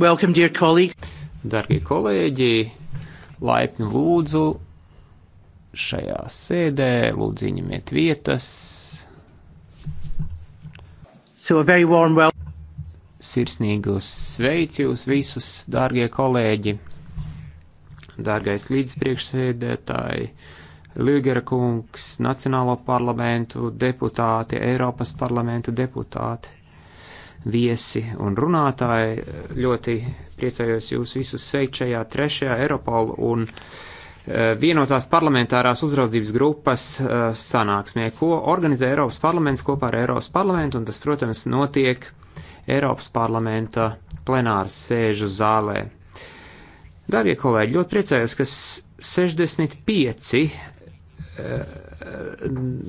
Welcome, dear colleagues. Dargie kolēģi, laipni lūdzu šajā sēdē, lūdzu ieņemiet vietas. So a very warm welcome. Sirsnīgu sveicu jūs visus, dārgie kolēģi, dārgais līdzpriekšsēdētāji, Lügera kungs, Nacionālo parlamentu deputāti, Eiropas parlamentu deputāti viesi un runātāji. Ļoti priecājos jūs visus sveikt šajā trešajā Eiropola un eh, vienotās parlamentārās uzraudzības grupas eh, sanāksmē, ko organizē Eiropas parlaments kopā ar Eiropas parlamentu, un tas, protams, notiek Eiropas parlamenta plenāras sēžu zālē. Darbie kolēģi, ļoti priecājos, ka 65 eh,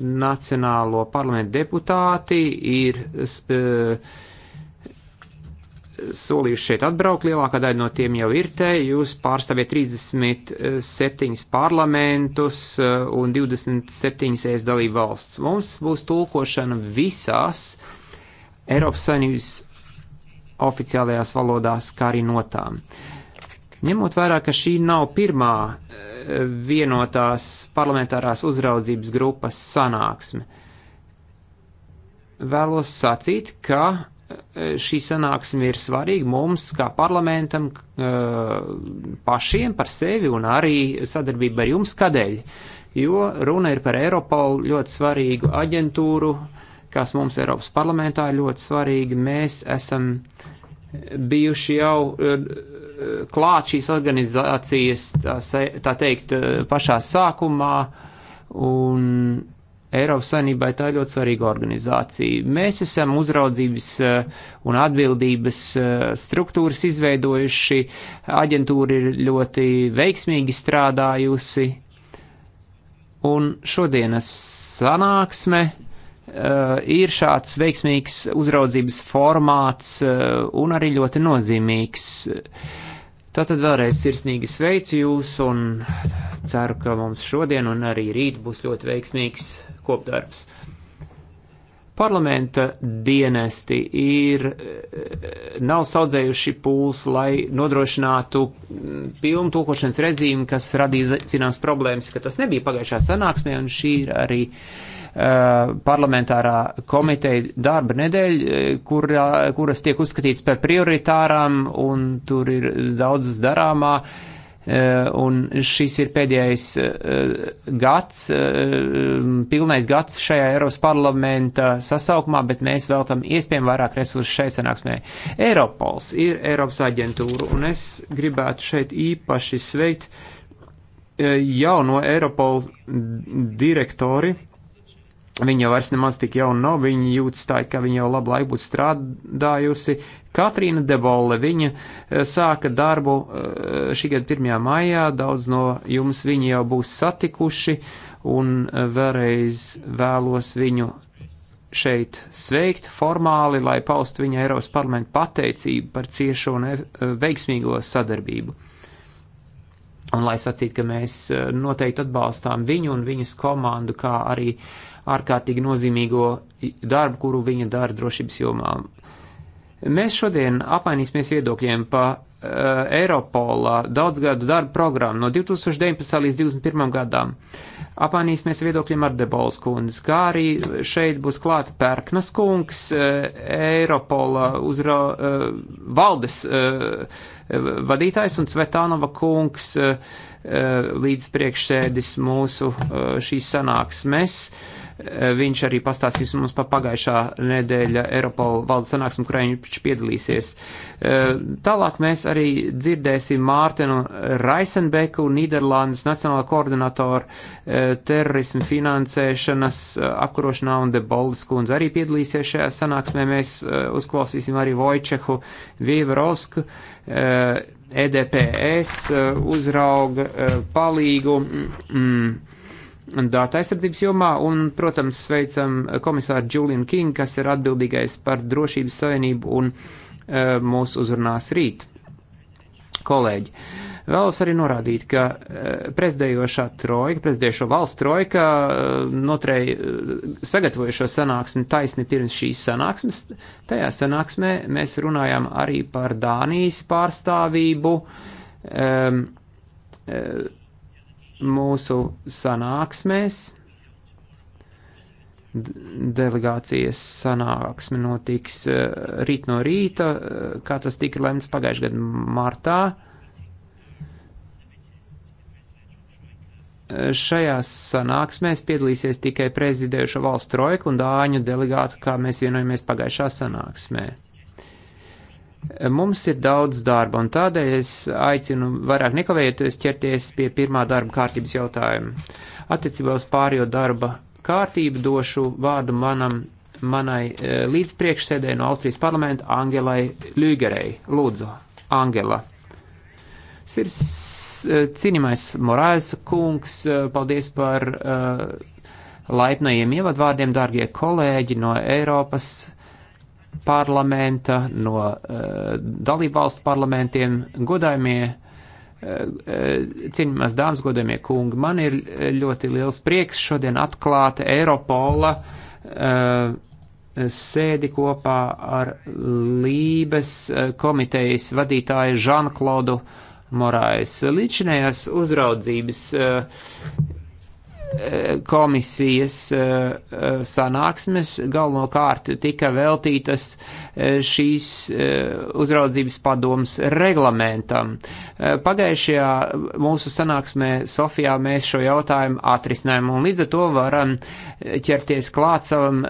nacionālo parlamentu deputāti ir uh, solījuši šeit atbraukt, lielākā daļa no tiem jau ir te, jūs pārstāviet 37 parlamentus eh, un 27 ES dalību valsts. Mums būs tulkošana visās Eiropas Savienības oficiālajās valodās, kā arī notām. Ņemot vērā, ka šī nav pirmā eh, vienotās parlamentārās uzraudzības grupas sanāksme, vēlos sacīt, ka E, šī sanāksme ir svarīga mums, kā parlamentam, e, pašiem par sevi un arī sadarbība ar jums. Kādēļ? Jo runa ir par Eiropolu ļoti svarīgu aģentūru, kas mums Eiropas parlamentā ir ļoti svarīga. Mēs esam bijuši jau e, klāt šīs organizācijas, tā, tā teikt, pašā sākumā. Un Eiropas Savienībai tā ir ļoti svarīga organizācija. Mēs esam uzraudzības eh, un atbildības eh, struktūras izveidojuši, aģentūra ir ļoti veiksmīgi strādājusi, un šodienas sanāksme eh, ir šāds veiksmīgs uzraudzības formāts un arī ļoti nozīmīgs. Tātad vēlreiz sirsnīgi sveicu jūs un ceru, ka mums šodien un arī rīt būs ļoti veiksmīgs kopdarbs. Parlamenta dienesti ir, eh, nav saudzējuši pūls, lai nodrošinātu mm, pilnu tūkošanas režīmu, kas radīja zināmas problēmas, ka tas nebija pagājušā sanāksmē, un šī ir arī uh, parlamentārā komiteja darba nedēļa, eh, kur, kuras tiek uzskatīts par prioritārām, un tur ir daudz darāmā. Uh, Eh, un šis ir pēdējais eh, gads, eh, pilnais gads šajā Eiropas parlamenta sasaukumā, bet mēs veltam iespējami vairāk resursu šai sanāksmē. Eiropols ir Eiropas aģentūra, un es gribētu šeit īpaši sveikt jauno Eiropola direktori Viņa vairs nemaz tik jauna nav, viņa jūtas tā, ka viņa jau labu laiku būtu strādājusi. Katrīna Debolle, viņa e, sāka darbu e, šī gada 1. maijā, daudz no jums viņi jau būs satikuši, un e, vēlreiz vēlos viņu šeit sveikt formāli, lai paustu viņa Eiropas parlamentu pateicību par ciešo un veiksmīgo sadarbību. Un lai sacītu, ka mēs noteikti atbalstām viņu un viņas komandu, kā arī uh, ārkārtīgi nozīmīgo darbu, kuru viņa dara drošības jomā. Mēs šodien apmainīsimies viedokļiem pa uh, Eiropola daudzgadu darbu programmu no 2019. līdz 2021. gadām. Apmainīsimies viedokļiem ar Debols kundzi, kā arī šeit būs klāta Pērknas kungs, uh, Eiropola uzra, uh, valdes uh, vadītājs un Svetānova kungs uh, uh, līdz priekšsēdis mūsu uh, šīs sanāksmes. Uh, Eh, viņš arī pastāstīs mums par pagājušā nedēļa Eiropola valdes sanāksmu, kurā viņš piedalīsies. Eh, tālāk mēs arī dzirdēsim Mārtenu Raisenbeku, Nīderlandes nacionālā koordinatora eh, terorismu finansēšanas apkarošanā un Deboldas kundze arī piedalīsies šajā sanāksmē. Mēs uzklausīsim arī Vojčehu Vīverosku. EDPS e uzrauga palīgu. Mm, mm datu aizsardzības jomā, un, protams, sveicam komisāru Julian King, kas ir atbildīgais par drošības savienību un uh, mūs uzrunās rīt. Kolēģi, vēlos arī norādīt, ka uh, prezidējošā trojka, prezidējošo valsts trojka uh, e, notrei sagatavojušo sanāksmi taisni pirms šīs sanāksmes. Tajā sanāksmē mēs runājām arī par Dānijas pārstāvību. Um, uh, mūsu sanāksmēs. Delegācijas sanāksme notiks e, rīt no rīta, e, kā tas tika lemts pagājušajā gadā martā. E, šajās sanāksmēs piedalīsies tikai prezidējušo valstu trojku un dāņu delegātu, kā mēs vienojamies pagājušā sanāksmē. Mums ir daudz darba, un tādēļ es aicinu vairāk nekavējoties ķerties pie pirmā darba kārtības jautājuma. Attiecībā uz pārējo darba kārtību došu vārdu manam, manai e, līdzpriekšsēdē no Austrijas parlamenta Angelai Ļūgerei. Lūdzu, Angela. Sirs, e, cienījamais Morājas kungs, e, paldies par uh, laipnajiem ievadvārdiem, dārgie kolēģi no Eiropas parlamenta, no uh, eh, dalību valstu parlamentiem, godājumie, uh, eh, eh, cienījumās dāmas, godājumie kungi. Man ir ļoti liels prieks šodien atklāt Eiropola uh, sēdi kopā ar Lībes komitejas vadītāju Žanklodu Morais. Līdzinējās uzraudzības uh, komisijas e, e, sanāksmes galvenokārt tika veltītas e, šīs uzraudzības padomas reglamentam. Pagājušajā mūsu sanāksmē Sofijā mēs šo jautājumu atrisinājām un līdz ar to varam ķerties klāt savam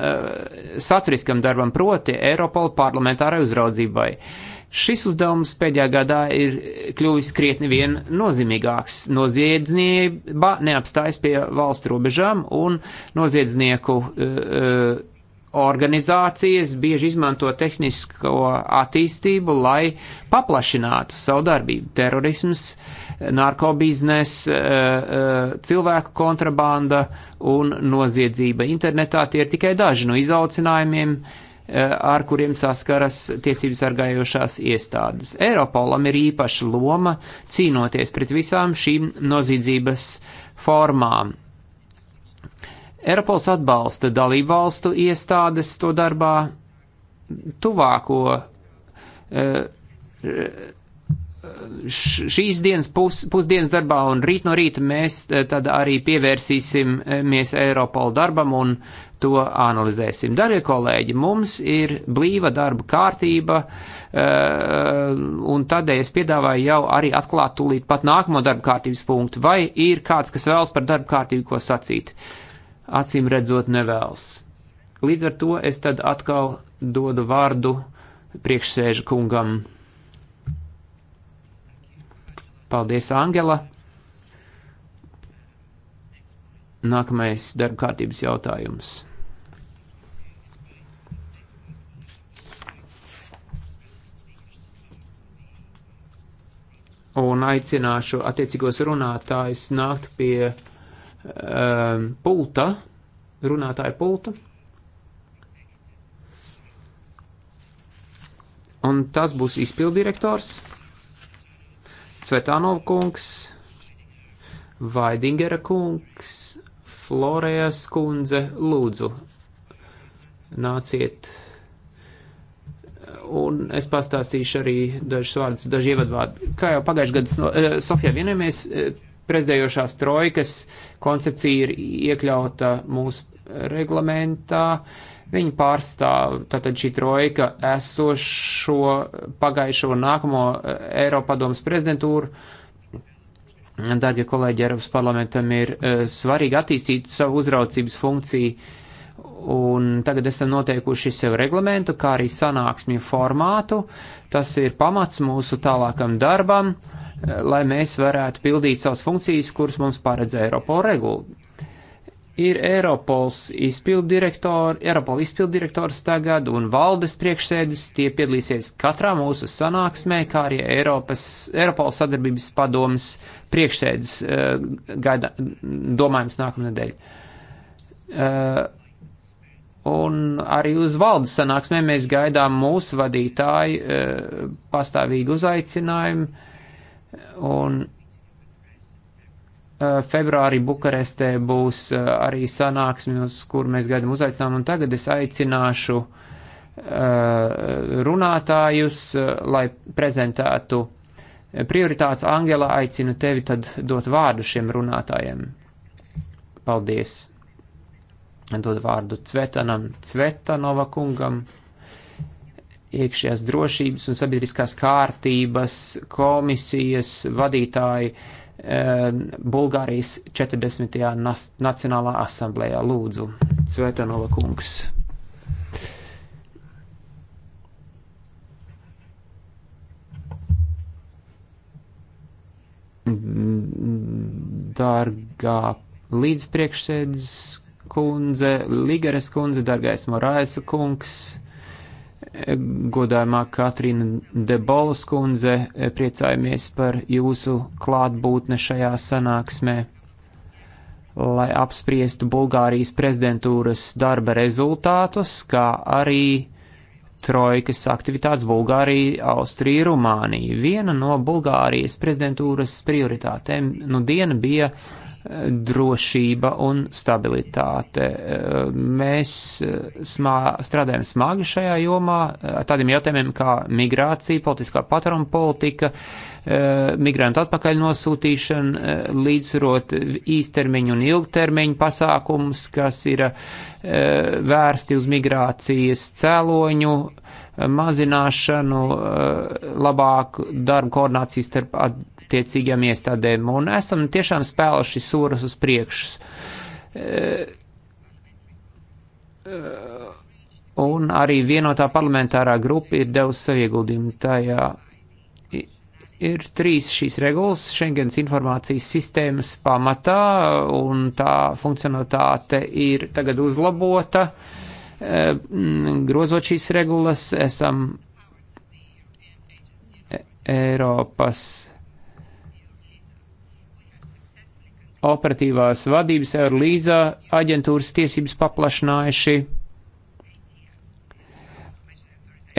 saturiskam darbam proti Eiropola parlamentārai uzraudzībai. Uh, Šis uzdevums pēdējā gadā ir kļuvis krietni vien nozīmīgāks. Noziedznieba neapstājas pie valsts robežām un noziedznieku uh, organizācijas bieži izmanto tehnisko attīstību, lai paplašinātu savu darbību. Terorisms, narkobiznes, uh, cilvēku kontrabanda un noziedzība internetā tie ir tikai daži no izaucinājumiem, uh, Eh, ar kuriem saskaras tiesības sargājošās iestādes. Eiropolam ir īpaša loma cīnoties pret visām šīm nozīdzības formām. Eiropols atbalsta dalību valstu iestādes to darbā tuvāko uh, šīs dienas pus, pusdienas darbā un rīt no rīta mēs e, tad arī pievērsīsimies Eiropola darbam un to analizēsim. Darbie kolēģi, mums ir blīva darba kārtība, e, un tādēļ es piedāvāju jau arī atklāt tūlīt pat nākamo darba kārtības punktu. Vai ir kāds, kas vēlas par darba kārtību ko sacīt? Acīm redzot, nevēlas. Līdz ar to es tad atkal dodu vārdu priekšsēža kungam. Paldies, Angela! Nākamais darba kārtības jautājums. Un aicināšu attiecīgos runātājus nākt pie um, pulta, runātāja pulta. Un tas būs izpildirektors. direktors. Cvetānov kungs, Vaidingera kungs, Florējas kundze, lūdzu, nāciet. Un es pastāstīšu arī dažus vārdus, daži ievadvārdi. Kā jau pagājušajā gadā no, eh, Sofijā vienojamies, eh, prezidējošās trojkas koncepcija ir iekļauta mūsu reglamentā. Eh, Viņi pārstāv tātad šī trojka esošo pagājušo nākamo eh, Eiropadomas prezidentūru. Dārgie kolēģi, Eiropas parlamentam ir uh, svarīgi attīstīt savu uzraucības funkciju, un tagad esam noteikuši sev reglamentu, kā arī sanāksmju formātu. Tas ir pamats mūsu tālākam darbam, uh, lai mēs varētu pildīt savas funkcijas, kuras mums paredz Eiropo regula ir Eiropols izpildirektors, Eiropol izpildirektors tagad un valdes priekšsēdis, tie piedalīsies katrā mūsu sanāksmē, kā arī Eiropas, Eiropola sadarbības padomas priekšsēdis eh, gaida, domājums nākamnedēļ. Eh, un arī uz valdes sanāksmē mēs gaidām mūsu vadītāju eh, pastāvīgu uzaicinājumu. Un Eh, februārī Bukarestē būs eh, arī sanāksme, uz kur mēs gaidām uzaicinām, un tagad es aicināšu eh, runātājus, lai prezentētu prioritātes. Angela, aicinu tevi tad dot vārdu šiem runātājiem. Paldies! Dod vārdu Cvetanam, Cvetanova kungam iekšējās drošības un sabiedriskās kārtības komisijas vadītāji Ehm, Bulgārijas 40. Nacionālā asamblējā. Lūdzu, Svetanova kungs. Dārgā līdzpriekšsēdz kundze, Ligeres kundze, dargais Morājas kungs, godājumā Katrīna Debolas kundze, e, priecājamies par jūsu klātbūtne šajā sanāksmē, lai apspriestu Bulgārijas prezidentūras darba rezultātus, kā arī trojkas aktivitātes Bulgārija, Austrija, Rumānija. Viena no Bulgārijas prezidentūras prioritātēm nu diena bija uh, drošība un stabilitāte. Mēs smā, strādājam smagi šajā jomā, tādiem jautājumiem kā migrācija, politiskā patruma politika, migrantu atpakaļ nosūtīšana, līdzsvarot īstermiņu un ilgtermiņu pasākumus, kas ir eh, vērsti uz migrācijas cēloņu mazināšanu, eh, labāku darbu koordināciju starp attiecīgām iestādēm un esam tiešām spēluši sūras uz priekšu. Un arī vienotā parlamentārā grupa ir devusi savu ieguldījumu tajā. Ir trīs šīs regulas Schengens informācijas sistēmas pamatā, un tā funkcionalitāte ir tagad uzlabota. Grozot šīs regulas, esam Eiropas operatīvās vadības Eurlīza aģentūras tiesības paplašinājuši.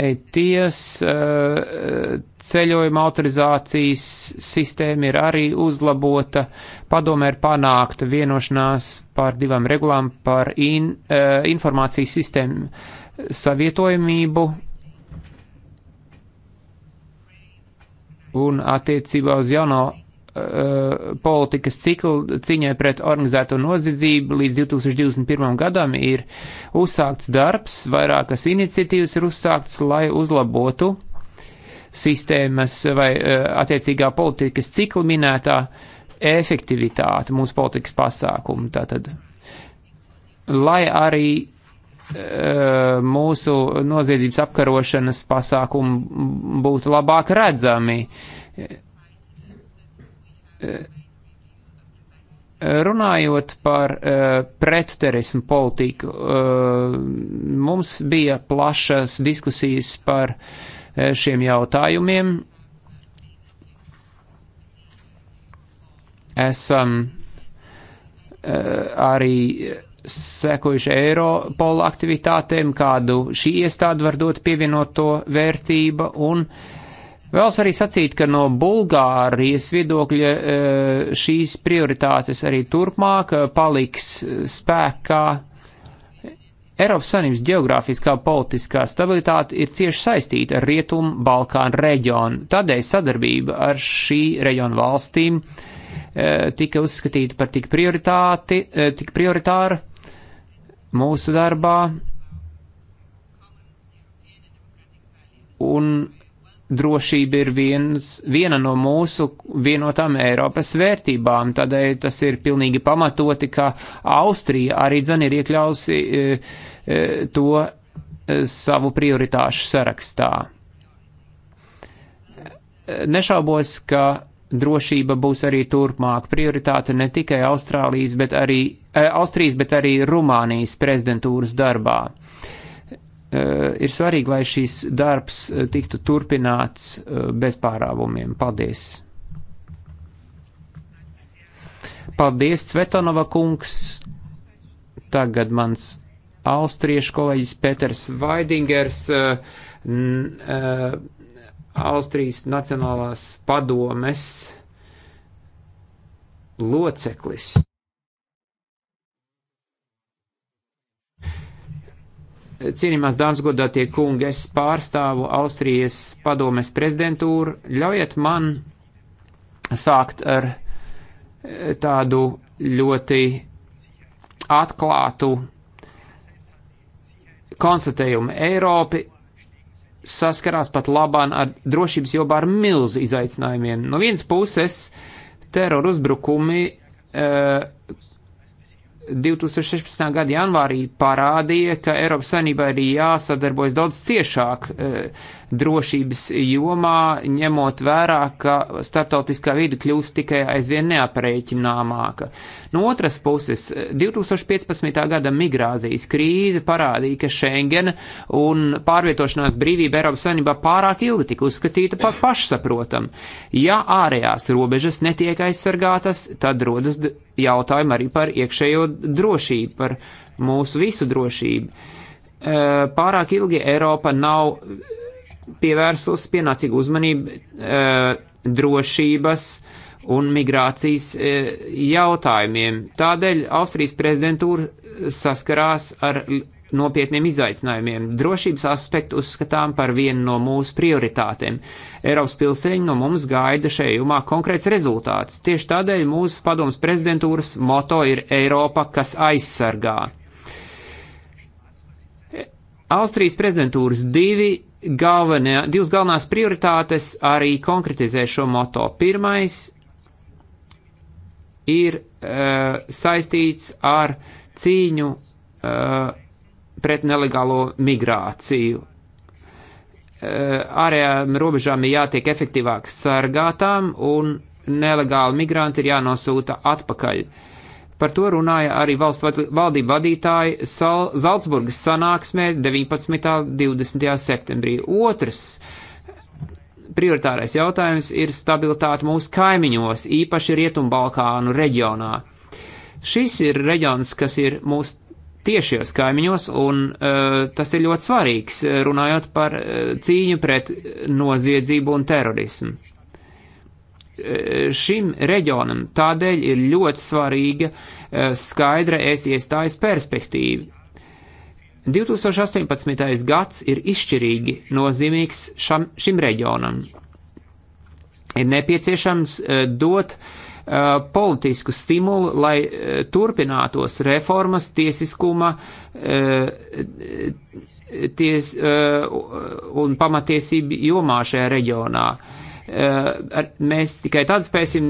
ETIAS eh, ceļojuma autorizācijas sistēma ir arī uzlabota. Padomē ir panākta vienošanās par divām regulām par in, eh, informācijas sistēmu savietojamību un attiecībā uz jauno Eh, politikas ciklu ciņai pret organizēto nozidzību līdz 2021. gadam ir uzsākts darbs, vairākas iniciatīvas ir uzsākts, lai uzlabotu sistēmas vai eh, attiecīgā politikas cikla minētā efektivitāte mūsu politikas pasākumu. Tātad, lai arī eh, mūsu noziedzības apkarošanas pasākumi būtu labāk redzami, Eh, eh, runājot par uh, pretterismu politiku, uh, mums bija plašas diskusijas par uh, šiem jautājumiem. Esam uh, arī sekojuši Eiropola aktivitātēm, kādu šī iestāde var dot pievienoto vērtību un uh, Vēlos arī sacīt, ka no Bulgārijas viedokļa e, šīs prioritātes arī turpmāk e, paliks spēkā. Eiropas Savienības geogrāfiskā politiskā stabilitāte ir cieši saistīta ar Rietumu Balkānu reģionu. Tādēļ sadarbība ar šī reģiona valstīm e, tika uzskatīta par tik, tik prioritāru mūsu darbā. Un drošība ir viens, viena no mūsu vienotām Eiropas vērtībām, tādēļ tas ir pilnīgi pamatoti, ka Austrija arī dzan ir iekļausi e, e, to e, savu prioritāšu sarakstā. E, nešaubos, ka drošība būs arī turpmāk prioritāte ne tikai Austrālijas, bet arī, e, Austrijas, bet arī Rumānijas prezidentūras darbā Eh, ir svarīgi, lai šīs darbs eh, tiktu turpināts eh, bez pārāvumiem. Paldies! Paldies, Cvetanova kungs! Tagad mans austriešu kolēģis Peters Vaidingers, Austrijas Nacionālās padomes loceklis. Cienījumās dāmas godātie kungi, es pārstāvu Austrijas padomes prezidentūru. Ļaujiet man sākt ar eh, tādu ļoti atklātu konstatējumu. Eiropa saskarās pat labāk ar drošības jobā ar milzu izaicinājumiem. No vienas puses, teroru uzbrukumi, eh, 2016. gada janvārī parādīja, ka Eiropas Savienībai ir jāsadarbojas daudz ciešāk e, drošības jomā, ņemot vērā, ka starptautiskā vide kļūst tikai aizvien neaprēķināmāka. No otras puses, 2015. gada migrācijas krīze parādīja, ka Schengen un pārvietošanās brīvība Eiropas Savienībā pārāk ilgi tika uzskatīta par pašsaprotam. Ja ārējās robežas netiek aizsargātas, tad rodas jautājumi arī par iekšējo drošību, par mūsu visu drošību. Eh, pārāk ilgi Eiropa nav pievērsus pienācīgu uzmanību eh, drošības uh, un migrācijas e, jautājumiem. Tādēļ Austrijas prezidentūra saskarās ar nopietniem izaicinājumiem. Drošības aspektu uzskatām par vienu no mūsu prioritātēm. Eiropas pilsēņi no mums gaida šajā jomā konkrēts rezultāts. Tieši tādēļ mūsu padomus prezidentūras moto ir Eiropa, kas aizsargā. Austrijas prezidentūras divi galvenie, divas galvenās prioritātes arī konkretizē šo moto. Pirmais ir uh, saistīts ar cīņu uh, pret nelegālo migrāciju. Uh, ārējām robežām ir jātiek efektīvāk sargātām un nelegāli migranti ir jānosūta atpakaļ. Par to runāja arī valsts valdība vadītāji Sal Zaltsburgas sanāksmē 19. un 20. septembrī. Otrs uh, prioritārais jautājums ir stabilitāte mūsu kaimiņos, īpaši Rietumbalkānu reģionā. Šis ir reģions, kas ir mūsu tiešies kaimiņos, un uh, tas ir ļoti svarīgs, eh, runājot par uh, cīņu pret noziedzību un terorismu. Uh, šim reģionam tādēļ ir ļoti svarīga uh, skaidra es iestājas perspektīva. 2018. gads ir izšķirīgi nozīmīgs šam, šim reģionam. Ir nepieciešams eh, dot uh, politisku stimulu, lai uh, turpinātos reformas tiesiskuma uh, ties, un pamatiesību jomā šajā reģionā. Mēs tikai tad spēsim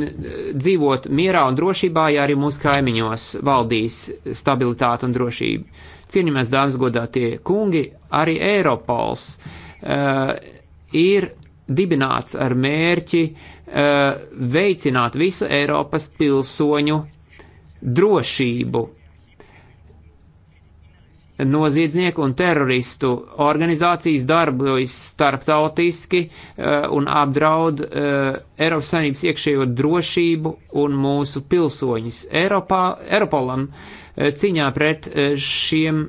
dzīvot mierā un drošībā, ja arī mūsu kaimiņos valdīs stabilitāte un drošība Cieņamies dāmas godātie kungi, arī Eiropols uh, ir dibināts ar mērķi uh, veicināt visu Eiropas pilsoņu drošību. Noziedznieku un teroristu organizācijas darbojas starptautiski uh, un apdraud uh, Eiropas Savienības iekšējo drošību un mūsu pilsoņus. Eiropā, Eiropolam uh, Eh, Cīņā pret eh, šiem,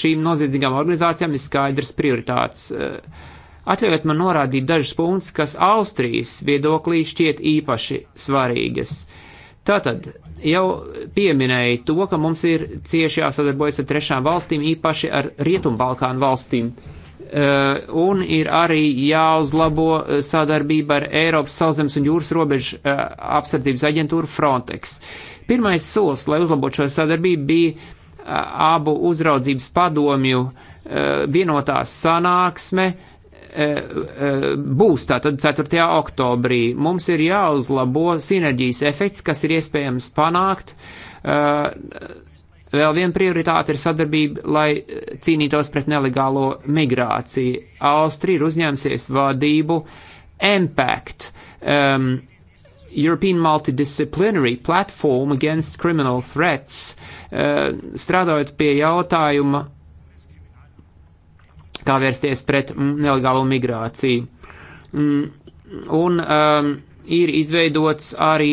šīm noziedzīgām organizācijām ir skaidrs prioritāts. Eh, atļaujiet man norādīt dažus punktus, kas Austrijas viedoklī šķiet īpaši svarīgas. Tātad jau pieminēju to, ka mums ir cieši jāsadarbojas ar trešām valstīm, īpaši ar Rietumbalkānu valstīm. Uh, Eh, un ir arī jāuzlabo eh, sadarbība ar Eiropas sauszemes un jūras robežu eh, apsardzības aģentūru Frontex. Pirmais solis, lai uzlabotu šo sadarbību, bija abu uzraudzības padomju vienotā sanāksme. Būs tātad 4. oktobrī. Mums ir jāuzlabo sinerģijas efekts, kas ir iespējams panākt uh, Vēl viena prioritāte ir sadarbība, lai eh, cīnītos pret nelegālo migrāciju. Austrija ir uzņēmusies vadību Impact, um, European Multidisciplinary Platform Against Criminal Threats, uh, strādājot pie jautājuma, kā vērsties pret nelegālo migrāciju. Mm, un um, ir izveidots arī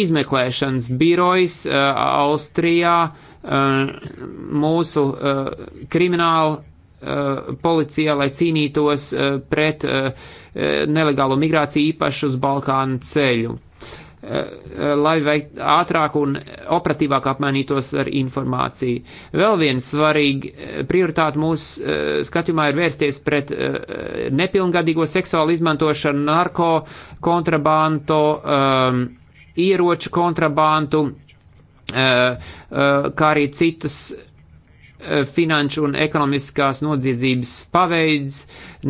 izmeklēšanas birojs uh, Austrijā, uh, Uh, mūsu uh, kriminālu uh, policijā, lai cīnītos pret nelegālo migrāciju īpaši uz Balkānu ceļu, lai veikt ātrāk un operatīvāk apmainītos ar informāciju. Vēl viena svarīga prioritāte mūsu skatījumā ir vērsties pret nepilngadīgo seksuālu izmantošanu, narko kontrabanto, um, ieroču kontrabantu Eh, eh, kā arī citas eh, finanšu un ekonomiskās nodziedzības paveids,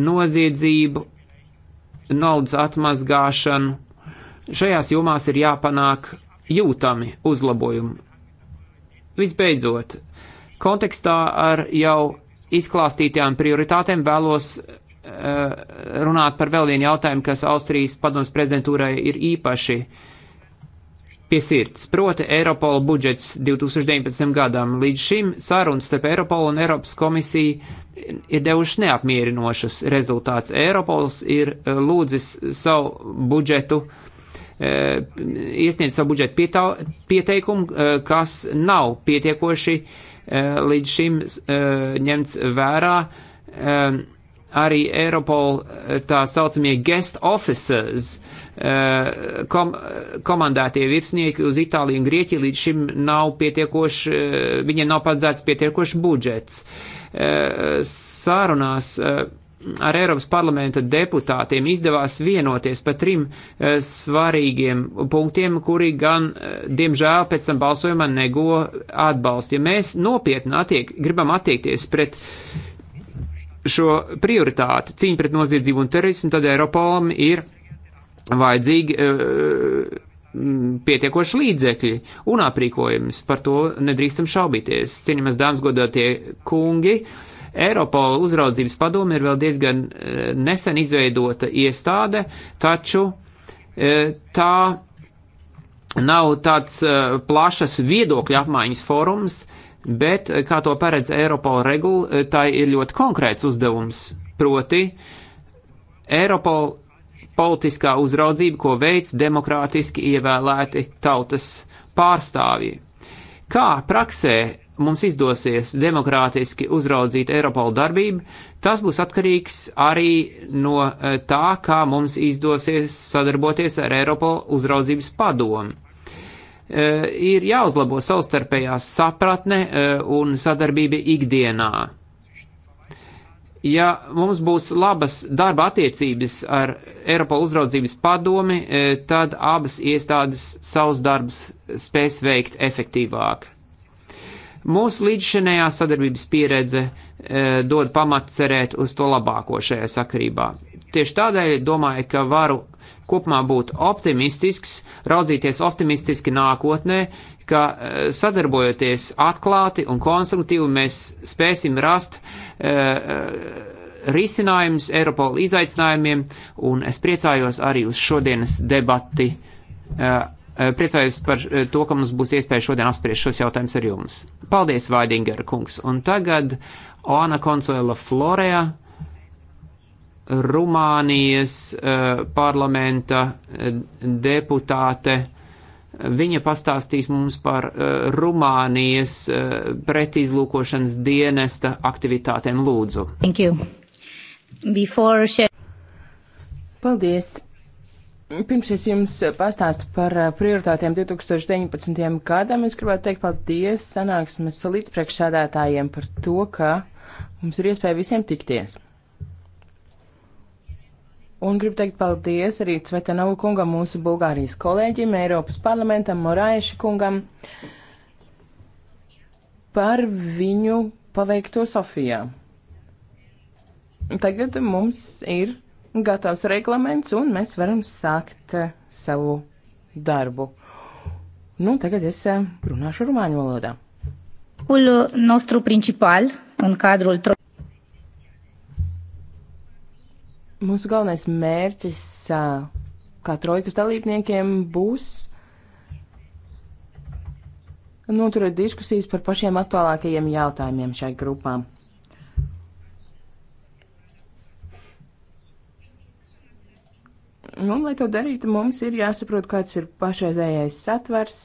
nodziedzību, naudas atmazgāšanu. Šajās jomās ir jāpanāk jūtami uzlabojumi. Visbeidzot, kontekstā ar jau izklāstītajām prioritātēm vēlos runāt par vēl vienu jautājumu, kas Austrijas padomas prezidentūrai ir īpaši uh, pie sirds, proti Eiropola budžets 2019. gadam. Līdz šim sarunas starp Eiropolu un Eiropas komisiju ir devušas neapmierinošas rezultāts. Eiropols ir e, lūdzis savu budžetu, e, iesniedz savu budžetu pieteikumu, e, kas nav pietiekoši līdz šim ņemts vērā arī Eiropola tā saucamie guest officers, uh, Eh, kom, komandētie virsnieki uz Itāliju un Grieķiju līdz šim nav pietiekoši, eh, viņiem nav paredzēts pietiekoši budžets. Eh, sārunās ar Eiropas parlamenta deputātiem izdevās vienoties par trim svarīgiem punktiem, kuri gan, diemžēl, pēc tam balsojumā nego atbalstu. Ja mēs nopietni attiek, gribam attiekties pret šo prioritāti cīņu pret noziedzību un terorismu, tad Eiropolam ir vajadzīgi e, pietiekoši līdzekļi un aprīkojums. Par to nedrīkstam šaubīties. Cienījamas dāmas, godotie kungi, Eiropola uzraudzības padome ir vēl diezgan e, nesen izveidota iestāde, taču e, tā nav tāds plašas viedokļa apmaiņas forums, bet, kā to paredz Eiropola regula, tā ir ļoti konkrēts uzdevums. Proti, Eiropola politiskā uzraudzība, ko veids demokrātiski ievēlēti tautas pārstāvji. Kā praksē mums izdosies demokrātiski uzraudzīt Eiropola darbību, tas būs atkarīgs arī no eh, tā, kā mums izdosies sadarboties ar Eiropola uzraudzības padomu. Eh, ir jāuzlabo savstarpējā sapratne eh, un sadarbība ikdienā ja mums būs labas darba attiecības ar Eiropas uzraudzības padomi, e, tad abas iestādes savus darbus spēs veikt efektīvāk. Mūsu līdzšanējā sadarbības pieredze e, dod pamatu cerēt uz to labāko šajā sakarībā. Tieši tādēļ domāju, ka varu kopumā būt optimistisks, raudzīties optimistiski nākotnē, ka eh, sadarbojoties atklāti un konstruktīvi mēs spēsim rast uh, eh, eh, risinājums Eiropola izaicinājumiem, un es priecājos arī uz šodienas debati. Priecājos par to, ka mums būs iespēja šodien apspriest šos jautājumus ar jums. Paldies, Vaidinger kungs. Un tagad Oana Konsuela Florea, Rumānijas parlamenta deputāte Viņa pastāstīs mums par uh, Rumānijas uh, pretizlūkošanas dienesta aktivitātēm lūdzu. Thank you. Before... Paldies. Pirms es jums pastāstu par eh, prioritātiem 2019. gadam, es gribētu teikt paldies sanāksmes līdzpriekšsādātājiem par to, ka mums ir iespēja visiem tikties. Un gribu teikt paldies arī Cvetanovu kungam, mūsu Bulgārijas kolēģim, Eiropas parlamentam, Morāeši kungam par viņu paveikto Sofijā. Tagad mums ir gatavs reglaments un mēs varam sākt eh, savu darbu. Nu, tagad es eh, runāšu rumāņu valodā. Ulu nostru principal un kadrul Mūsu galvenais mērķis kā trojkas dalībniekiem būs noturēt diskusijas par pašiem aktuālākajiem jautājumiem šai grupām. Nu, un, lai to darītu, mums ir jāsaprot, kāds ir pašreizējais satvers,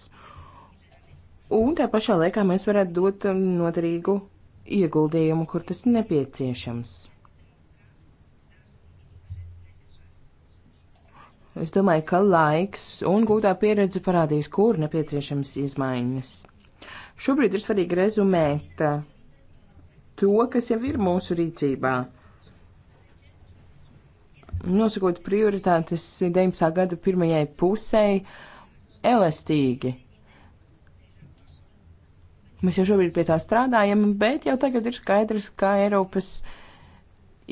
un tā pašā laikā mēs varētu dot noderīgu ieguldījumu, kur tas nepieciešams. Es domāju, ka laiks un gūtā pieredze parādīs, kur nepieciešams izmaiņas. Šobrīd ir svarīgi rezumēt eh, to, kas jau ir mūsu rīcībā. Nosakot prioritātes 19. gada pirmajai pusē, elastīgi. Mēs jau šobrīd pie tā strādājam, bet jau tagad ir skaidrs, ka Eiropas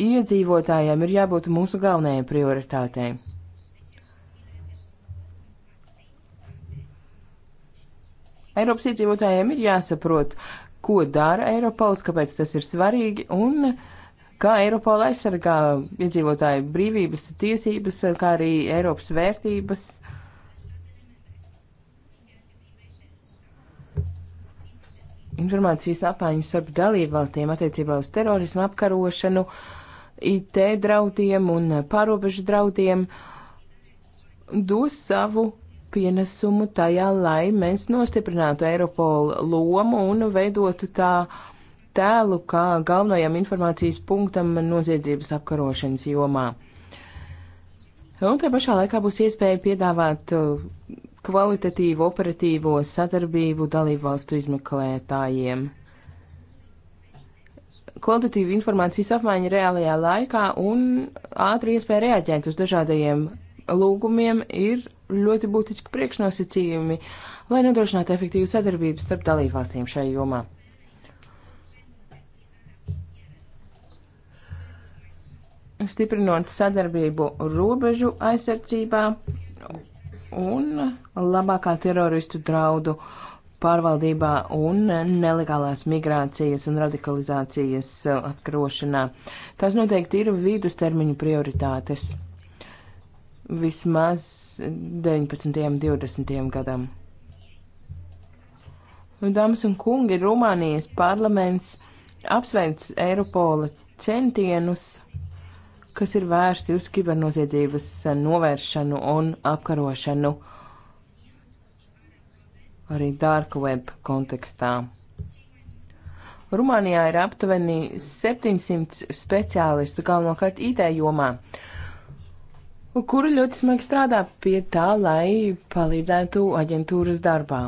iedzīvotājiem ir jābūt mūsu galvenajai prioritātei. Eiropas iedzīvotājiem ir jāsaprot, ko dara Eiropols, kāpēc tas ir svarīgi un kā Eiropola aizsargā iedzīvotāju brīvības, tiesības, kā arī Eiropas vērtības. Informācijas apmaiņas starp dalībvalstīm attiecībā uz terorismu apkarošanu, IT draudiem un pārobežu draudiem dos savu pienesumu tajā, lai mēs nostiprinātu Eiropola lomu un veidotu tā tēlu kā galvenajam informācijas punktam noziedzības apkarošanas jomā. Un te pašā laikā būs iespēja piedāvāt uh, kvalitatīvu operatīvo sadarbību dalību valstu izmeklētājiem kvalitatīva informācijas apmaiņa reālajā laikā un ātri iespēja reaģēt uz dažādajiem lūgumiem ir ļoti būtiski priekšnosacījumi, lai nodrošinātu efektīvu sadarbību starp dalībvalstīm šai jomā. Stiprinot sadarbību robežu aizsardzībā un labākā teroristu draudu pārvaldībā un nelegālās migrācijas un radikalizācijas apkrošanā. Tas noteikti ir vidustermiņu prioritātes vismaz 19. un 20. gadam. Dāmas un kungi, Rumānijas parlaments apsveic Eiropola centienus, kas ir vērsti uz kibernoziedzības novēršanu un apkarošanu arī dark web kontekstā. Rumānijā ir aptuveni 700 speciālistu, galvenokārt IT jomā. Uh, kura ļoti smagi strādā pie tā, lai palīdzētu aģentūras darbā.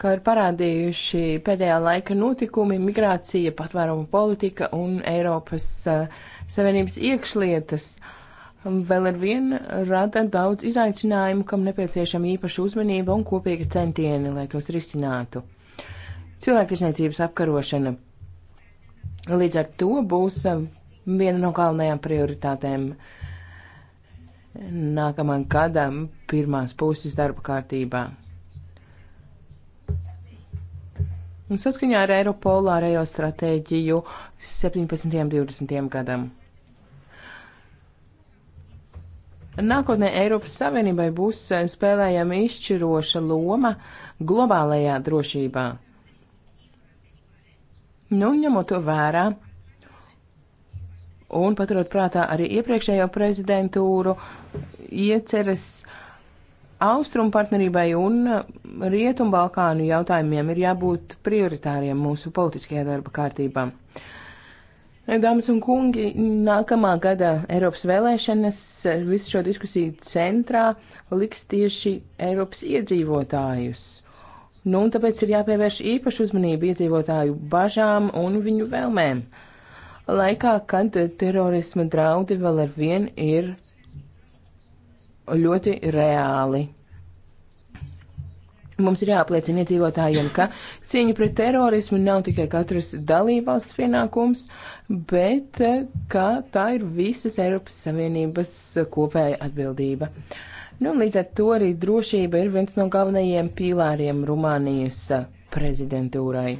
Kā ir parādījuši pēdējā laika notikumi, migrācija, patvērumu politika un Eiropas uh, Savienības iekšlietas um, vēl ar vien rada daudz izaicinājumu, kam nepieciešama īpaša uzmanība un kopīga centieni, lai tos risinātu. Cilvēktiesniecības apkarošana. Līdz ar to būs uh, viena no galvenajām prioritātēm nākamajam gadam pirmās puses darba kārtībā. Un saskaņā ar Eiropola ārējo stratēģiju 17. un 20. gadam. Nākotnē Eiropas Savienībai būs eh, spēlējama izšķiroša loma globālajā drošībā. Nu, ņemot to vērā, un paturot prātā arī iepriekšējo prezidentūru ieceres austrumu partnerībai un rietumu Balkānu jautājumiem ir jābūt prioritāriem mūsu politiskajā darba kārtībā. Dāmas un kungi, nākamā gada Eiropas vēlēšanas visu šo diskusiju centrā liks tieši Eiropas iedzīvotājus. Nu, un tāpēc ir jāpievērš īpašu uzmanību iedzīvotāju bažām un viņu vēlmēm. Uh, laikā, kad terorisma draudi vēl ar vien ir ļoti reāli. Mums ir jāapliecina iedzīvotājiem, ka cīņa pret terorismu nav tikai katras dalībvalsts pienākums, bet eh, ka tā ir visas Eiropas Savienības kopēja atbildība. Nu, līdz ar to arī drošība ir viens no galvenajiem pīlāriem Rumānijas prezidentūrai.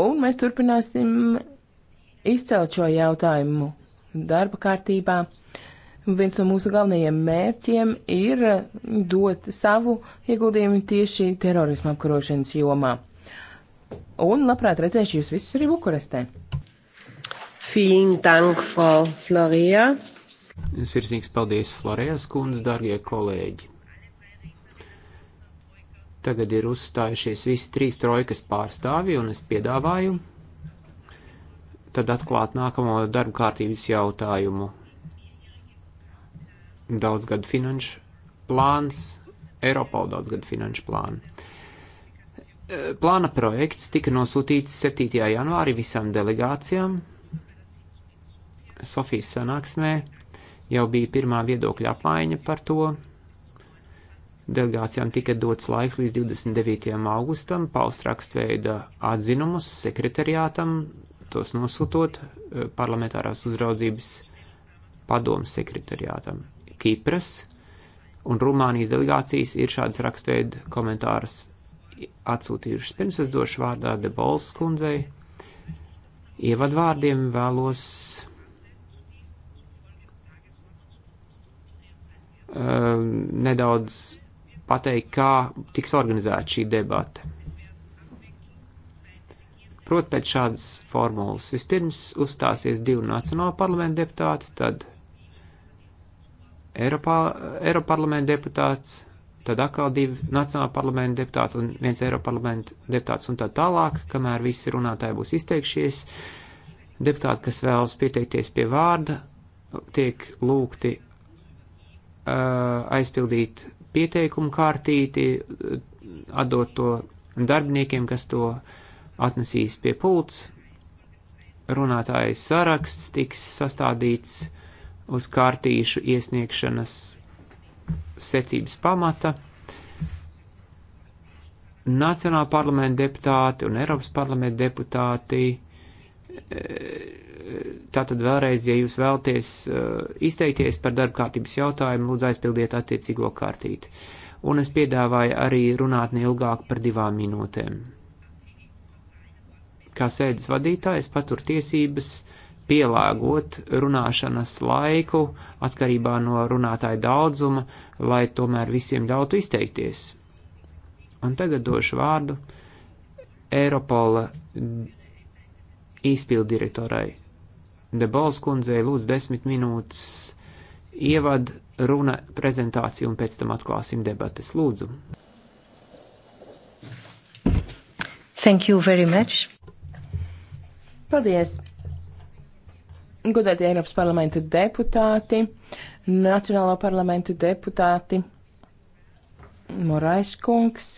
Un mēs turpināsim izcelt šo jautājumu darba kārtībā. Viens no mūsu galvenajiem mērķiem ir dot savu ieguldījumu tieši terorismu apkarošanas jomā. Un labprāt redzēšu jūs visus arī Bukurestē. Vielen Dank, Frau Florija. Sirsnīgs paldies, Florijas kundze, darbie kolēģi. Tagad ir uzstājušies visi trīs trojkas pārstāvji, un es piedāvāju tad atklāt nākamo darba kārtības jautājumu. Daudzgadu finanšu plāns, Eiropā daudzgadu finanšu plānu. E, plāna projekts tika nosūtīts 7. janvāri visām delegācijām. Sofijas sanāksmē jau bija pirmā viedokļa apmaiņa par to. Delegācijām tika dots laiks līdz 29. augustam paust rakstveida atzinumus sekretariātam, tos nosūtot eh, parlamentārās uzraudzības padomas sekretariātam. Kipras un Rumānijas delegācijas ir šādas rakstveida komentārus atsūtījušas. Pirms es došu vārdā Debols kundzei, ievadvārdiem vēlos eh, nedaudz pateikt, kā tiks organizēta šī debata. Prot pēc šādas formulas vispirms uzstāsies divi nacionāla parlamenta deputāti, tad Eiropā, Eiropa parlamenta deputāts, tad atkal divi nacionāla parlamenta deputāti un viens Eiropa parlamenta deputāts un tā tālāk, kamēr visi runātāji būs izteikšies. Deputāti, kas vēlas pieteikties pie vārda, tiek lūgti uh, aizpildīt pieteikumu kārtīti, atdot to darbiniekiem, kas to atnesīs pie pults. Runātājs saraksts tiks sastādīts uz kārtīšu iesniegšanas secības pamata. Nacionāla parlamenta deputāti un Eiropas parlamenta deputāti eh, Tātad vēlreiz, ja jūs vēlties eh, izteikties par darba kārtības jautājumu, lūdzu aizpildiet attiecīgo kārtīti. Un es piedāvāju arī runāt neilgāk par divām minūtēm. Kā sēdes vadītājs patur tiesības pielāgot runāšanas laiku atkarībā no runātāja daudzuma, lai tomēr visiem ļautu izteikties. Un tagad došu vārdu Eiropola izpildirektorai Debals kundzei lūdzu desmit minūtes ievad runa prezentāciju un pēc tam atklāsim debates. Lūdzu. Thank you very much. Paldies. Godētie Eiropas parlamenta deputāti, Nacionālo parlamentu deputāti, Morais kungs,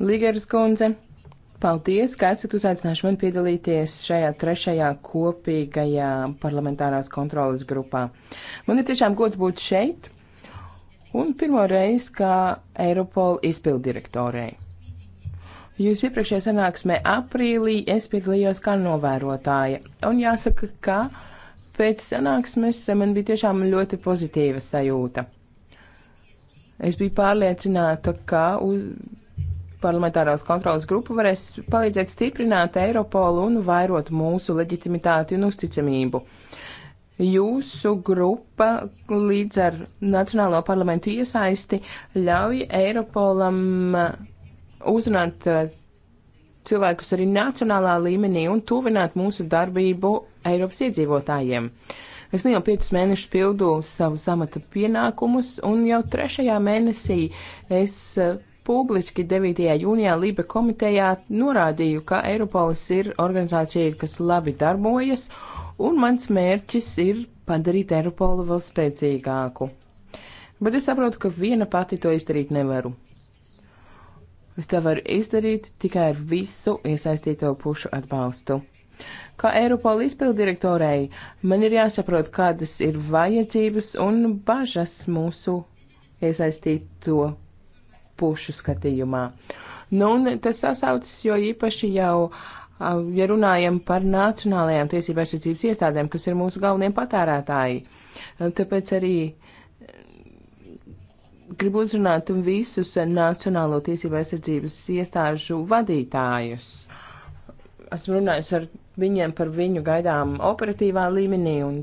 Ligeras kundze. Paldies, ka esat uzaicinājuši mani piedalīties šajā trešajā kopīgajā parlamentārās kontrolas grupā. Man ir tiešām gods būt šeit un pirmo reizi kā Eiropola izpildirektorei. Jūs iepriekšējā sanāksmē aprīlī es piedalījos kā novērotāja, un jāsaka, ka pēc sanāksmes man bija tiešām ļoti pozitīva sajūta. Es biju pārliecināta, ka parlamentārās kontrolas grupa varēs palīdzēt stiprināt Eiropolu un vairot mūsu leģitimitāti un uzticamību. Jūsu grupa līdz ar Nacionālo parlamentu iesaisti ļauj Eiropolam uh, uzrunāt uh, cilvēkus arī nacionālā līmenī un tuvināt mūsu darbību Eiropas iedzīvotājiem. Es jau piecus mēnešus pildu savu amata pienākumus, un jau trešajā mēnesī es uh, publiski 9. jūnijā Lībe komitejā norādīju, ka Eiropolis ir organizācija, kas labi darbojas, un mans mērķis ir padarīt Eiropolu vēl spēcīgāku. Bet es saprotu, ka viena pati to izdarīt nevaru. Es to varu izdarīt tikai ar visu iesaistīto pušu atbalstu. Kā Eiropola izpildirektorei, man ir jāsaprot, kādas ir vajadzības un bažas mūsu iesaistīto pušu skatījumā. Nu, un tas sasaucas jo īpaši jau, ja runājam par nacionālajām tiesību aizsardzības iestādēm, kas ir mūsu galvenie patērētāji. Tāpēc arī e, gribu uzrunāt visus nacionālo tiesību aizsardzības iestāžu vadītājus. Esmu runājis ar viņiem par viņu gaidām operatīvā līmenī un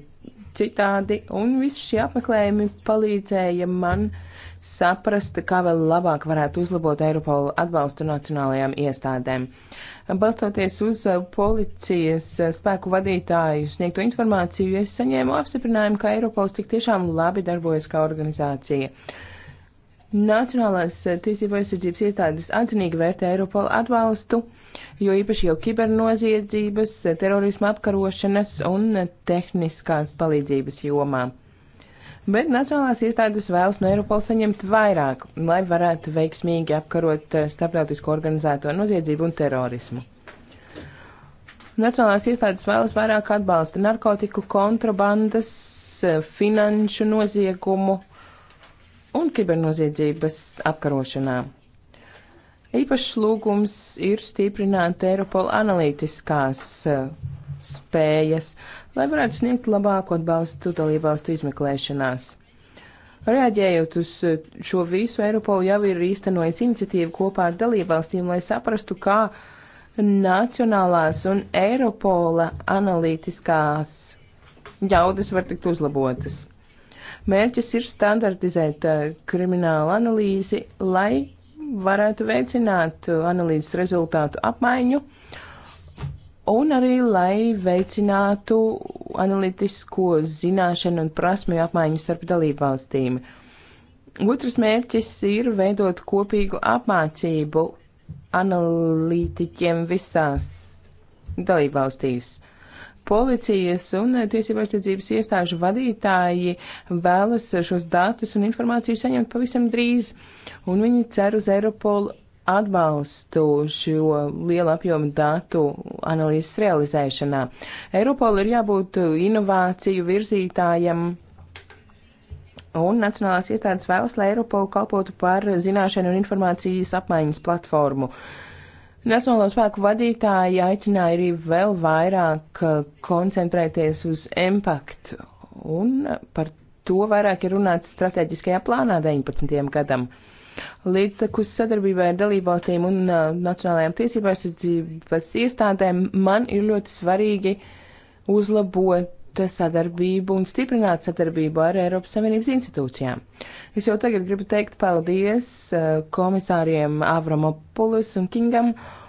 citādi, un visi šie apmeklējumi palīdzēja man uh, saprast, kā vēl labāk varētu uzlabot Eiropola atbalstu nacionālajām iestādēm. Balstoties uz uh, policijas uh, spēku vadītāju sniegto informāciju, es saņēmu apstiprinājumu, ka Eiropols tik tiešām labi darbojas kā organizācija. Nacionālās uh, tiesību aizsardzības iestādes atzinīgi vērtē Eiropola atbalstu, jo īpaši jau kibernoziedzības, terorisma apkarošanas un tehniskās palīdzības jomām bet nacionālās iestādes vēlas no Eiropas saņemt vairāk, lai varētu veiksmīgi apkarot eh, starptautisko organizēto noziedzību un terorismu. Nacionālās iestādes vēlas vairāk atbalsta narkotiku kontrabandas, eh, finanšu noziegumu un kibernoziedzības apkarošanā. Īpašs lūgums ir stiprināt Eiropola analītiskās eh, spējas, lai varētu sniegt labāku atbalstu dalībvalstu izmeklēšanās. Reaģējot uz eh, šo visu, Eiropola jau ir īstenojis iniciatīvu kopā ar dalībvalstīm, lai saprastu, kā nacionālās un Eiropola analītiskās jaudas var tikt uzlabotas. Mērķis ir standartizēt eh, kriminālu analīzi, lai varētu veicināt eh, analīzes rezultātu apmaiņu un arī, lai veicinātu analītisko zināšanu un prasmju apmaiņu starp dalību valstīm. Otrs mērķis ir veidot kopīgu apmācību analītiķiem visās dalību valstīs. Policijas un tiesību aizsardzības iestāžu vadītāji vēlas šos datus un informāciju saņemt pavisam drīz, un viņi cer uz Eiropolu atbalstu šo lielu apjomu datu analīzes realizēšanā. Eiropol ir jābūt inovāciju virzītājam. Un nacionālās iestādes vēlas, lai Eiropola kalpotu par zināšanu un informācijas apmaiņas platformu. Nacionālo spēku vadītāji aicināja arī vēl vairāk uh, koncentrēties uz impaktu, un par to vairāk ir runāts strateģiskajā plānā 19. gadam. Līdztekus sadarbībai ar dalībvalstīm un uh, nacionālajām tiesībāsardzības iestādēm man ir ļoti svarīgi uzlabot sadarbību un stiprināt sadarbību ar Eiropas Savienības institūcijām. Es jau tagad gribu teikt paldies uh, komisāriem Avramopulus un Kingam. Uh,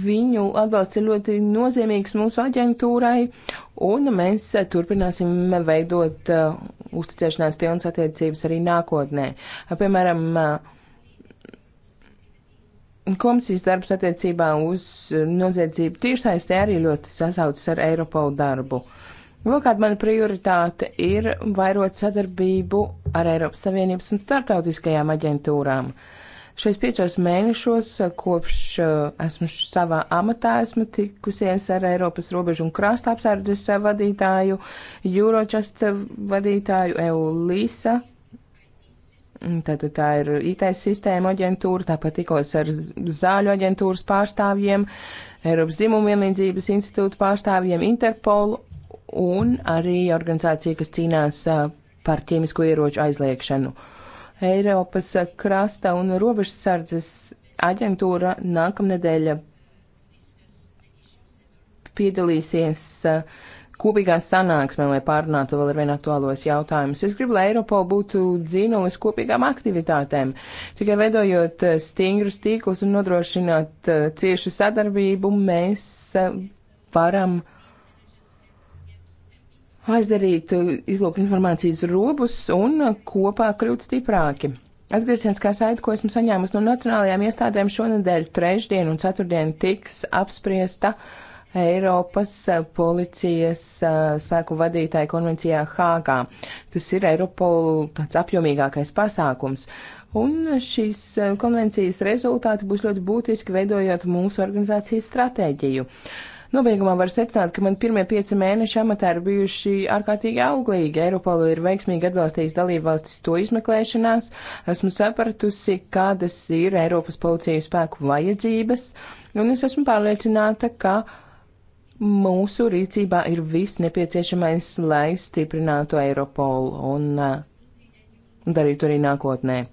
Viņu atbalsts ir ļoti nozīmīgs mūsu aģentūrai, un mēs eh, turpināsim veidot uh, uzticēšanās pilnas attiecības arī nākotnē. Eh, piemēram, uh, komisijas darbs attiecībā uz noziedzību tiešsaistē arī ļoti sasaucas ar Eiropolu darbu. Vēl kāda mana prioritāte ir vairot sadarbību ar Eiropas Savienības un starptautiskajām aģentūrām. Uh, Šais piecos mēnešos, eh, kopš eh, esmu savā amatā, esmu tikusies ar Eiropas robežu un krāsta apsardzes eh, vadītāju, Eurochast vadītāju, EULISA. Mm, tātad tā ir IT sistēma aģentūra, tāpat tikos ar zāļu aģentūras pārstāvjiem, Eiropas dzimumvienlīdzības institūta pārstāvjiem, Interpolu un arī organizāciju, kas cīnās par ķīmisko ieroču aizliekšanu. Uh, Eiropas krasta un robežsardzes aģentūra nākamnedēļ piedalīsies uh, kopīgā sanāksmē, lai pārunātu vēl ar vienu aktuālos jautājumus. Es gribu, lai Eiropola būtu dzīnulis kopīgām aktivitātēm, tikai veidojot uh, stingrus tīklus un nodrošinot uh, ciešu sadarbību, mēs varam uh, aizdarīt eh, izlūku informācijas robus un eh, kopā kļūt stiprāki. Atgriezieniskā saita, ko esmu saņēmusi no nacionālajām iestādēm šonadēļ, trešdien un ceturtdien tiks apspriesta Eiropas eh, policijas spēku vadītāja konvencijā Hāgā. Tas ir Eiropol tāds apjomīgākais pasākums. Un šīs konvencijas rezultāti būs ļoti būtiski veidojot mūsu organizācijas stratēģiju. Uh, Nobeigumā var secināt, ka man pirmie pieci mēneši amatā ir bijuši ārkārtīgi auglīgi. Eiropolu ir veiksmīgi atbalstījis dalībvalstis to izmeklēšanās. Esmu sapratusi, kādas ir Eiropas policijas spēku vajadzības, un es esmu pārliecināta, ka mūsu rīcībā ir viss nepieciešamais, lai stiprinātu Eiropolu un, un uh, darītu arī nākotnē.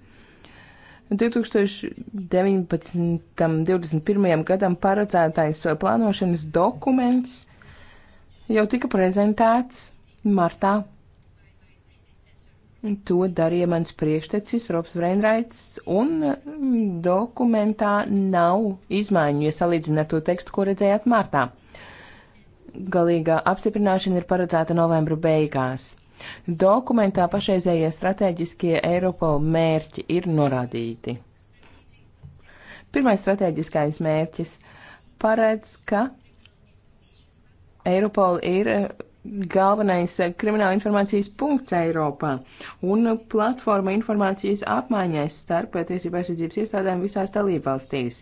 2019. 21. gadam paredzētais plānošanas dokuments jau tika prezentēts martā. To darīja mans priekštecis Robs Vreinraits, un mm, dokumentā nav izmaiņu, ja salīdzina ar to tekstu, ko redzējāt martā. Galīgā apstiprināšana ir paredzēta novembra beigās. Dokumentā pašreizējie strateģiskie Eiropola mērķi ir norādīti. Pirmais strateģiskais mērķis paredz, ka Eiropola ir galvenais eh, krimināla informācijas punkts Eiropā un platforma informācijas apmaiņai starp eh, tiesību aizsardzības iestādēm visās dalībvalstīs.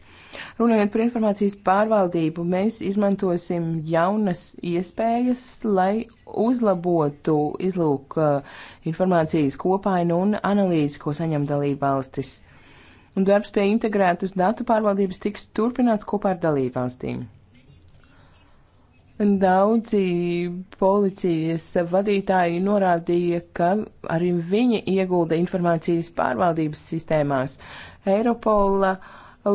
Runājot par informācijas pārvaldību, mēs izmantosim jaunas iespējas, lai uzlabotu izlūk eh, informācijas kopainu un analīzi, ko saņem dalībvalstis. Un darbs pie integrētas datu pārvaldības tiks turpināts kopā ar dalībvalstīm. Daudzi policijas vadītāji norādīja, ka arī viņi iegulda informācijas pārvaldības sistēmās. Eiropola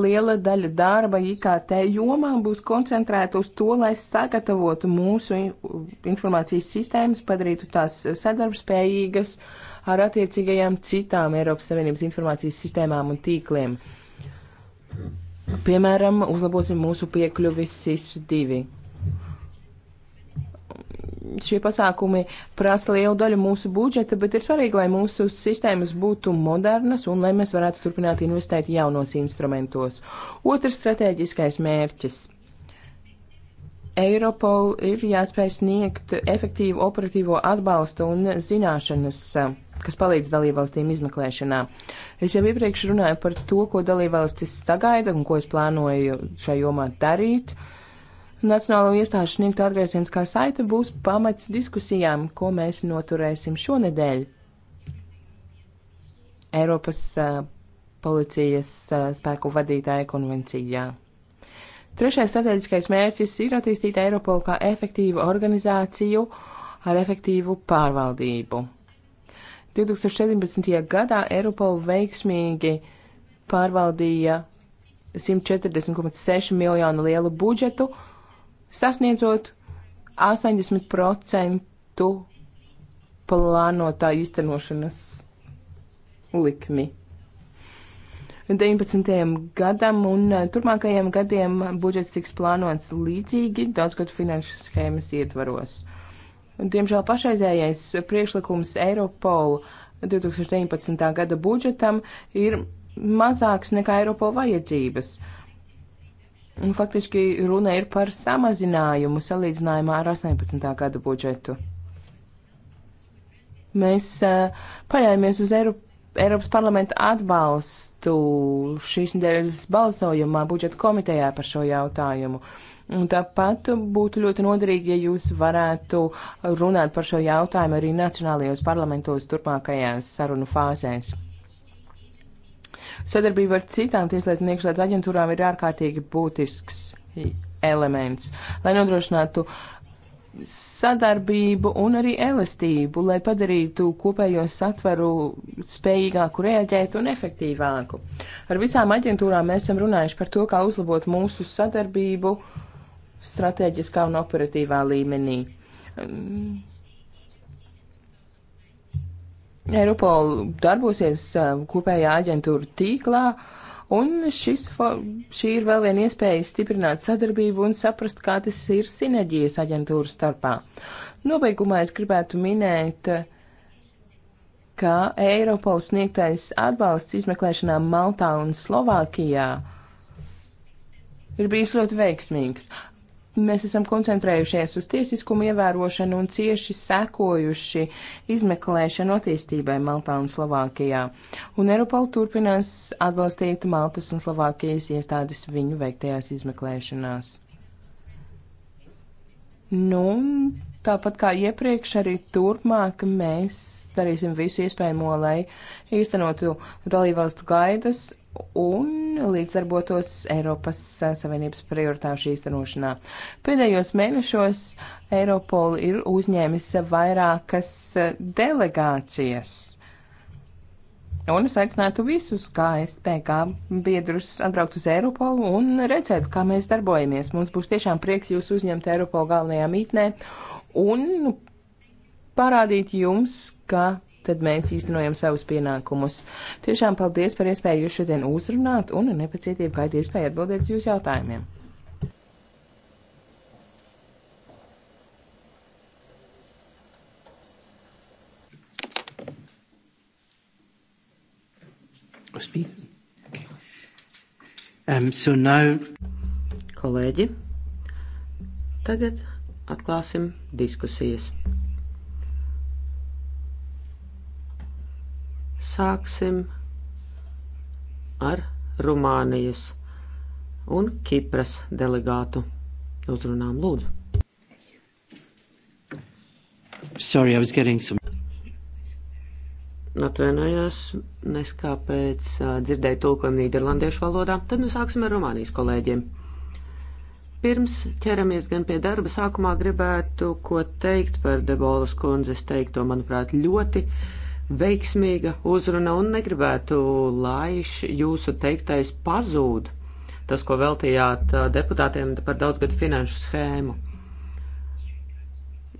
liela daļa darba IKT jomā būs koncentrēta uz to, lai sagatavotu mūsu informācijas sistēmas, padarītu tās sadarbspējīgas ar attiecīgajām citām Eiropas Savienības informācijas sistēmām un tīkliem. Piemēram, uzlabosim mūsu piekļuvis SIS 2 šie pasākumi prasa lielu daļu mūsu budžeta, bet ir svarīgi, lai mūsu sistēmas būtu modernas un lai mēs varētu turpināt investēt jaunos instrumentos. Otrs strateģiskais mērķis. Eiropol ir jāspēj sniegt efektīvu operatīvo atbalstu un zināšanas, kas palīdz dalībvalstīm izmeklēšanā. Es jau iepriekš runāju par to, ko dalībvalstis sagaida un ko es plānoju šajā jomā darīt. Uh, Nacionālo iestāžu sniegta atgriezieniskā saite būs pamats diskusijām, ko mēs noturēsim šonedēļ. Eiropas uh, policijas uh, spēku vadītāja konvencijā. Trešais strateģiskais mērķis ir attīstīt Eiropolu kā efektīvu organizāciju ar efektīvu pārvaldību. 2017. gadā Eiropola veiksmīgi pārvaldīja 140,6 miljonu lielu budžetu, sasniedzot 80% plānotā īstenošanas likmi. 19. gadam un eh, turpmākajiem gadiem budžets tiks plānots līdzīgi daudzgadu finanšu schēmas ietvaros. Un, diemžēl pašreizējais priekšlikums Eiropolu 2019. gada budžetam ir mazāks nekā Eiropola vajadzības. Uh, Un faktiski runa ir par samazinājumu salīdzinājumā ar 18. gada budžetu. Mēs uh, paļāvāmies uz Eiropu. Eiropas parlamenta atbalstu šīs nedēļas balsojumā budžeta komitejā par šo jautājumu. Un tāpat būtu ļoti noderīgi, ja jūs varētu runāt par šo jautājumu arī nacionālajos parlamentos turpmākajās sarunu fāzēs. Sadarbība ar citām tieslietu un iekšlietu aģentūrām ir ārkārtīgi būtisks elements, lai nodrošinātu sadarbību un arī elastību, lai padarītu kopējo satvaru spējīgāku reaģēt un efektīvāku. Ar visām aģentūrām mēs esam runājuši par to, kā uzlabot mūsu sadarbību stratēģiskā un operatīvā līmenī Eiropola darbosies um, kopējā aģentūra tīklā, un šis, šī ir vēl viena iespēja stiprināt sadarbību un saprast, kā tas ir sinerģijas aģentūru starpā. Nobeigumā es gribētu minēt, ka Eiropola sniegtais atbalsts izmeklēšanām Maltā un Slovākijā ir bijis ļoti veiksmīgs mēs esam koncentrējušies uz tiesiskumu ievērošanu un cieši sekojuši izmeklēšanu attīstībai Maltā un Slovākijā. Un Eiropola turpinās atbalstīt Maltas un Slovākijas iestādes viņu veiktajās izmeklēšanās. Nu, tāpat kā iepriekš, arī turpmāk mēs darīsim visu iespējamo, lai īstenotu dalībvalstu gaidas un līdzdarbotos Eiropas Savienības prioritāšu īstenošanā. Pēdējos mēnešos Eiropola ir uzņēmis vairākas delegācijas. Un es aicinātu visus KSPK biedrus atbraukt uz Eiropolu un redzēt, kā mēs darbojamies. Mums būs tiešām prieks jūs uzņemt Eiropolu galvenajā mītnē un parādīt jums, ka tad mēs īstenojam savus pienākumus. Tiešām paldies par iespēju jūs šodien uzrunāt un nepacietību gaidu iespēju atbildēt uz jūsu jautājumiem. Okay. Um, so now... Kolēģi, tagad atklāsim diskusijas. Sāksim ar Rumānijas un Kipras delegātu uzrunām lūdzu. Sorry, I was getting some. Atvainojos, nes kāpēc dzirdēju tulkojumu Nīderlandiešu valodā, tad nu sāksim ar Rumānijas kolēģiem. Pirms ķeramies gan pie darba, sākumā gribētu ko teikt par Debolas kundzes teikto, manuprāt, ļoti uh, veiksmīga uzruna un negribētu, lai jūsu teiktais pazūd, tas, ko veltījāt deputātiem par daudzgadu finanšu schēmu.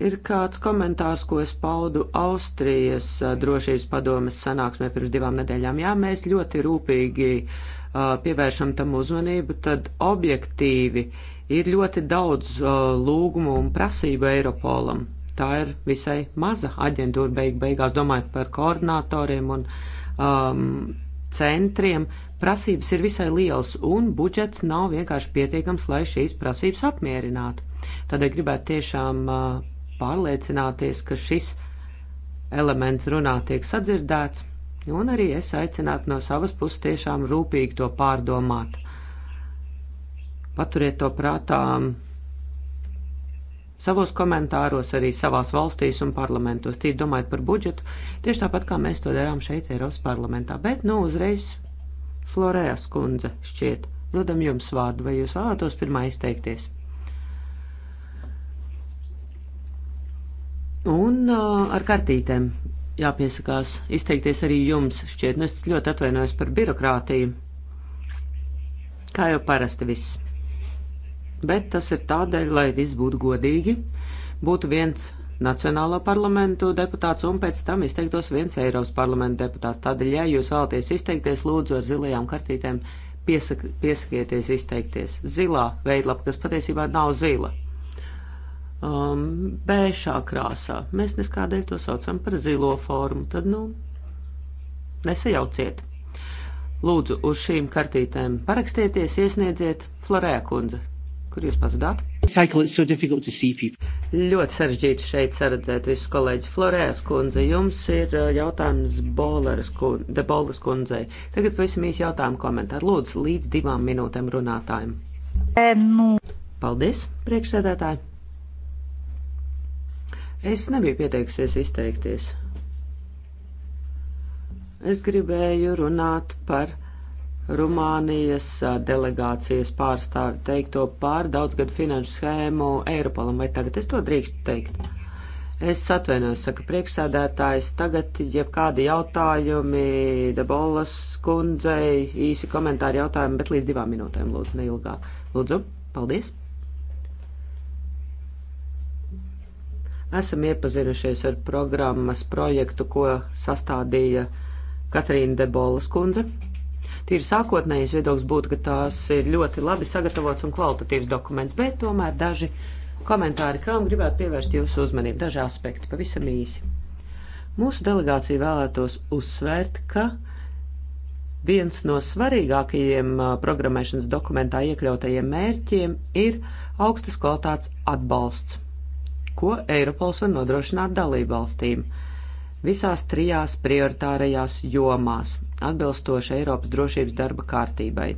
Ir kāds komentārs, ko es paudu Austrijas drošības padomes sanāksmē pirms divām nedēļām. Jā, mēs ļoti rūpīgi pievēršam tam uzmanību, tad objektīvi ir ļoti daudz lūgumu un prasību Eiropolam tā ir visai maza aģentūra beig beigās, domājot par koordinatoriem un um, centriem. Prasības ir visai lielas, un budžets nav vienkārši pietiekams, lai šīs prasības apmierinātu. Tādēļ gribētu tiešām uh, pārliecināties, ka šis elements runā tiek sadzirdēts, un arī es aicinātu no savas puses tiešām rūpīgi to pārdomāt. Paturiet to prātām um, savos komentāros, arī savās valstīs un parlamentos, tīri domājot par budžetu, tieši tāpat kā mēs to darām šeit, Eiropas parlamentā. Bet, nu, uzreiz Florējas kundze šķiet. Dodam jums vārdu, vai jūs vēlētos pirmā izteikties? Un uh, ar kartītēm jāpiesakās izteikties arī jums šķiet. Nu, es ļoti atvainojos par birokrātiju. Kā jau parasti viss bet tas ir tādēļ, lai viss būtu godīgi, būtu viens Nacionālo parlamentu deputāts un pēc tam izteiktos viens Eiropas parlamenta deputāts. Tādēļ, ja jūs vēlaties izteikties, lūdzu ar zilajām kartītēm piesak piesakieties izteikties. Zilā veidlapa, kas patiesībā nav zila. Um, bēšā krāsā. Mēs neskādēļ to saucam par zilo formu. Tad, nu, nesajauciet. Lūdzu, uz šīm kartītēm parakstieties, iesniedziet Florē kundze. Kur jūs pazudāt? So Ļoti sarežģīti šeit saredzēt visus kolēģus. Florēs kundze, jums ir uh, jautājums Boleras kundze, de Boleras kundzei. Tagad pavisam īsi jautājumu komentāru. Lūdzu, līdz divām minūtēm runātājiem. Nu. Paldies, priekšsēdētāji. Es nebiju pieteikusies izteikties. Es gribēju runāt par Rumānijas delegācijas pārstāvi teikto par daudzgadu finanšu schēmu Eiropalam. Vai tagad es to drīkstu teikt? Es atvainojos, saka priekšsēdētājs. Tagad, ja kādi jautājumi Debolas kundzei, īsi komentāri jautājumi, bet līdz divām minūtēm, lūdzu, neilgāk. Lūdzu, paldies! Esam iepazinušies ar programmas projektu, ko sastādīja Katrīna Debolas kundze Tīri sākotnējais viedoklis būtu, ka tās ir ļoti labi sagatavots un kvalitatīvs dokuments, bet tomēr daži komentāri, kam gribētu pievērst jūsu uzmanību, daži aspekti pavisam īsi. Mūsu delegācija vēlētos uzsvērt, ka viens no svarīgākajiem programmēšanas dokumentā iekļautajiem mērķiem ir augstas kvalitātes atbalsts, ko Eiropols var nodrošināt dalību valstīm visās trijās prioritārajās jomās, atbilstoši Eiropas drošības darba kārtībai.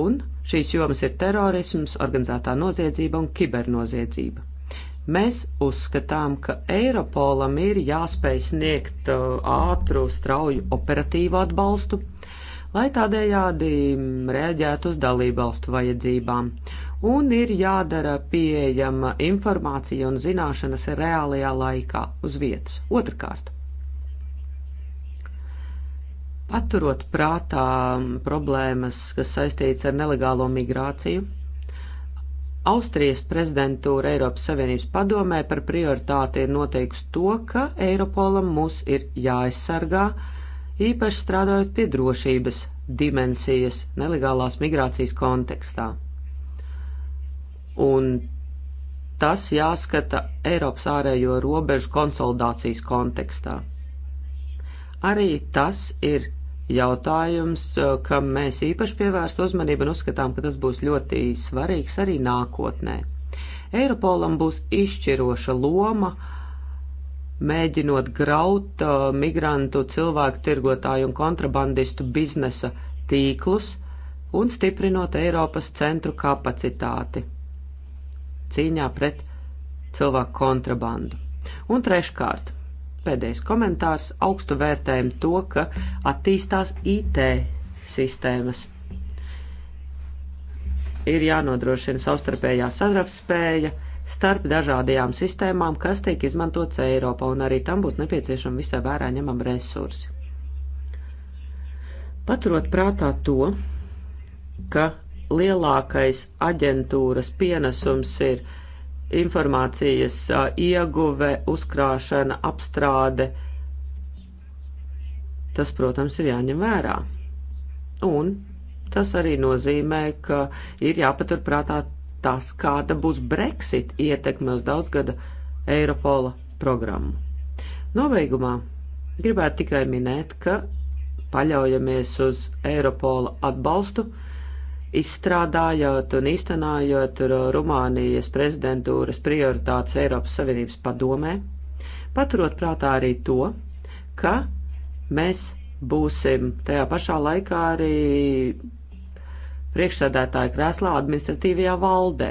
Un šīs jomas ir terorisms, organizētā noziedzība un kibernoziedzība. Mēs uzskatām, ka Eiropolam ir jāspēj sniegt uh, ātru, strauju operatīvu atbalstu, lai tādējādi mm, reaģētu uz dalībvalstu vajadzībām un ir jādara pieejama informācija un zināšanas reālajā laikā uz vietas. Otrakārt, paturot prātā problēmas, kas saistīts ar nelegālo migrāciju, Austrijas prezidentūra Eiropas Savienības padomē par prioritāti ir noteikusi to, ka Eiropolam mūs ir jāaizsargā, īpaši strādājot pie drošības dimensijas nelegālās migrācijas kontekstā un tas jāskata Eiropas ārējo robežu konsolidācijas kontekstā. Arī tas ir jautājums, eh, kam mēs īpaši pievērst uzmanību un uzskatām, ka tas būs ļoti svarīgs arī nākotnē. Eiropolam būs izšķiroša loma, mēģinot graut uh, migrantu, cilvēku tirgotāju un kontrabandistu biznesa tīklus un stiprinot Eiropas centru kapacitāti cīņā pret cilvēku kontrabandu. Un treškārt, pēdējais komentārs - augstu vērtējam to, ka attīstās IT sistēmas. Ir jānodrošina savstarpējā sadarbspēja starp dažādajām sistēmām, kas tiek izmantotas Eiropā, un arī tam būtu nepieciešami visai vērā ņemam resursi. Paturot prātā to, ka lielākais aģentūras pienesums ir informācijas ieguve, uzkrāšana, apstrāde. Tas, protams, ir jāņem vērā. Un tas arī nozīmē, ka ir jāpaturprātā tas, kāda būs Brexit ietekme uz daudzgada Eiropola programmu. Nobeigumā gribētu tikai minēt, ka paļaujamies uz Eiropola atbalstu izstrādājot un īstenojot Rumānijas prezidentūras prioritātes Eiropas Savienības padomē, paturot prātā arī to, ka mēs būsim tajā pašā laikā arī priekšsēdētāja krēslā administratīvajā valdē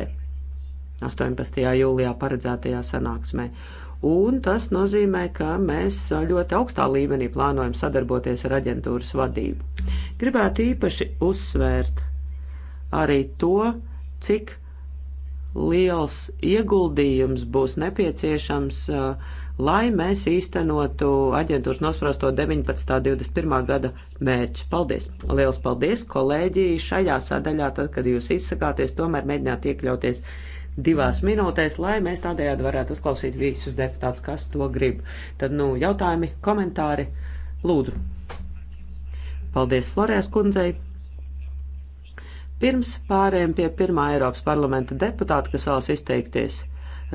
18. jūlijā paredzētajā sanāksmē. Un tas nozīmē, ka mēs ļoti augstā līmenī plānojam sadarboties ar aģentūras vadību. Gribētu īpaši uzsvērt arī to, cik liels ieguldījums būs nepieciešams, uh, lai mēs īstenotu aģentūras nosprosto 19. un 21. gada mērķus. Paldies! Liels paldies, kolēģi! Šajā sadaļā, tad, kad jūs izsakāties, tomēr mēģināt iekļauties divās minūtēs, lai mēs tādējādi varētu uzklausīt visus deputātus, kas to grib. Tad, nu, jautājumi, komentāri, lūdzu! Paldies Florēs kundzei! Pirms pārējiem pie pirmā Eiropas parlamenta deputāta, kas vēlas izteikties,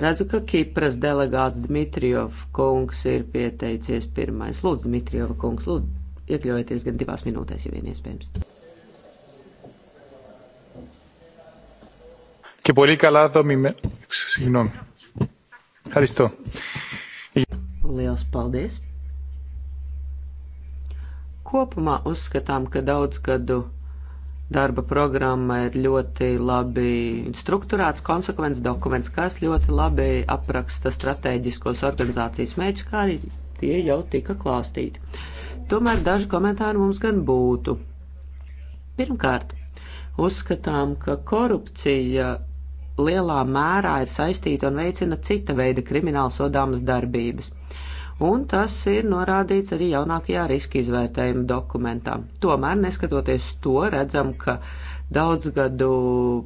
redzu, ka Kipras delegāts Dmitrijov kungs ir pieteicies pirmais. Lūdzu, Dmitrijova kungs, lūdzu, iekļaujieties gan divās minūtēs, ja vien iespējams. Και πολύ καλά δομημένο. Συγγνώμη. Ευχαριστώ. Liels paldies! Kopumā uzskatām, ka daudz gadu Darba programma ir ļoti labi strukturēts, konsekvents dokuments, kas ļoti labi apraksta strateģiskos organizācijas mērķus, kā arī tie jau tika klāstīti. Tomēr daži komentāri mums gan būtu. Pirmkārt, uzskatām, ka korupcija lielā mērā ir saistīta un veicina cita veida krimināla sodāmas darbības un tas ir norādīts arī jaunākajā riska izvērtējuma dokumentā. Tomēr, neskatoties to, redzam, ka daudzgadu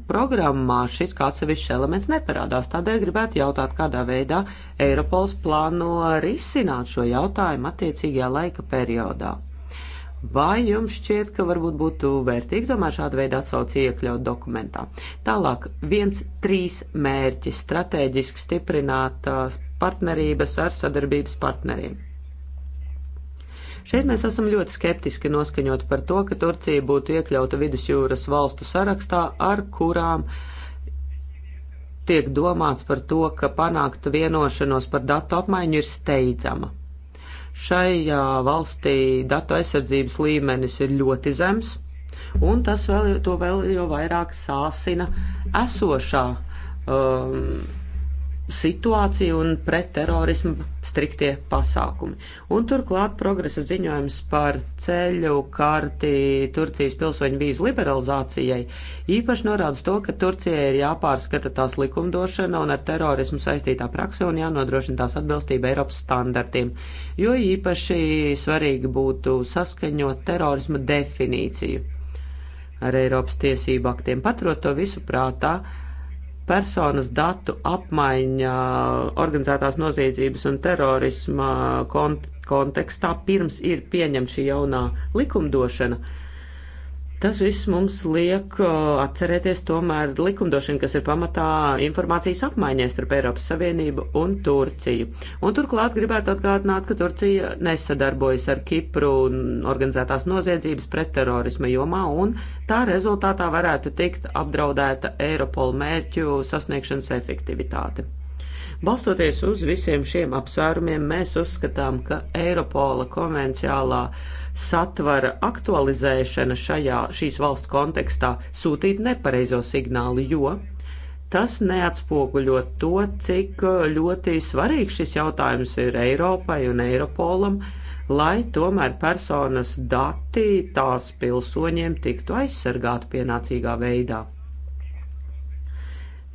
programmā šis kā atsevišķs elements neparādās. Tādēļ gribētu jautāt, kādā veidā Eiropols plāno risināt šo jautājumu attiecīgajā laika periodā. Vai jums šķiet, ka varbūt būtu vērtīgi tomēr šādu veidu atsauci iekļaut dokumentā? Tālāk, viens trīs mērķis - strateģiski stiprināt uh, partnerības ar sadarbības partneriem. Šeit mēs esam ļoti skeptiski noskaņot par to, ka Turcija būtu iekļauta vidusjūras valstu sarakstā, ar kurām tiek domāts par to, ka panākta vienošanos par datu apmaiņu ir steidzama. Šajā valstī datu aizsardzības līmenis ir ļoti zems, un tas vēl, to vēl jau vairāk sāsina esošā um, situācija un pret terorismu striktie pasākumi. Un turklāt progresa ziņojums par ceļu karti Turcijas pilsoņu vīzu liberalizācijai īpaši norāda to, ka Turcijai ir jāpārskata tās likumdošana un ar terorismu saistītā praksa un jānodrošina tās atbilstība Eiropas standartiem, jo īpaši svarīgi būtu saskaņot terorisma definīciju ar Eiropas tiesību aktiem. Paturot to visu prātā, personas datu apmaiņa organizētās noziedzības un terorisma kont kontekstā pirms ir pieņemta šī jaunā likumdošana. Uh, Tas viss mums liek uh, atcerēties tomēr likumdošanu, kas ir pamatā informācijas apmaiņai starp Eiropas Savienību un Turciju. Un turklāt gribētu atgādināt, ka Turcija nesadarbojas ar Kipru organizētās noziedzības pret terorisma jomā, un tā rezultātā varētu tikt apdraudēta Eiropola mērķu sasniegšanas efektivitāte. Balstoties uz visiem šiem apsvērumiem, mēs uzskatām, ka Eiropola konvenciālā satvara aktualizēšana šajā, šīs valsts kontekstā sūtītu nepareizo signālu, jo tas neatspoguļo to, cik ļoti svarīgs šis jautājums ir Eiropai un Eiropolam, lai tomēr personas dati tās pilsoņiem tiktu aizsargāti pienācīgā veidā.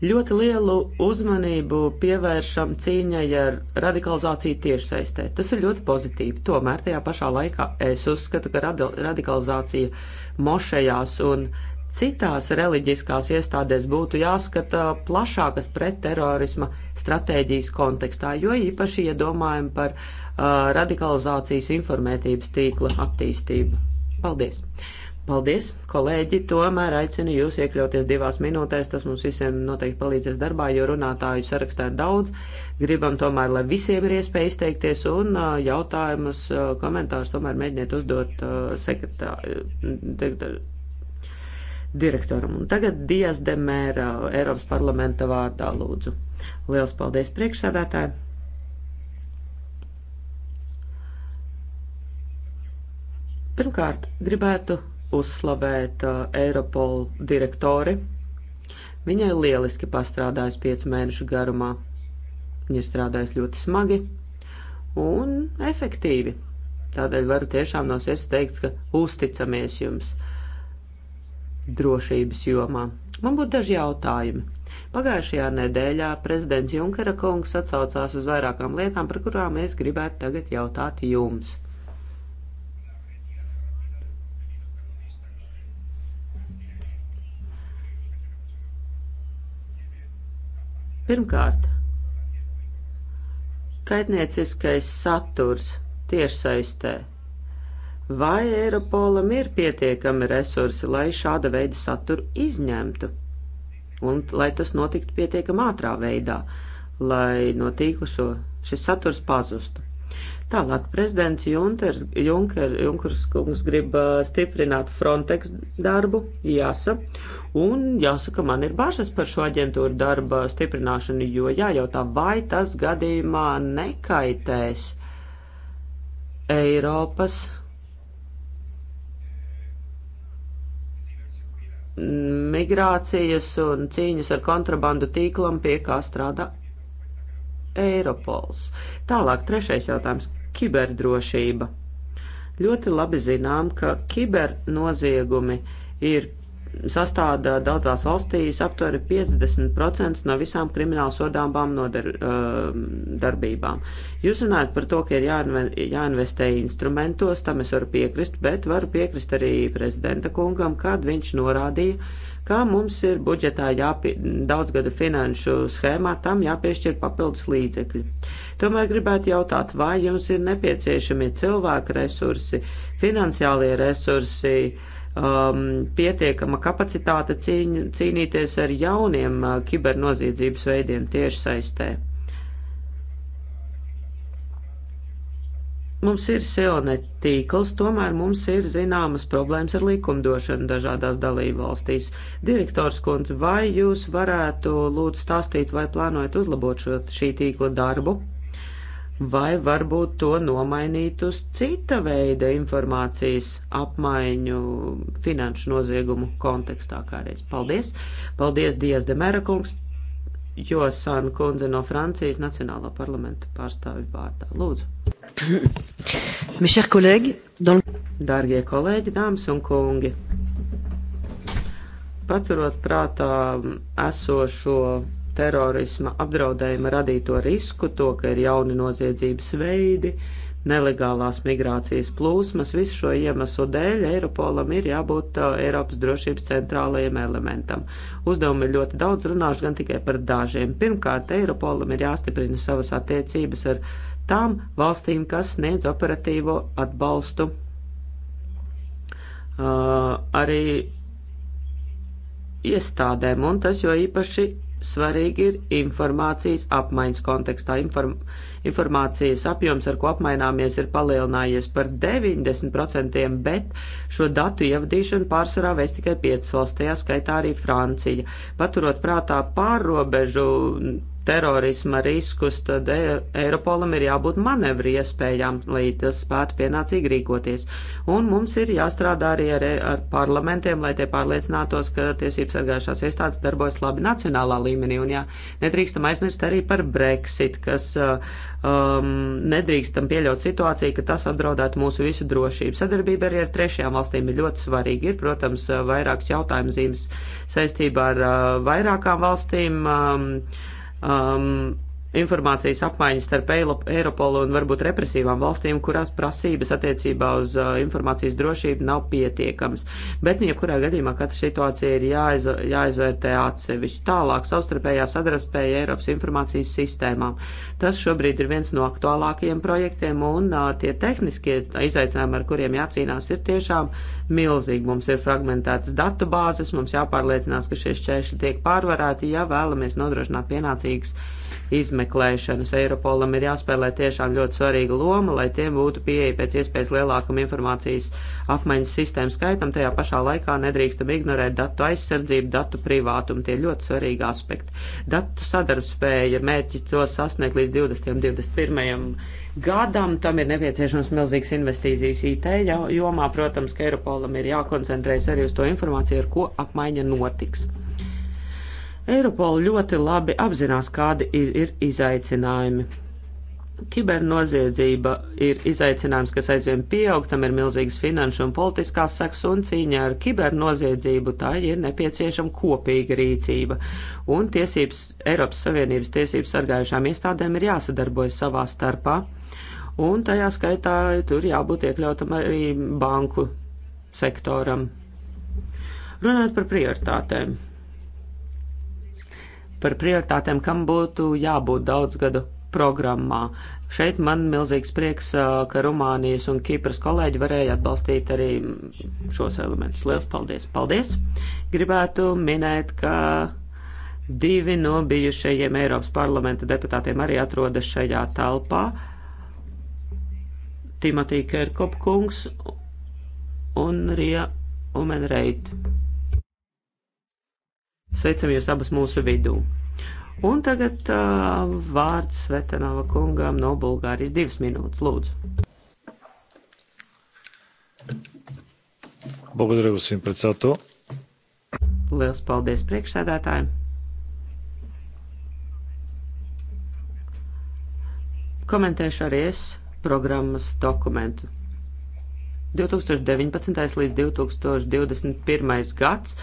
Ļoti lielu uzmanību pievēršam cīņai ar radikalizāciju tiešsaistē. Tas ir ļoti pozitīvi. Tomēr tajā pašā laikā es uzskatu, ka radikalizācija mošajās un citās reliģiskās iestādēs būtu jāskata plašākas pretterorisma stratēģijas kontekstā, jo īpaši iedomājam par uh, radikalizācijas informētības tīkla attīstību. Paldies! Paldies, kolēģi, tomēr aicinu jūs iekļauties divās minūtēs, tas mums visiem noteikti palīdzēs darbā, jo runātāju sarakstā ir daudz. Gribam tomēr, lai visiem ir iespēja izteikties un jautājumus, komentārus tomēr mēģiniet uzdot sekretā, direktoram. Un tagad Dijas Demēra Eiropas parlamenta vārdā lūdzu. Liels paldies priekšsādātāji! Pirmkārt, gribētu uzslavēt uh, Eiropol direktori. Viņai lieliski pastrādājas piecu mēnešu garumā. Viņa strādājas ļoti smagi un efektīvi. Tādēļ varu tiešām no sirds teikt, ka uzticamies jums drošības jomā. Man būtu daži jautājumi. Pagājušajā nedēļā prezidents Junkera kungs atsaucās uz vairākām lietām, par kurām es gribētu tagad jautāt jums. Pirmkārt, kaitnieciskais saturs tiešsaistē. Vai Eiropolam ir pietiekami resursi, lai šāda veida saturu izņemtu? Un lai tas notiktu pietiekami ātrā veidā, lai no tīkla šo, šis saturs pazustu. Tālāk prezidents Junkers, Junker, Junkers kungs grib stiprināt Frontex darbu, jāsa, un jāsaka, man ir bažas par šo aģentūru darba stiprināšanu, jo jājautā, vai tas gadījumā nekaitēs Eiropas migrācijas un cīņas ar kontrabandu tīklam, pie kā strādā Eiropols. Tālāk, trešais jautājums - kiberdrošība. Ļoti labi zinām, ka kibernoziegumi ir sastāda daudzās valstīs aptuveni 50% no visām kriminālu sodāmām nodarbībām. Um, uh, Jūs runājat par to, ka ir jāinve, jāinvestē instrumentos, tam es varu piekrist, bet varu piekrist arī prezidenta kungam, kad viņš norādīja, ka mums ir budžetā jāpie, daudzgada finanšu schēmā tam jāpiešķir papildus līdzekļi. Tomēr gribētu jautāt, vai jums ir nepieciešamie cilvēku resursi, finansiālie resursi, um, pietiekama kapacitāte cīn, cīnīties ar jauniem uh, kibernoziedzības veidiem tieši saistē? Mums ir sionet tīkls, tomēr mums ir zināmas problēmas ar likumdošanu dažādās dalību valstīs. Direktors kundze, vai jūs varētu lūdzu stāstīt, vai plānojat uzlabot šo, šī tīkla darbu, vai varbūt to nomainīt uz cita veida informācijas apmaiņu finanšu noziegumu kontekstā kāreiz? Paldies! Paldies, Dijas Demēra kungs! jo San kundze no Francijas Nacionālā parlamenta pārstāvju vārdā. Lūdzu. Dārgie kolēģi, dāmas un kungi, paturot prātā esošo terorisma apdraudējuma radīto risku, to, ka ir jauni noziedzības veidi, uh, nelegālās migrācijas plūsmas, visu šo iemeslu dēļ Eiropolam ir jābūt uh, Eiropas drošības centrālajiem elementam. Uzdevumi ir ļoti daudz, runāšu gan tikai par dažiem. Pirmkārt, Eiropolam ir jāstiprina savas attiecības ar tām valstīm, kas sniedz operatīvo atbalstu. Uh, arī iestādēm, un tas jo īpaši svarīgi ir informācijas apmaiņas kontekstā. Inform informācijas apjoms, ar ko apmaināmies, ir palielinājies par 90%, bet šo datu ievadīšanu pārsvarā veids tikai 5 valsts, tajā skaitā arī Francija. Paturot prātā pārrobežu terorisma riskus, tad e, Eiropolam ir jābūt manevri iespējām, lai tas spētu pienācīgi rīkoties. Un mums ir jāstrādā arī ar, ar parlamentiem, lai tie pārliecinātos, ka tiesības sargājušās iestādes darbojas labi nacionālā līmenī. Un jā, nedrīkstam aizmirst arī par Brexit, kas uh, um, nedrīkstam pieļaut situāciju, ka tas apdraudētu mūsu visu drošību. Sadarbība arī ar trešajām valstīm ir ļoti svarīga. Ir, protams, uh, vairākas jautājuma zīmes saistībā ar uh, vairākām valstīm. Um, um, informācijas apmaiņas starp Eiropolu un varbūt represīvām valstīm, kurās prasības attiecībā uz uh, informācijas drošību nav pietiekamas. Bet, nu, ja kurā gadījumā katra situācija ir jāiz, jāizvērtē atsevišķi. Tālāk savstarpējā sadarbspēja Eiropas informācijas sistēmām. Tas šobrīd ir viens no aktuālākajiem projektiem, un uh, tie tehniskie izaicinājumi, ar kuriem jācīnās, ir tiešām milzīgi. Mums ir fragmentētas datu bāzes, mums jāpārliecinās, ka šie šķēršļi tiek pārvarēti, ja vēlamies nodrošināt pienācīgas izmeklēšanas. Eiropolam ir jāspēlē tiešām ļoti svarīga loma, lai tiem būtu pieeja pēc iespējas lielākam informācijas apmaiņas sistēmu skaitam. Tajā pašā laikā nedrīkstam ignorēt datu aizsardzību, datu privātumu. Tie ir ļoti svarīgi aspekti. Datu sadarbspēja mērķi to sasniegt līdz 2021 gadam. Tam ir nepieciešams milzīgs investīcijas IT jomā. Protams, ka Eiropolam ir jākoncentrējas arī uz to informāciju, ar ko apmaiņa notiks. Eiropola ļoti labi apzinās, kādi ir izaicinājumi. Kibernoziedzība ir izaicinājums, kas aizvien pieaug, tam ir milzīgas finanšu un politiskās saks, un cīņā ar kibernoziedzību tā ir nepieciešama kopīga rīcība. Un tiesības, Eiropas Savienības tiesības sargājušām iestādēm ir jāsadarbojas savā starpā, un tajā skaitā tur jābūt iekļautam arī banku sektoram. Runājot par prioritātēm. Par prioritātēm, kam būtu jābūt daudzgadu programmā. Šeit man milzīgs prieks, ka Rumānijas un Kipras kolēģi varēja atbalstīt arī šos elementus. Lielas paldies! Paldies! Gribētu minēt, ka divi no bijušajiem Eiropas parlamenta deputātiem arī atrodas šajā telpā. Timotī Kerkopkungs un Rija Umenreit. Sveicam jūs abas mūsu vidū. Un tagad uh, vārds Svetanava kungām no Bulgārijas divas minūtes, lūdzu. Благодаря, господин председател. Liels paldies priekšsēdētājiem. Komentēšu arī es programmas dokumentu. 2019. līdz 2021. gads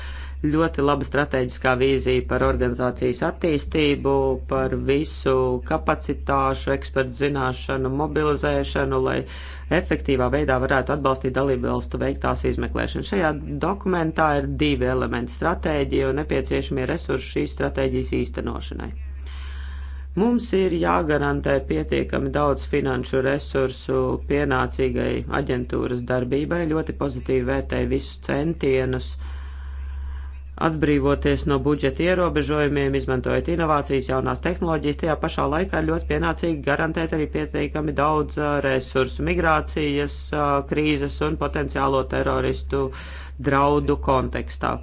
ļoti laba strateģiskā vīzija par organizācijas attīstību, par visu kapacitāšu, ekspertu zināšanu, mobilizēšanu, lai efektīvā veidā varētu atbalstīt dalību valstu veiktās izmeklēšanu. Šajā dokumentā ir divi elementi - stratēģija un nepieciešamie resursi šīs stratēģijas īstenošanai. Mums ir jāgarantē pietiekami daudz finanšu resursu pienācīgai aģentūras darbībai. Ļoti pozitīvi vērtēju visus centienus atbrīvoties no budžeta ierobežojumiem, izmantojot inovācijas, jaunās tehnoloģijas. Tajā pašā laikā ir ļoti pienācīgi garantēt arī pietiekami daudz resursu migrācijas, krīzes un potenciālo teroristu draudu kontekstā.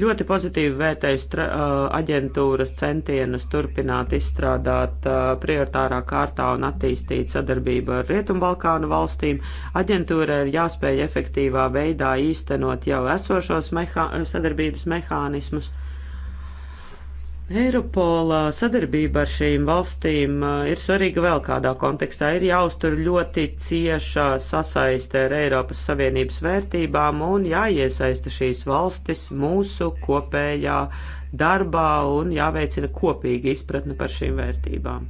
Ļoti pozitīvi vērtēju uh, aģentūras centienus turpināt izstrādāt uh, prioritārā kārtā un attīstīt sadarbību ar Rietumbalkānu valstīm. Aģentūra ir jāspēj efektīvā veidā īstenot jau esošos mehā sadarbības mehānismus Eiropola sadarbība ar šīm valstīm eh, ir svarīga vēl kādā kontekstā. Ir jāuztur ļoti cieša sasaiste ar Eiropas Savienības vērtībām un jāiesaista šīs valstis mūsu kopējā darbā un jāveicina kopīga izpratne par šīm vērtībām.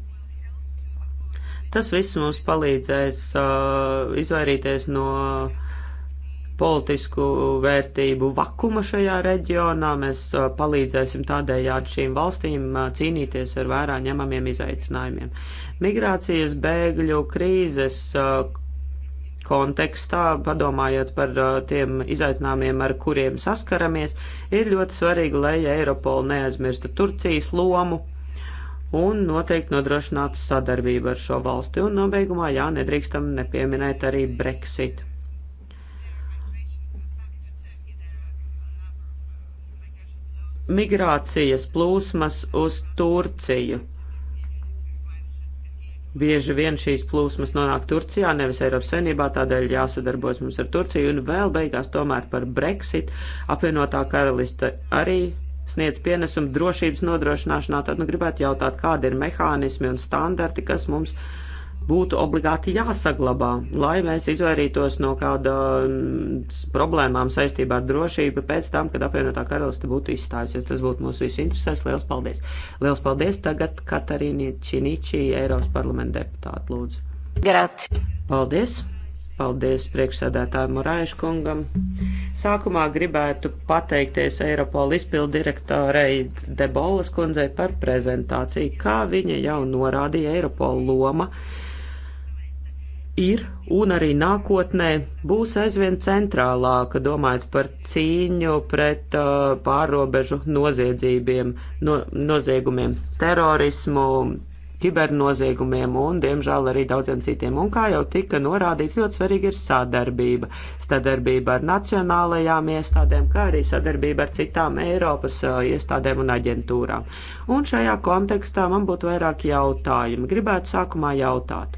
Tas viss mums palīdzēs uh, izvairīties no uh, politisku vērtību vakuma šajā reģionā. Mēs uh, palīdzēsim tādējādi šīm valstīm uh, cīnīties ar vērā ņemamiem izaicinājumiem. Migrācijas bēgļu krīzes uh, kontekstā, padomājot par tiem izaicinājumiem, ar kuriem saskaramies, ir ļoti svarīgi, lai Eiropola neaizmirsta Turcijas lomu un noteikti nodrošinātu sadarbību ar šo valsti. Un nobeigumā, jā, nedrīkstam nepieminēt arī Brexit. migrācijas plūsmas uz Turciju. Bieži vien šīs plūsmas nonāk Turcijā, nevis Eiropas Savienībā, tādēļ jāsadarbojas mums ar Turciju. Un vēl beigās tomēr par Brexit apvienotā karaliste arī sniedz pienesumu drošības nodrošināšanā. Tad nu gribētu jautāt, kādi ir mehānismi un standarti, kas mums ir būtu obligāti jāsaglabā, lai mēs izvairītos no kādām mm, problēmām saistībā ar drošību pēc tam, kad apvienotā karaliste būtu izstājusies. Tas būtu mūsu visu interesēs. Liels paldies! Liels paldies tagad Katarīnie Činičī, Eiropas parlamenta deputāta lūdzu. Grāci! Paldies! Paldies priekšsēdētājiem Morājušu kungam. Sākumā gribētu pateikties Eiropola izpildirektorei Debolas kundzei par prezentāciju, kā viņa jau norādīja Eiropola loma ir un arī nākotnē būs aizvien centrālāka, domājot par cīņu pret uh, pārobežu noziedzībiem, no, noziegumiem, terorismu, kibernoziegumiem un, diemžēl, arī daudziem citiem. Un, kā jau tika norādīts, ļoti svarīga ir sadarbība. Sadarbība ar nacionālajām iestādēm, kā arī sadarbība ar citām Eiropas uh, iestādēm un aģentūrām. Un šajā kontekstā man būtu vairāk jautājumu. Gribētu sākumā jautāt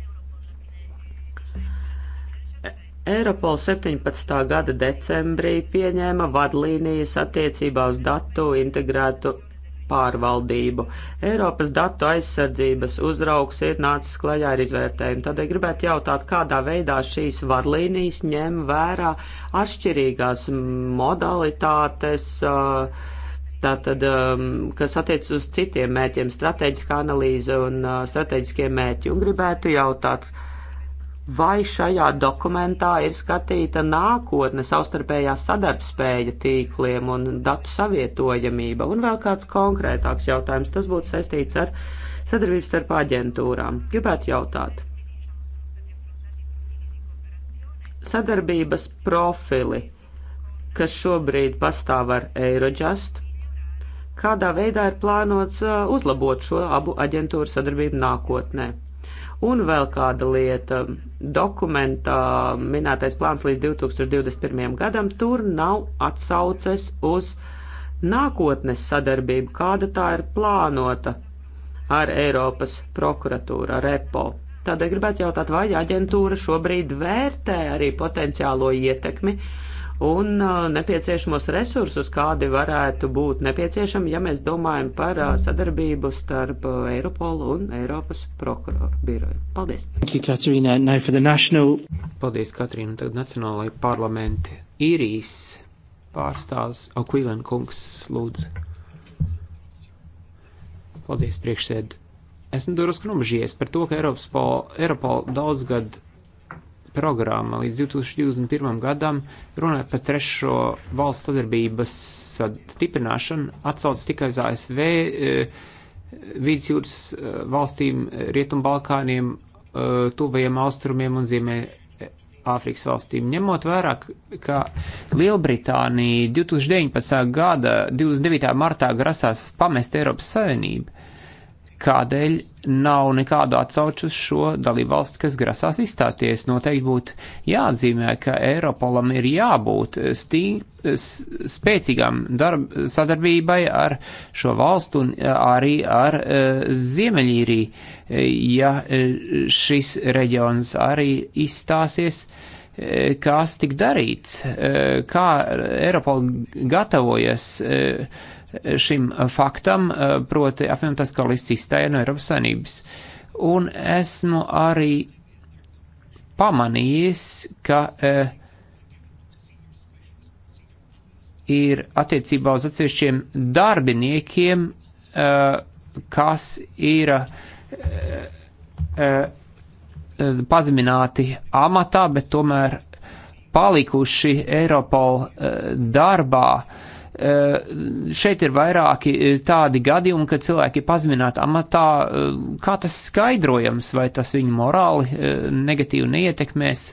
Eiropol 17. gada decembrī pieņēma vadlīnijas attiecībā uz datu integrētu pārvaldību. Eiropas datu aizsardzības uzraugs ir nācis klajā ar izvērtējumu. Tādēļ gribētu jautāt, kādā veidā šīs vadlīnijas ņem vērā atšķirīgās modalitātes, tātad, kas attiec uz citiem mērķiem, strateģiska analīze un strateģiskie mērķi. Un gribētu jautāt, kādā vai šajā dokumentā ir skatīta nākotne savstarpējā sadarbspēja tīkliem un datu savietojamība, un vēl kāds konkrētāks jautājums, tas būtu saistīts ar sadarbību starp aģentūrām. Gribētu jautāt. Sadarbības profili, kas šobrīd pastāv ar Eirojustu, kādā veidā ir plānots uh, uzlabot šo abu aģentūru sadarbību nākotnē. Un vēl kāda lieta - dokumentā minētais plāns līdz 2021. gadam, tur nav atsauces uz nākotnes sadarbību, kāda tā ir plānota ar Eiropas prokuratūru, ar EPO. Tādēļ gribētu jautāt, vai aģentūra šobrīd vērtē arī potenciālo ietekmi un nepieciešamos resursus, kādi varētu būt nepieciešami, ja mēs domājam par sadarbību starp Eiropolu un Eiropas prokuroru biroju. Paldies! Paldies, Katrīna! Tagad Nacionālajai parlamenti īrijas pārstāvs Okvīlen kungs lūdzu. Paldies, priekšsēd. Esmu drusku nomažījies par to, ka Eiropas pol, Eiropol daudz gadu programma līdz 2021. gadam runāja par trešo valsts sadarbības stiprināšanu, atsauc tikai uz ASV, eh, vidusjūras eh, valstīm, eh, Rietumbalkāniem, tuvajiem austrumiem un ziemē Āfrikas valstīm. Ņemot vērā, ka Lielbritānija 2019. gada 29. martā grasās pamest Eiropas Savienību, kādēļ nav nekādu atsauču uz šo dalībvalstu, kas grasās izstāties. Noteikti būtu jāatzīmē, ka Eiropolam ir jābūt stī, spēcīgām darb, sadarbībai ar šo valstu un e, arī ar uh, Ziemeļīriju, e, ja šis reģions arī izstāsies. Kas tik darīts, kā Eiropola gatavojas uh, šim faktam, eh, proti apvienotās karalists izstāja no Eiropas Savienības. Un esmu arī pamanījis, ka eh, ir attiecībā uz atsevišķiem darbiniekiem, eh, kas ir eh, eh pazemināti amatā, bet tomēr palikuši Eiropol eh, darbā. Uh, Eh, šeit ir vairāki eh, tādi gadījumi, kad cilvēki ir pazemināti amatā. Eh, kā tas skaidrojams, vai tas viņu morāli negatīvi neietekmēs?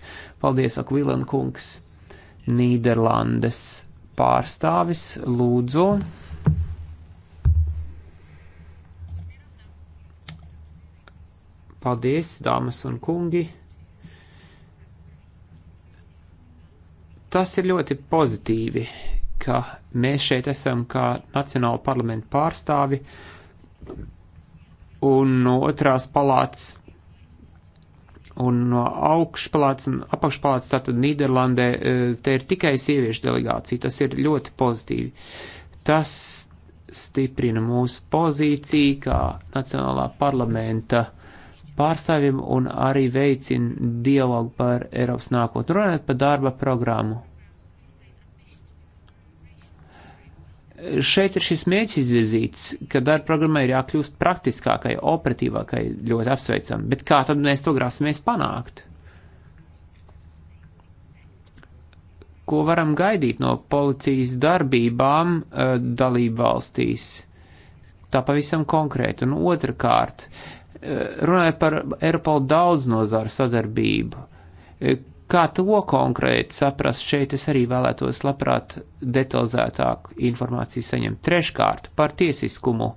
Paldies, Akvilan kungs, Nīderlandes pārstāvis, lūdzu. Paldies, dāmas un kungi! Tas ir ļoti pozitīvi, ka mēs šeit esam kā Nacionāla parlamenta pārstāvi un no otrās palātas un no augšpalātas un apakšpalātas, tātad Nīderlandē, e, te ir tikai sieviešu delegācija. Tas ir ļoti pozitīvi. Tas stiprina mūsu pozīciju kā Nacionālā parlamenta pārstāvjiem un arī veicina dialogu par Eiropas nākotni. Runājot par darba programmu, Šeit ir šis mērķis izvirzīts, ka darba programmai ir jākļūst praktiskākai, operatīvākai, ļoti apsveicam. Bet kā tad mēs to grasamies panākt? Ko varam gaidīt no policijas darbībām uh, dalību valstīs? Tā pavisam konkrēti. Un otrkārt, uh, runājot par Eiropola daudz nozaru sadarbību, uh, Kā to konkrēti saprast, šeit es arī vēlētos labprāt detalizētāku informāciju saņemt. Treškārt, par tiesiskumu.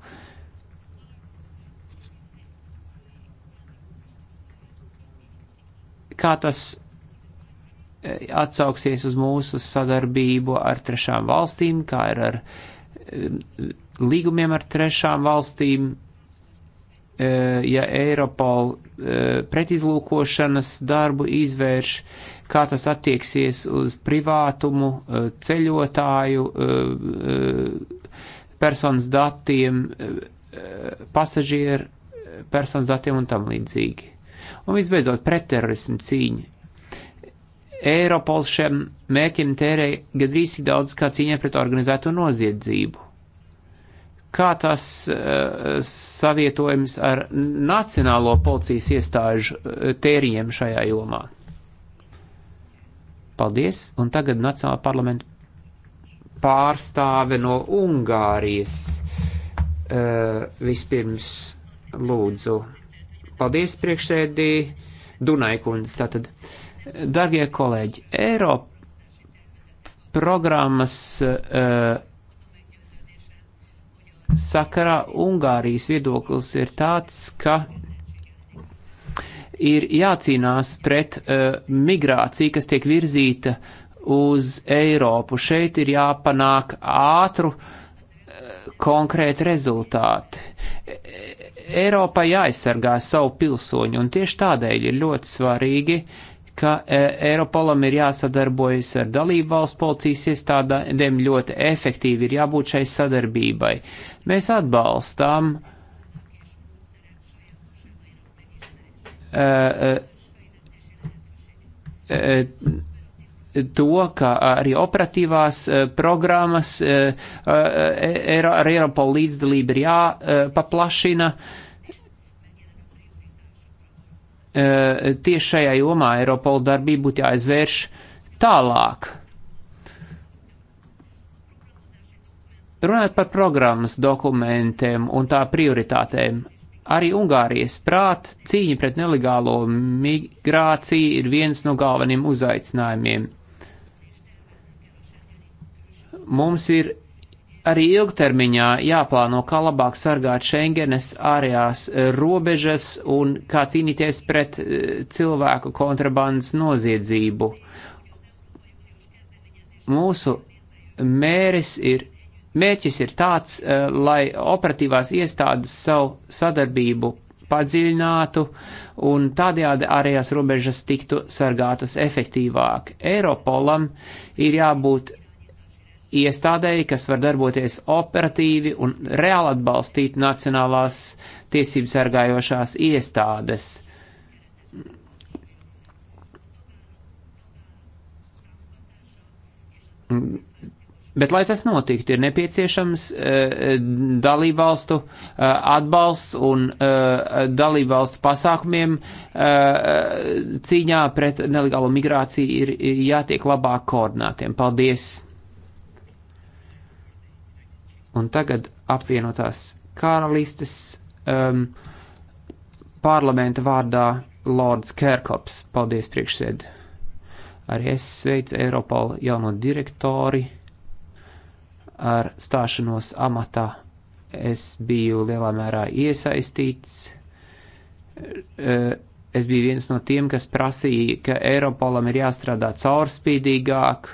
Kā tas e, atsauksies uz mūsu sadarbību ar trešām valstīm, kā ir ar e, līgumiem ar trešām valstīm, Eh, ja Eiropol eh, pretizlūkošanas darbu izvērš, kā tas attieksies uz privātumu, eh, ceļotāju, personas datiem, pasažieru personas datiem un tam līdzīgi. Un visbeidzot, pretterorismu cīņa. Eiropols šiem mērķim tērē gadrīz tik daudz kā cīņai pret organizēto noziedzību kā tas uh, savietojums ar nacionālo policijas iestāžu eh, tēriņiem šajā jomā. Paldies, un tagad Nacionāla parlamenta pārstāve no Ungārijas uh, vispirms lūdzu. Paldies priekšsēdī Dunaikundze. Tātad, dargie kolēģi, Eiropa programmas uh, sakarā Ungārijas viedoklis ir tāds, ka ir jācīnās pret uh, migrāciju, kas tiek virzīta uz Eiropu. Šeit ir jāpanāk ātru uh, e, konkrēti rezultāti. E, Eiropai jāaizsargā savu pilsoņu, un tieši tādēļ ir ļoti svarīgi uh, ka e, Eiropolam ir jāsadarbojas ar dalību valsts policijas iestādēm ļoti efektīvi, ir jābūt šai sadarbībai. Mēs atbalstām e, e, to, ka arī operatīvās programmas ar Eiropolu līdzdalību ir jāpaplašina. Uh, Eh, tieši šajā jomā Eiropola darbība būtu jāizvērš tālāk. Runājot par programmas dokumentiem un tā prioritātēm, arī Ungārijas prāt cīņa pret nelegālo migrāciju ir viens no galveniem uzaicinājumiem. Mums ir arī ilgtermiņā jāplāno, kā labāk sargāt Schengenes ārējās eh, robežas un kā cīnīties pret eh, cilvēku kontrabandas noziedzību. Mūsu mēris ir, mērķis ir tāds, eh, lai operatīvās iestādes savu sadarbību padziļinātu un tādējādi ārējās robežas tiktu sargātas efektīvāk. Eiropolam ir jābūt iestādēji, kas var darboties operatīvi un reāli atbalstīt nacionālās tiesības sargājošās iestādes. Bet, lai tas notiktu, ir nepieciešams uh, dalībvalstu uh, atbalsts un uh, dalībvalstu pasākumiem uh, cīņā pret nelegālo migrāciju ir jātiek labāk koordinātiem. Paldies! un tagad apvienotās karalistes um, parlamenta vārdā Lords Kerkops. Paldies, priekšsēd. Arī es sveicu Eiropalu jauno direktori ar stāšanos amatā. Es biju lielā mērā iesaistīts. E, es biju viens no tiem, kas prasīja, ka Eiropolam ir jāstrādā caurspīdīgāk,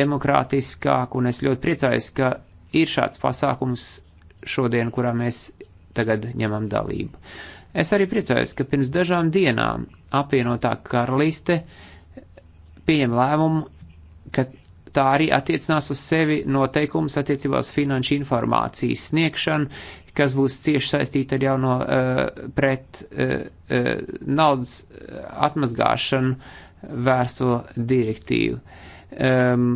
demokrātiskāk, un es ļoti priecājos, ka ir šāds pasākums šodien, kurā mēs tagad ņemam dalību. Es arī priecājos, ka pirms dažām dienām apvienotā karaliste pieņem lēmumu, ka tā arī attiecinās uz sevi noteikumus attiecībās finanšu informācijas sniegšanu, kas būs cieši saistīta ar jauno uh, pret uh, uh, naudas atmazgāšanu vērsto direktīvu. Um,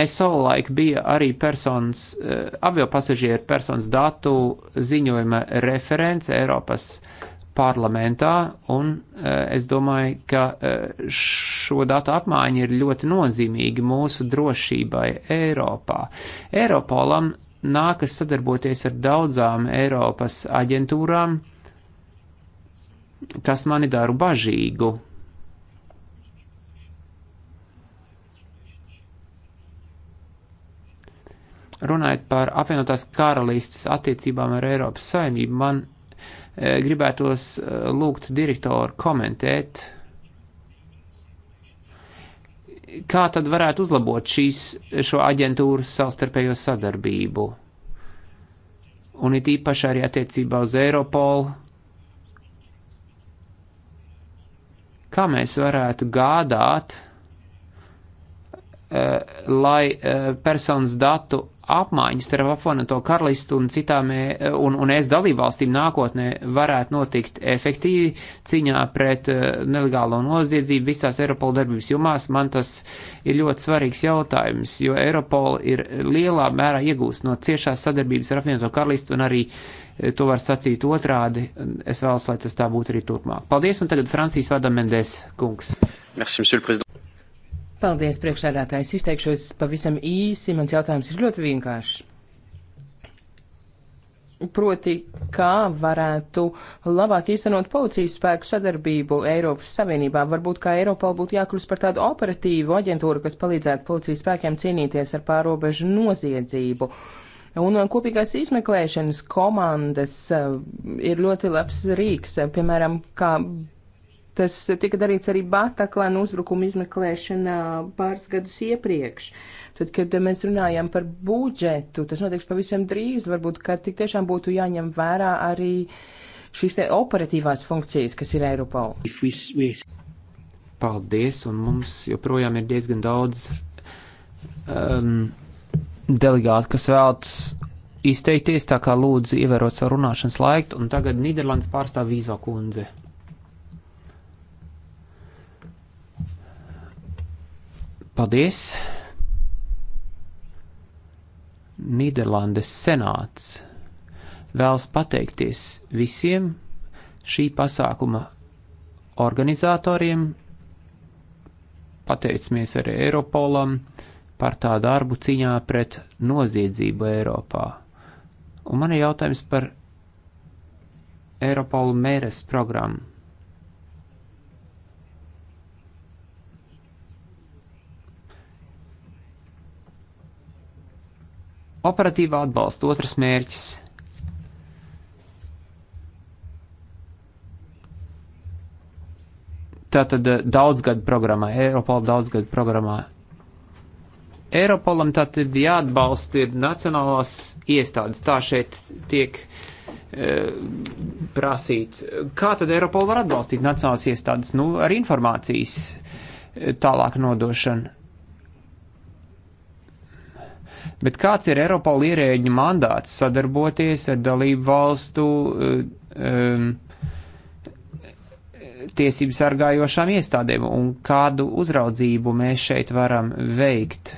Es savulaik biju arī personas, eh, avio pasažieru personas datu ziņojuma referents Eiropas parlamentā, un eh, es domāju, ka eh, šo datu apmaiņa ir ļoti nozīmīga mūsu drošībai Eiropā. Eiropolam nākas sadarboties ar daudzām Eiropas aģentūrām, kas mani daru bažīgu Runājot par apvienotās karalistes attiecībām ar Eiropas saimnību, man e, gribētos e, lūgt direktoru komentēt, kā tad varētu uzlabot šīs, šo aģentūru savstarpējo sadarbību. Un it īpaši arī attiecībā uz Eiropolu. Kā mēs varētu gādāt, e, lai e, personas datu apmaiņas starp apvienoto karalistu un citām e, un, un es dalībvalstīm nākotnē varētu notikt efektīvi cīņā pret e, nelegālo noziedzību visās Eiropola darbības jomās. Man tas ir ļoti svarīgs jautājums, jo Eiropola ir lielā mērā iegūst no ciešās sadarbības ar apvienoto karalistu un arī e, to var sacīt otrādi. Es vēlos, lai tas tā būtu arī turpmāk. Paldies, un tagad Francijas vada Mendes kungs. Merci, Paldies, priekšsēdētājs. Izteikšos pavisam īsi. Mans jautājums ir ļoti vienkāršs. Proti, kā varētu labāk īstenot policijas spēku sadarbību Eiropas Savienībā? Varbūt kā Eiropol būtu jākļūst par tādu operatīvu aģentūru, kas palīdzētu policijas spēkiem cīnīties ar pārobežu noziedzību. Un kopīgās izmeklēšanas komandas uh, ir ļoti labs rīks, uh, piemēram, kā Tas tika darīts arī Bataklana uzbrukuma izmeklēšanā pāris gadus iepriekš. Tad, kad mēs runājam par budžetu, tas notiks pavisam drīz, varbūt, ka tik tiešām būtu jāņem vērā arī šīs te operatīvās funkcijas, kas ir Eiropol. Paldies, un mums joprojām ir diezgan daudz um, delegāti, kas vēlas izteikties, tā kā lūdzu ievērot savu runāšanas laiku, un tagad Nīderlandes pārstāv Vīzo kundze. Paldies! Nīderlandes senāts vēlas pateikties visiem šī pasākuma organizatoriem, pateicamies arī Eiropolam par tā darbu cīņā pret noziedzību Eiropā. Un man ir jautājums par Eiropolu mēres programmu. Operatīvā atbalsta otrs mērķis. Tātad eh, daudzgadu programmā, Eiropola daudzgadu programmā. Eiropolam tātad jāatbalsta ir nacionālās iestādes. Tā šeit tiek eh, prasīts. Kā tad Eiropola var atbalstīt nacionālās iestādes? Nu, ar informācijas eh, tālāk nodošanu. Bet kāds ir Eiropola ierēģu mandāts sadarboties ar dalību valstu um, tiesību sargājošām iestādēm un kādu uzraudzību mēs šeit varam veikt?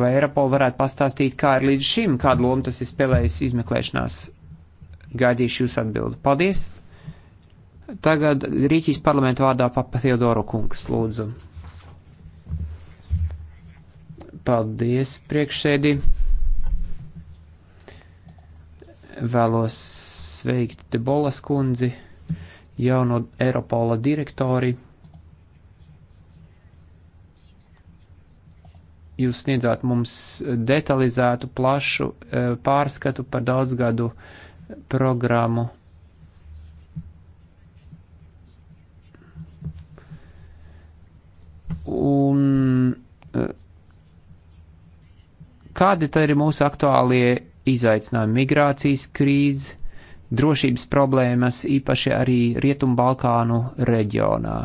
Vai Eiropola varētu pastāstīt, kā ir līdz šim, kādu lomu tas ir spēlējis izmeklēšanās? Gaidīšu jūs atbildi. Paldies! Tagad Rīķijas parlamentu vārdā Papa Theodoro kungs, lūdzu. Paldies, priekšsēdī. Vēlos sveikt Debolas kundzi, jauno Eiropola direktori. Jūs sniedzāt mums detalizētu, plašu eh, pārskatu par daudzgadu programmu kādi tad ir mūsu aktuālie izaicinājumi? Migrācijas krīze, drošības problēmas, īpaši arī Rietumbalkānu reģionā.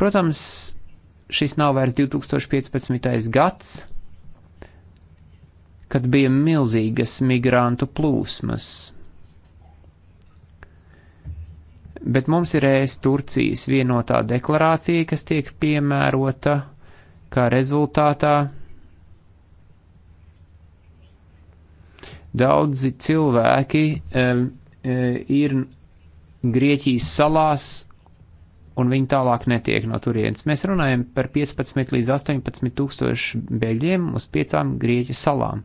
Protams, šis nav vairs 2015. gads, kad bija milzīgas migrantu plūsmas. Bet mums ir ēs Turcijas vienotā deklarācija, kas tiek piemērota, kā rezultātā Daudzi cilvēki e, e, ir Grieķijas salās, un viņi tālāk netiek no turienes. Mēs runājam par 15 līdz 18 tūkstošu bēgļiem uz piecām Grieķijas salām.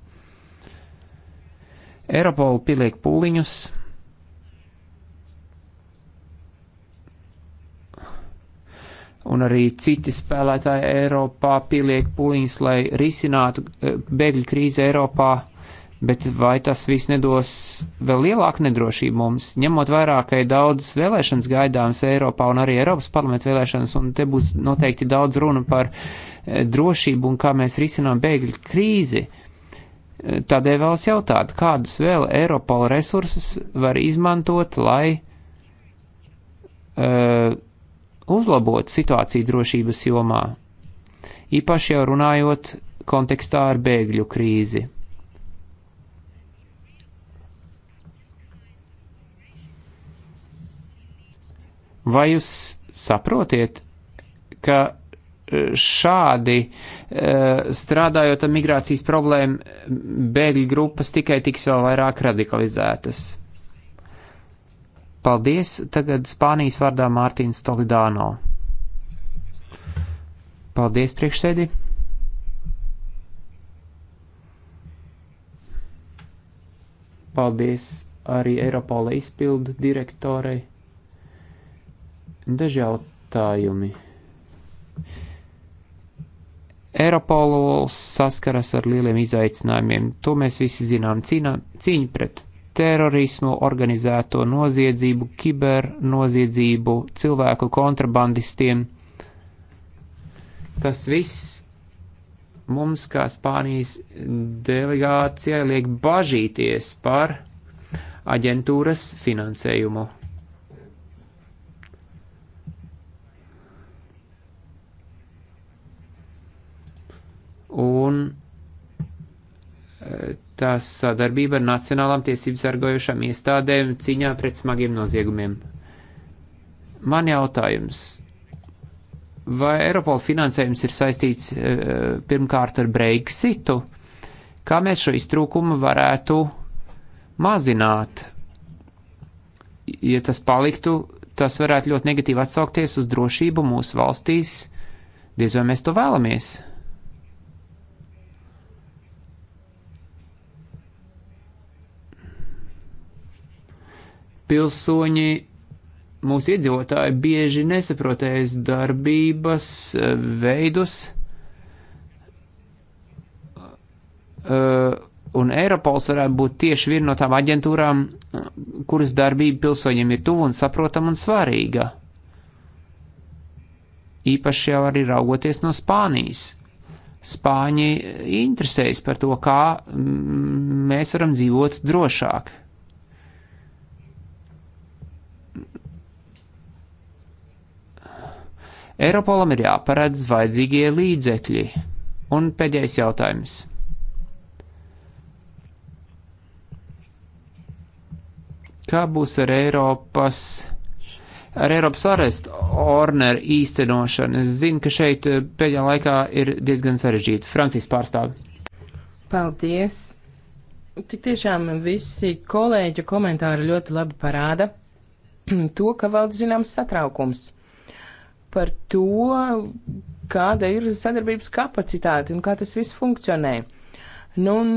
Eiropola pieliek pūliņus. Un arī citi spēlētāji Eiropā pieliek pūliņus, lai risinātu e, bēgļu krīzi Eiropā bet vai tas viss nedos vēl lielāku nedrošību mums, ņemot vērā, ka ir daudz vēlēšanas gaidāmas Eiropā un arī Eiropas parlamenta vēlēšanas, un te būs noteikti daudz runa par eh, drošību un kā mēs risinām bēgļu krīzi. Eh, tādēļ vēlas jautāt, kādus vēl Eiropola resursus var izmantot, lai uh, uzlabotu situāciju drošības jomā, īpaši jau runājot kontekstā ar bēgļu krīzi. Vai jūs saprotiet, ka e, šādi e, strādājot ar migrācijas problēmu, bēgļu grupas tikai tiks vēl vairāk radikalizētas? Paldies! Tagad Spānijas vārdā Mārtiņš Tolidāno. Paldies, priekšsēdi! Paldies arī Eiropola izpildu direktorei. Daži jautājumi. Eiropols saskaras ar lieliem izaicinājumiem. To mēs visi zinām. Cīnā, cīņa pret terorismu, organizēto noziedzību, kibernoziedzību, cilvēku kontrabandistiem. Tas viss mums, kā Spānijas delegācijai, liek bažīties par aģentūras finansējumu. un e, tā sadarbība ar nacionālām tiesību sargojušām iestādēm cīņā pret smagiem noziegumiem. Man jautājums, vai Eiropola finansējums ir saistīts e, pirmkārt ar Brexitu? Kā mēs šo iztrūkumu varētu mazināt? Ja tas paliktu, tas varētu ļoti negatīvi atsaukties uz drošību mūsu valstīs. Diez vai mēs to vēlamies? pilsoņi, mūsu iedzīvotāji bieži nesaprotējas darbības eh, veidus. Eh, un Eiropols varētu būt tieši viena no tām aģentūrām, kuras darbība pilsoņiem ir tuva un saprotama un svarīga. Īpaši jau arī raugoties no Spānijas. Spāņi interesējas par to, kā mm, mēs varam dzīvot drošāk, Eiropolam ir jāparedz vajadzīgie līdzekļi. Un pēdējais jautājums. Kā būs ar Eiropas, ar Eiropas arestu orneru īstenošanu? Es zinu, ka šeit eh, pēdējā laikā ir diezgan sarežģīti. Francijas pārstāvi. Paldies! Tik tiešām visi kolēģu komentāri ļoti labi parāda to, ka valda zināms satraukums par to, kāda ir sadarbības kapacitāte un kā tas viss funkcionē. Nu, un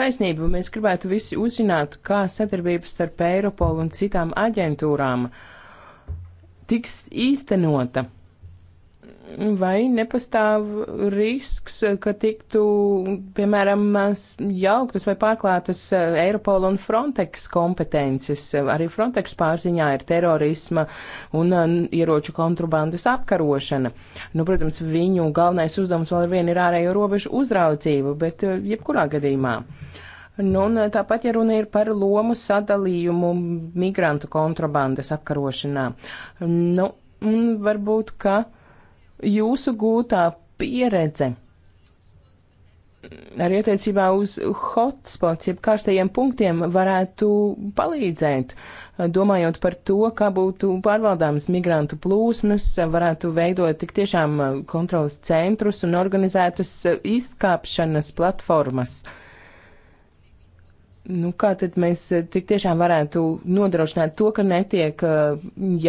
taisnība, mēs gribētu visi uzzināt, kā sadarbības starp Eiropolu un citām aģentūrām tiks īstenota vai nepastāv risks, ka tiktu, piemēram, jauktas vai pārklātas e, Eiropola un Frontex kompetences? Arī Frontex pārziņā ir terorisma un e, ieroču kontrabandas apkarošana. Nu, protams, viņu galvenais uzdevums vēl ar vienu ir ārējo robežu uzraudzība, bet e, jebkurā gadījumā. Nu, un tāpat, ja runa ir par lomu sadalījumu migrantu kontrabandas apkarošanā, nu, varbūt, ka jūsu gūtā pieredze arī attiecībā uz hotspots, jeb karstajiem punktiem, varētu palīdzēt, domājot par to, kā būtu pārvaldāmas migrantu plūsmas, varētu veidot tik tiešām kontrolas centrus un organizētas izkāpšanas platformas. Nu, kā tad mēs tik tiešām varētu nodrošināt to, ka netiek uh,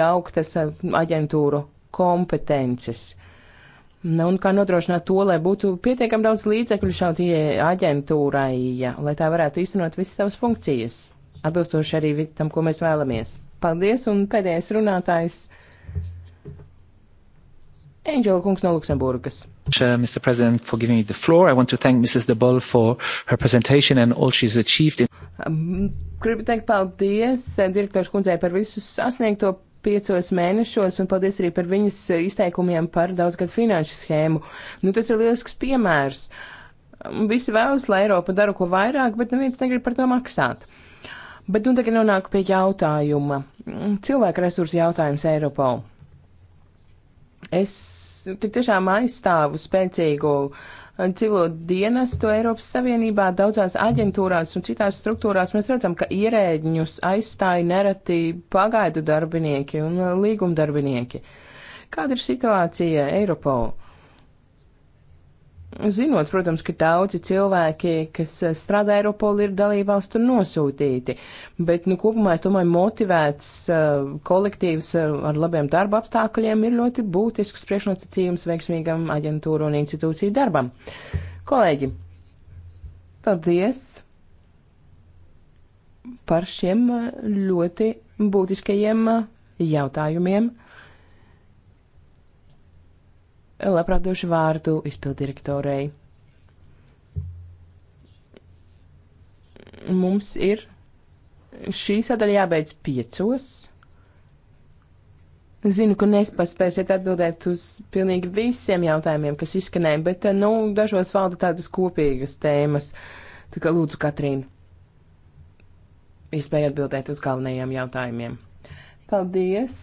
jauktas uh, aģentūru kompetences? Un kā nodrošināt to, lai būtu pietiekami daudz līdzekļu šautie aģentūrai, ja, lai tā varētu īstenot visas savas funkcijas, atbilstoši arī tam, ko mēs vēlamies. Paldies, un pēdējais runātājs - Angela Kungs no Luksemburgas. Uh, Mr. President, for giving me the floor. I want to thank Mrs. De Boll for her presentation and all she's achieved. In... Um, gribu teikt paldies eh, direktoršu kundzei par visu sasniegto piecos mēnešos, un paldies arī par viņas izteikumiem par daudzgadu finanšu schēmu. Nu, tas ir lielisks piemērs. Visi vēlas, lai Eiropa dara ko vairāk, bet neviens negrib par to maksāt. Bet nu tagad nonāku pie jautājuma. Cilvēku resursu jautājums Eiropā. Es tik tiešām aizstāvu spēcīgu uh, civilo dienestu Eiropas Savienībā, daudzās aģentūrās un citās struktūrās mēs redzam, ka ierēģņus aizstāja nereti pagaidu darbinieki un uh, līgumdarbinieki. Kāda ir situācija Eiropolu? Zinot, protams, ka daudzi cilvēki, kas eh, strādā Eiropoli, ir dalībvalstu nosūtīti, bet, nu, kopumā, es domāju, motivēts eh, kolektīvs eh, ar labiem darba apstākļiem ir ļoti būtisks priekšnosacījums veiksmīgam aģentūru un institūciju darbam. Kolēģi, paldies par šiem ļoti būtiskajiem jautājumiem. Labprāt došu vārdu izpildirektorei. Mums ir šī sadaļa jābeidz piecos. Zinu, ka nespēsiet atbildēt uz pilnīgi visiem jautājumiem, kas izskanēja, bet nu, dažos valda tādas kopīgas tēmas. Tā kā lūdzu, Katrīna, iespēja atbildēt uz galvenajiem jautājumiem. Paldies!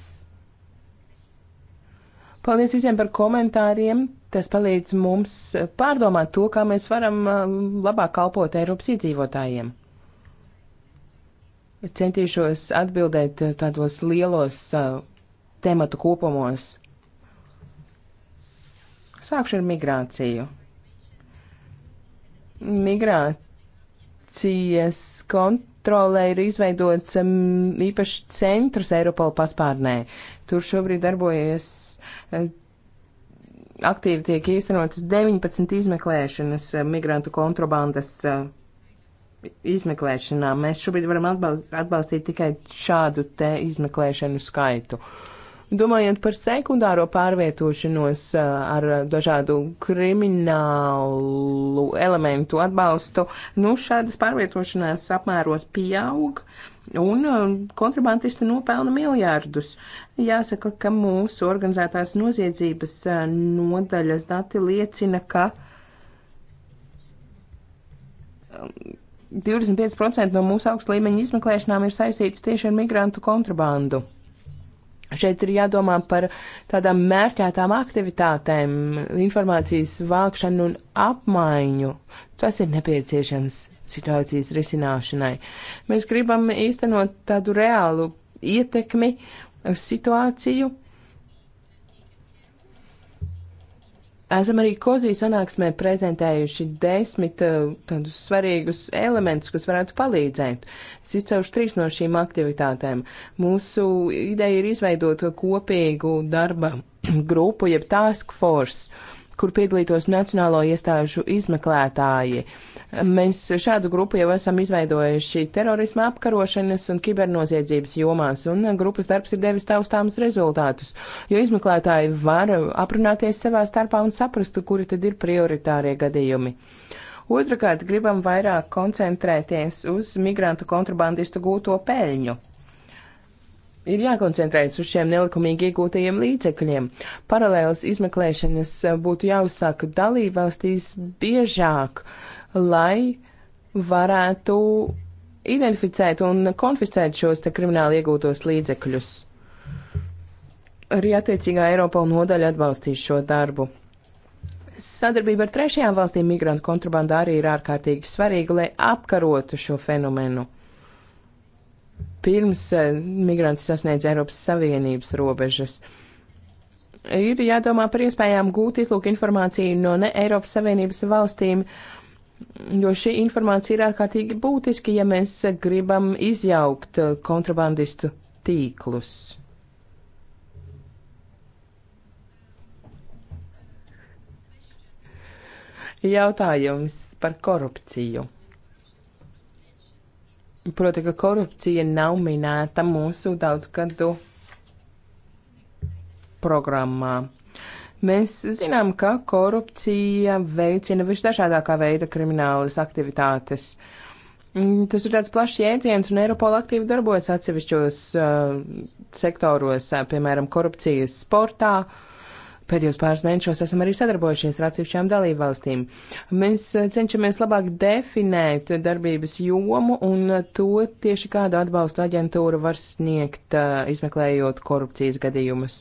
Paldies visiem par komentāriem. Tas palīdz mums pārdomāt to, kā mēs varam um, labāk kalpot Eiropas iedzīvotājiem. Centīšos atbildēt uh, tādos lielos uh, tematu kopumos. Sākšu ar migrāciju. Migrācijas kontrolē ir izveidots um, īpašs centrs Eiropola paspārnē. Tur šobrīd darbojas Eh, aktīvi tiek īstenotas 19 izmeklēšanas eh, migrantu kontrabandas eh, izmeklēšanā. Mēs šobrīd varam atbalstīt tikai šādu te izmeklēšanu skaitu. Domājot par sekundāro pārvietošanos ar dažādu kriminālu elementu atbalstu, nu šādas pārvietošanās apmēros pieaug. Uh, un um, kontrabandisti nopelna miljārdus. Jāsaka, ka mūsu organizētās noziedzības uh, nodaļas dati liecina, ka 25% um, no mūsu augsta līmeņa izmeklēšanām ir saistīts tieši ar migrantu kontrabandu. Šeit ir jādomā par tādām mērķētām aktivitātēm, informācijas vākšanu un apmaiņu. Tas ir nepieciešams situācijas risināšanai. Mēs gribam īstenot tādu reālu ietekmi uz situāciju. Esam arī Kozī sanāksmē prezentējuši desmit eh, tādus svarīgus elementus, kas varētu palīdzēt. Es izcaušu trīs no šīm aktivitātēm. Mūsu ideja ir izveidot kopīgu darba grupu, jeb task force. Uh, kur piedalītos nacionālo iestāžu izmeklētāji. Mēs šādu grupu jau esam izveidojuši terorisma apkarošanas un kibernoziedzības jomās, un grupas darbs ir devis taustāmus rezultātus, jo izmeklētāji var aprunāties savā starpā un saprast, kuri tad ir prioritārie gadījumi. Otrakārt, gribam vairāk koncentrēties uz migrantu kontrabandistu gūto peļņu ir jākoncentrējas uz šiem nelikumīgi iegūtajiem līdzekļiem. Paralēlas izmeklēšanas eh, būtu jāuzsāk dalībvalstīs biežāk, lai varētu identificēt un konfiscēt šos te krimināli iegūtos līdzekļus. Arī attiecīgā Eiropa un nodaļa atbalstīs šo darbu. Sadarbība ar trešajām valstīm migrantu kontrabandā arī ir ārkārtīgi svarīga, lai apkarotu šo fenomenu pirms eh, migranti sasniedz Eiropas Savienības robežas. Ir jādomā par iespējām gūt izlūk informāciju no ne Eiropas Savienības valstīm, jo šī informācija ir ārkārtīgi būtiski, ja mēs gribam izjaukt eh, kontrabandistu tīklus. Jautājums par korupciju. Proti, ka korupcija nav minēta mūsu daudzgadu programmā. Mēs zinām, ka korupcija veicina visdažādākā veida kriminālas aktivitātes. Mm, tas ir tāds plašs jēdziens, un Eiropola aktīvi darbojas atsevišķos uh, sektoros, uh, piemēram, korupcijas sportā, uh, pēdējos pāris mēnešos esam arī sadarbojušies ar atsevišķām dalībvalstīm. Mēs eh, cenšamies labāk definēt darbības jomu un to tieši kādu atbalstu aģentūra var sniegt, eh, izmeklējot korupcijas gadījumus.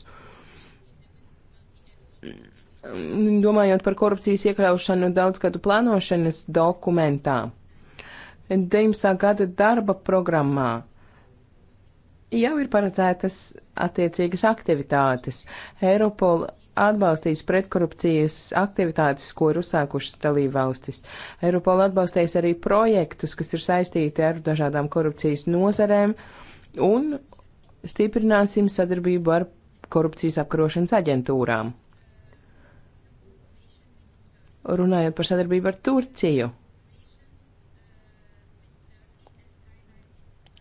Domājot par korupcijas iekļaušanu daudzgadu plānošanas dokumentā, 19. gada darba programmā jau ir paredzētas attiecīgas aktivitātes. Eiropola atbalstījis pretkorupcijas aktivitātes, ko ir uzsākušas dalība valstis. Eiropola atbalstīs arī projektus, kas ir saistīti ar dažādām korupcijas nozarēm, un stiprināsim sadarbību ar korupcijas apkarošanas aģentūrām. Runājot par sadarbību ar Turciju.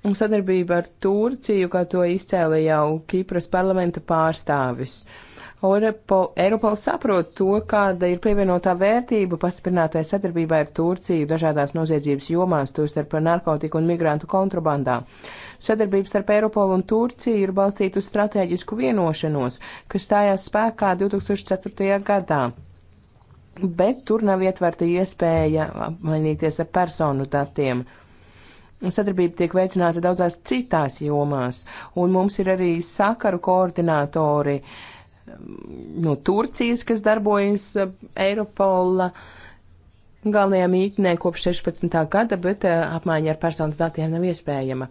un sadarbība ar Turciju, kā to izcēla jau Kipras parlamenta pārstāvis. Uh, Eiropola saprot to, kāda ir pievienotā vērtība pastiprinātai sadarbībai ar Turciju dažādās noziedzības jomās, tostarp narkotiku un migrantu kontrabandā. Sadarbības starp Eiropolu un Turciju ir balstīta uz strateģisku vienošanos, kas stājās spēkā 2004. gadā bet tur nav ietverta iespēja apmainīties ar personu datiem. Sadarbība tiek veicināta daudzās citās jomās, un mums ir arī sakaru koordinātori. Uh, no Turcijas, kas darbojas eh, Eiropola galvenajā mītnē kopš 16. gada, bet eh, apmaiņa ar personas datiem nav iespējama.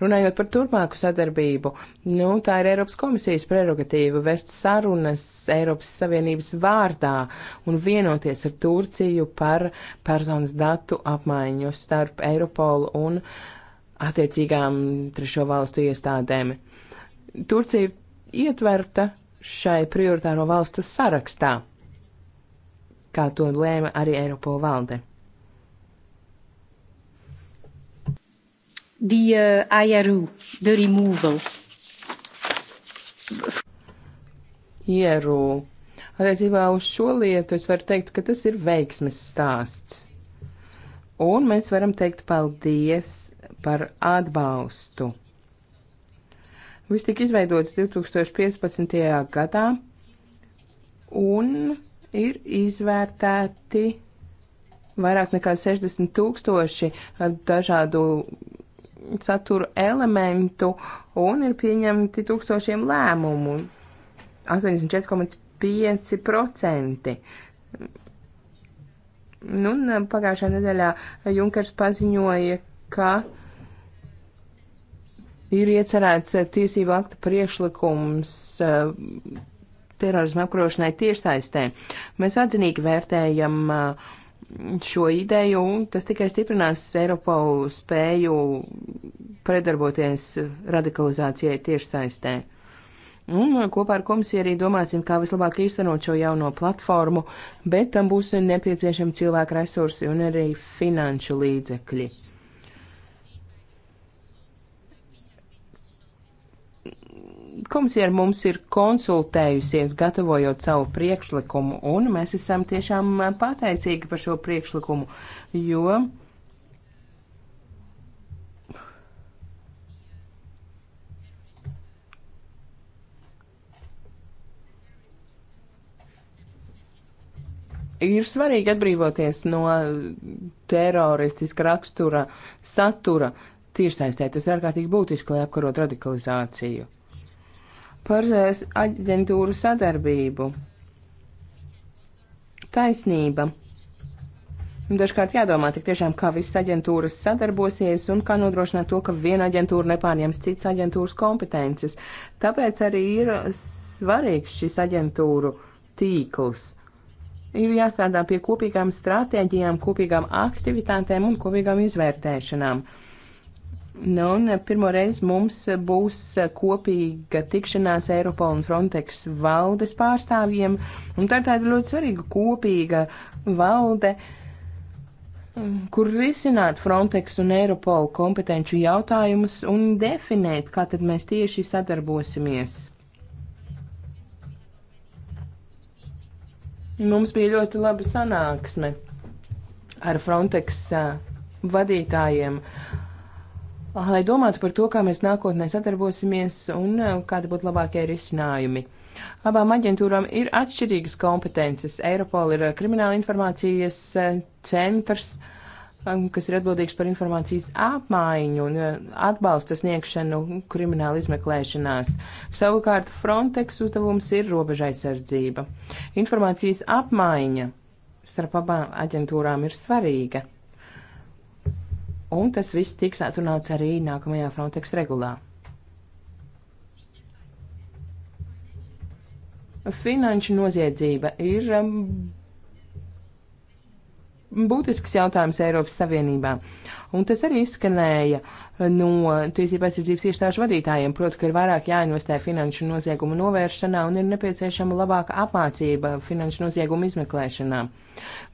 Runājot par turpmāku sadarbību, nu, tā ir Eiropas komisijas prerogatīva vest sarunas Eiropas Savienības vārdā un vienoties ar Turciju par personas datu apmaiņu starp Eiropolu un attiecīgām trešo valstu iestādēm. Turcija ir ietverta šai prioritāro valstu sarakstā, kā to lēma arī Eiropola valde. the uh, IRU, the removal. Ieru. Attiecībā uz šo lietu es varu teikt, ka tas ir veiksmes stāsts. Un mēs varam teikt paldies par atbalstu. Viss tika izveidots 2015. gadā un ir izvērtēti vairāk nekā 60 tūkstoši dažādu saturu elementu un ir pieņemti tūkstošiem lēmumu. 84,5%. Nu, un um, pagājušajā nedēļā Junkers paziņoja, ka uh, ir iecerēts eh, tiesību akta priekšlikums eh, terorismu apkarošanai tiešsaistē. Mēs atzinīgi vērtējam eh, šo ideju, un tas tikai stiprinās Eiropau spēju predarboties radikalizācijai tiešsaistē. Un kopā ar komisiju arī domāsim, kā vislabāk īstenot šo jauno platformu, bet tam būs nepieciešami cilvēku resursi un arī finanšu līdzekļi. Komisija ar mums ir konsultējusies, gatavojot savu priekšlikumu, un mēs esam tiešām pateicīgi par šo priekšlikumu, jo. Ir svarīgi atbrīvoties no teroristiska rakstura, satura tiešsaistē. Tas ir ārkārtīgi būtiski, lai apkarot radikalizāciju par aģentūru sadarbību. Taisnība. Dažkārt jādomā tik tiešām, kā visas aģentūras sadarbosies un kā nodrošināt to, ka viena aģentūra nepārņems citas aģentūras kompetences. Tāpēc arī ir svarīgs šis aģentūru tīkls. Ir jāstrādā pie kopīgām stratēģijām, kopīgām aktivitātēm un kopīgām izvērtēšanām. Uh, Nu, un pirmo reizi mums būs kopīga tikšanās Eiropa un Frontex valdes pārstāvjiem, un tā ir tāda ļoti svarīga kopīga valde, um, kur risināt Frontex un Eiropolu kompetenci jautājumus un definēt, kā tad mēs tieši sadarbosimies. Mums bija ļoti laba sanāksme ar Frontex uh, vadītājiem. Uh, lai domātu par to, kā mēs nākotnē sadarbosimies un eh, kādi būtu labākie risinājumi. Abām aģentūrām ir atšķirīgas kompetences. Eiropol ir eh, krimināla informācijas eh, centrs, um, kas ir atbildīgs par informācijas apmaiņu un atbalsta sniegšanu krimināla izmeklēšanās. Savukārt Frontex uzdevums ir robežaizsardzība. Informācijas apmaiņa starp abām aģentūrām ir svarīga Un tas viss tiks atrunāts arī nākamajā Frontex regulā. Finanšu noziedzība ir um, būtisks jautājums Eiropas Savienībā. Uh, Un tas arī izskanēja no tiesībā aizsardzības iestāžu vadītājiem, proti, ka ir vairāk jāinvestē finanšu noziegumu novēršanā un ir nepieciešama labāka apmācība finanšu noziegumu izmeklēšanā.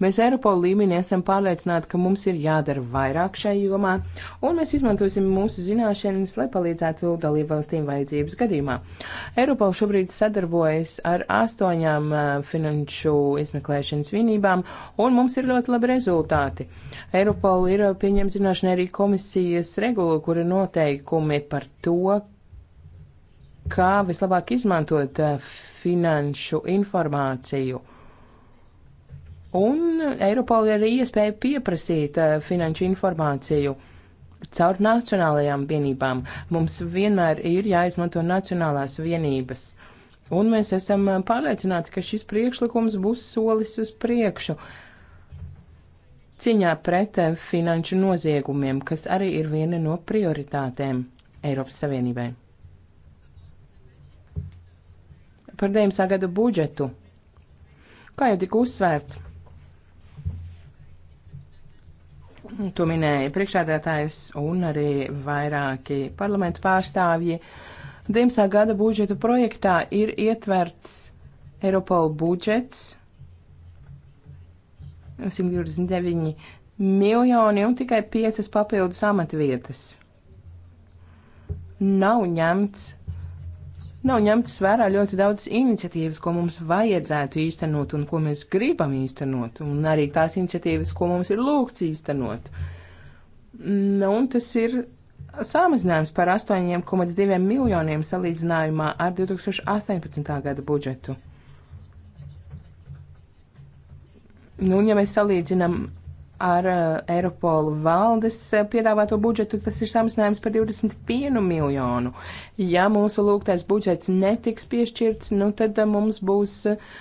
Mēs Eiropola līmenī esam pārliecināti, ka mums ir jādara vairāk šai jomā, un mēs izmantosim mūsu zināšanas, lai palīdzētu dalību valstīm vajadzības gadījumā. Eiropola šobrīd sadarbojas ar astoņām finanšu izmeklēšanas vienībām, un mums ir ļoti labi rezultāti. Eiropola ir pieņemts apstiprināšanai arī komisijas regula, kur ir noteikumi par to, kā vislabāk izmantot eh, finanšu informāciju. Un Eiropola ir arī iespēja pieprasīt eh, finanšu informāciju caur nacionālajām vienībām. Mums vienmēr ir jāizmanto nacionālās vienības. Un mēs esam eh, pārliecināti, ka šis priekšlikums būs solis uz priekšu. Uh, cīņā pret eh, finanšu noziegumiem, kas arī ir viena no prioritātēm Eiropas Savienībai. Par 9. gada budžetu. Kā jau tika uzsvērts, to minēja priekšādātājs un arī vairāki parlamentu pārstāvji. 9. gada budžetu projektā ir ietverts Eiropola budžets 129 miljoni un tikai 5 papildus amatvietas. Nav ņemts, nav ņemts vērā ļoti daudz iniciatīvas, ko mums vajadzētu īstenot un ko mēs gribam īstenot, un arī tās iniciatīvas, ko mums ir lūgts īstenot. Nu, un tas ir samazinājums par 8,2 miljoniem salīdzinājumā ar 2018. gada budžetu. Nu, un ja mēs salīdzinām ar uh, Eiropolu valdes uh, piedāvāto budžetu, tas ir samazinājums par 21 miljonu. Ja mūsu lūgtais budžets netiks piešķirts, nu tad uh, mums būs uh,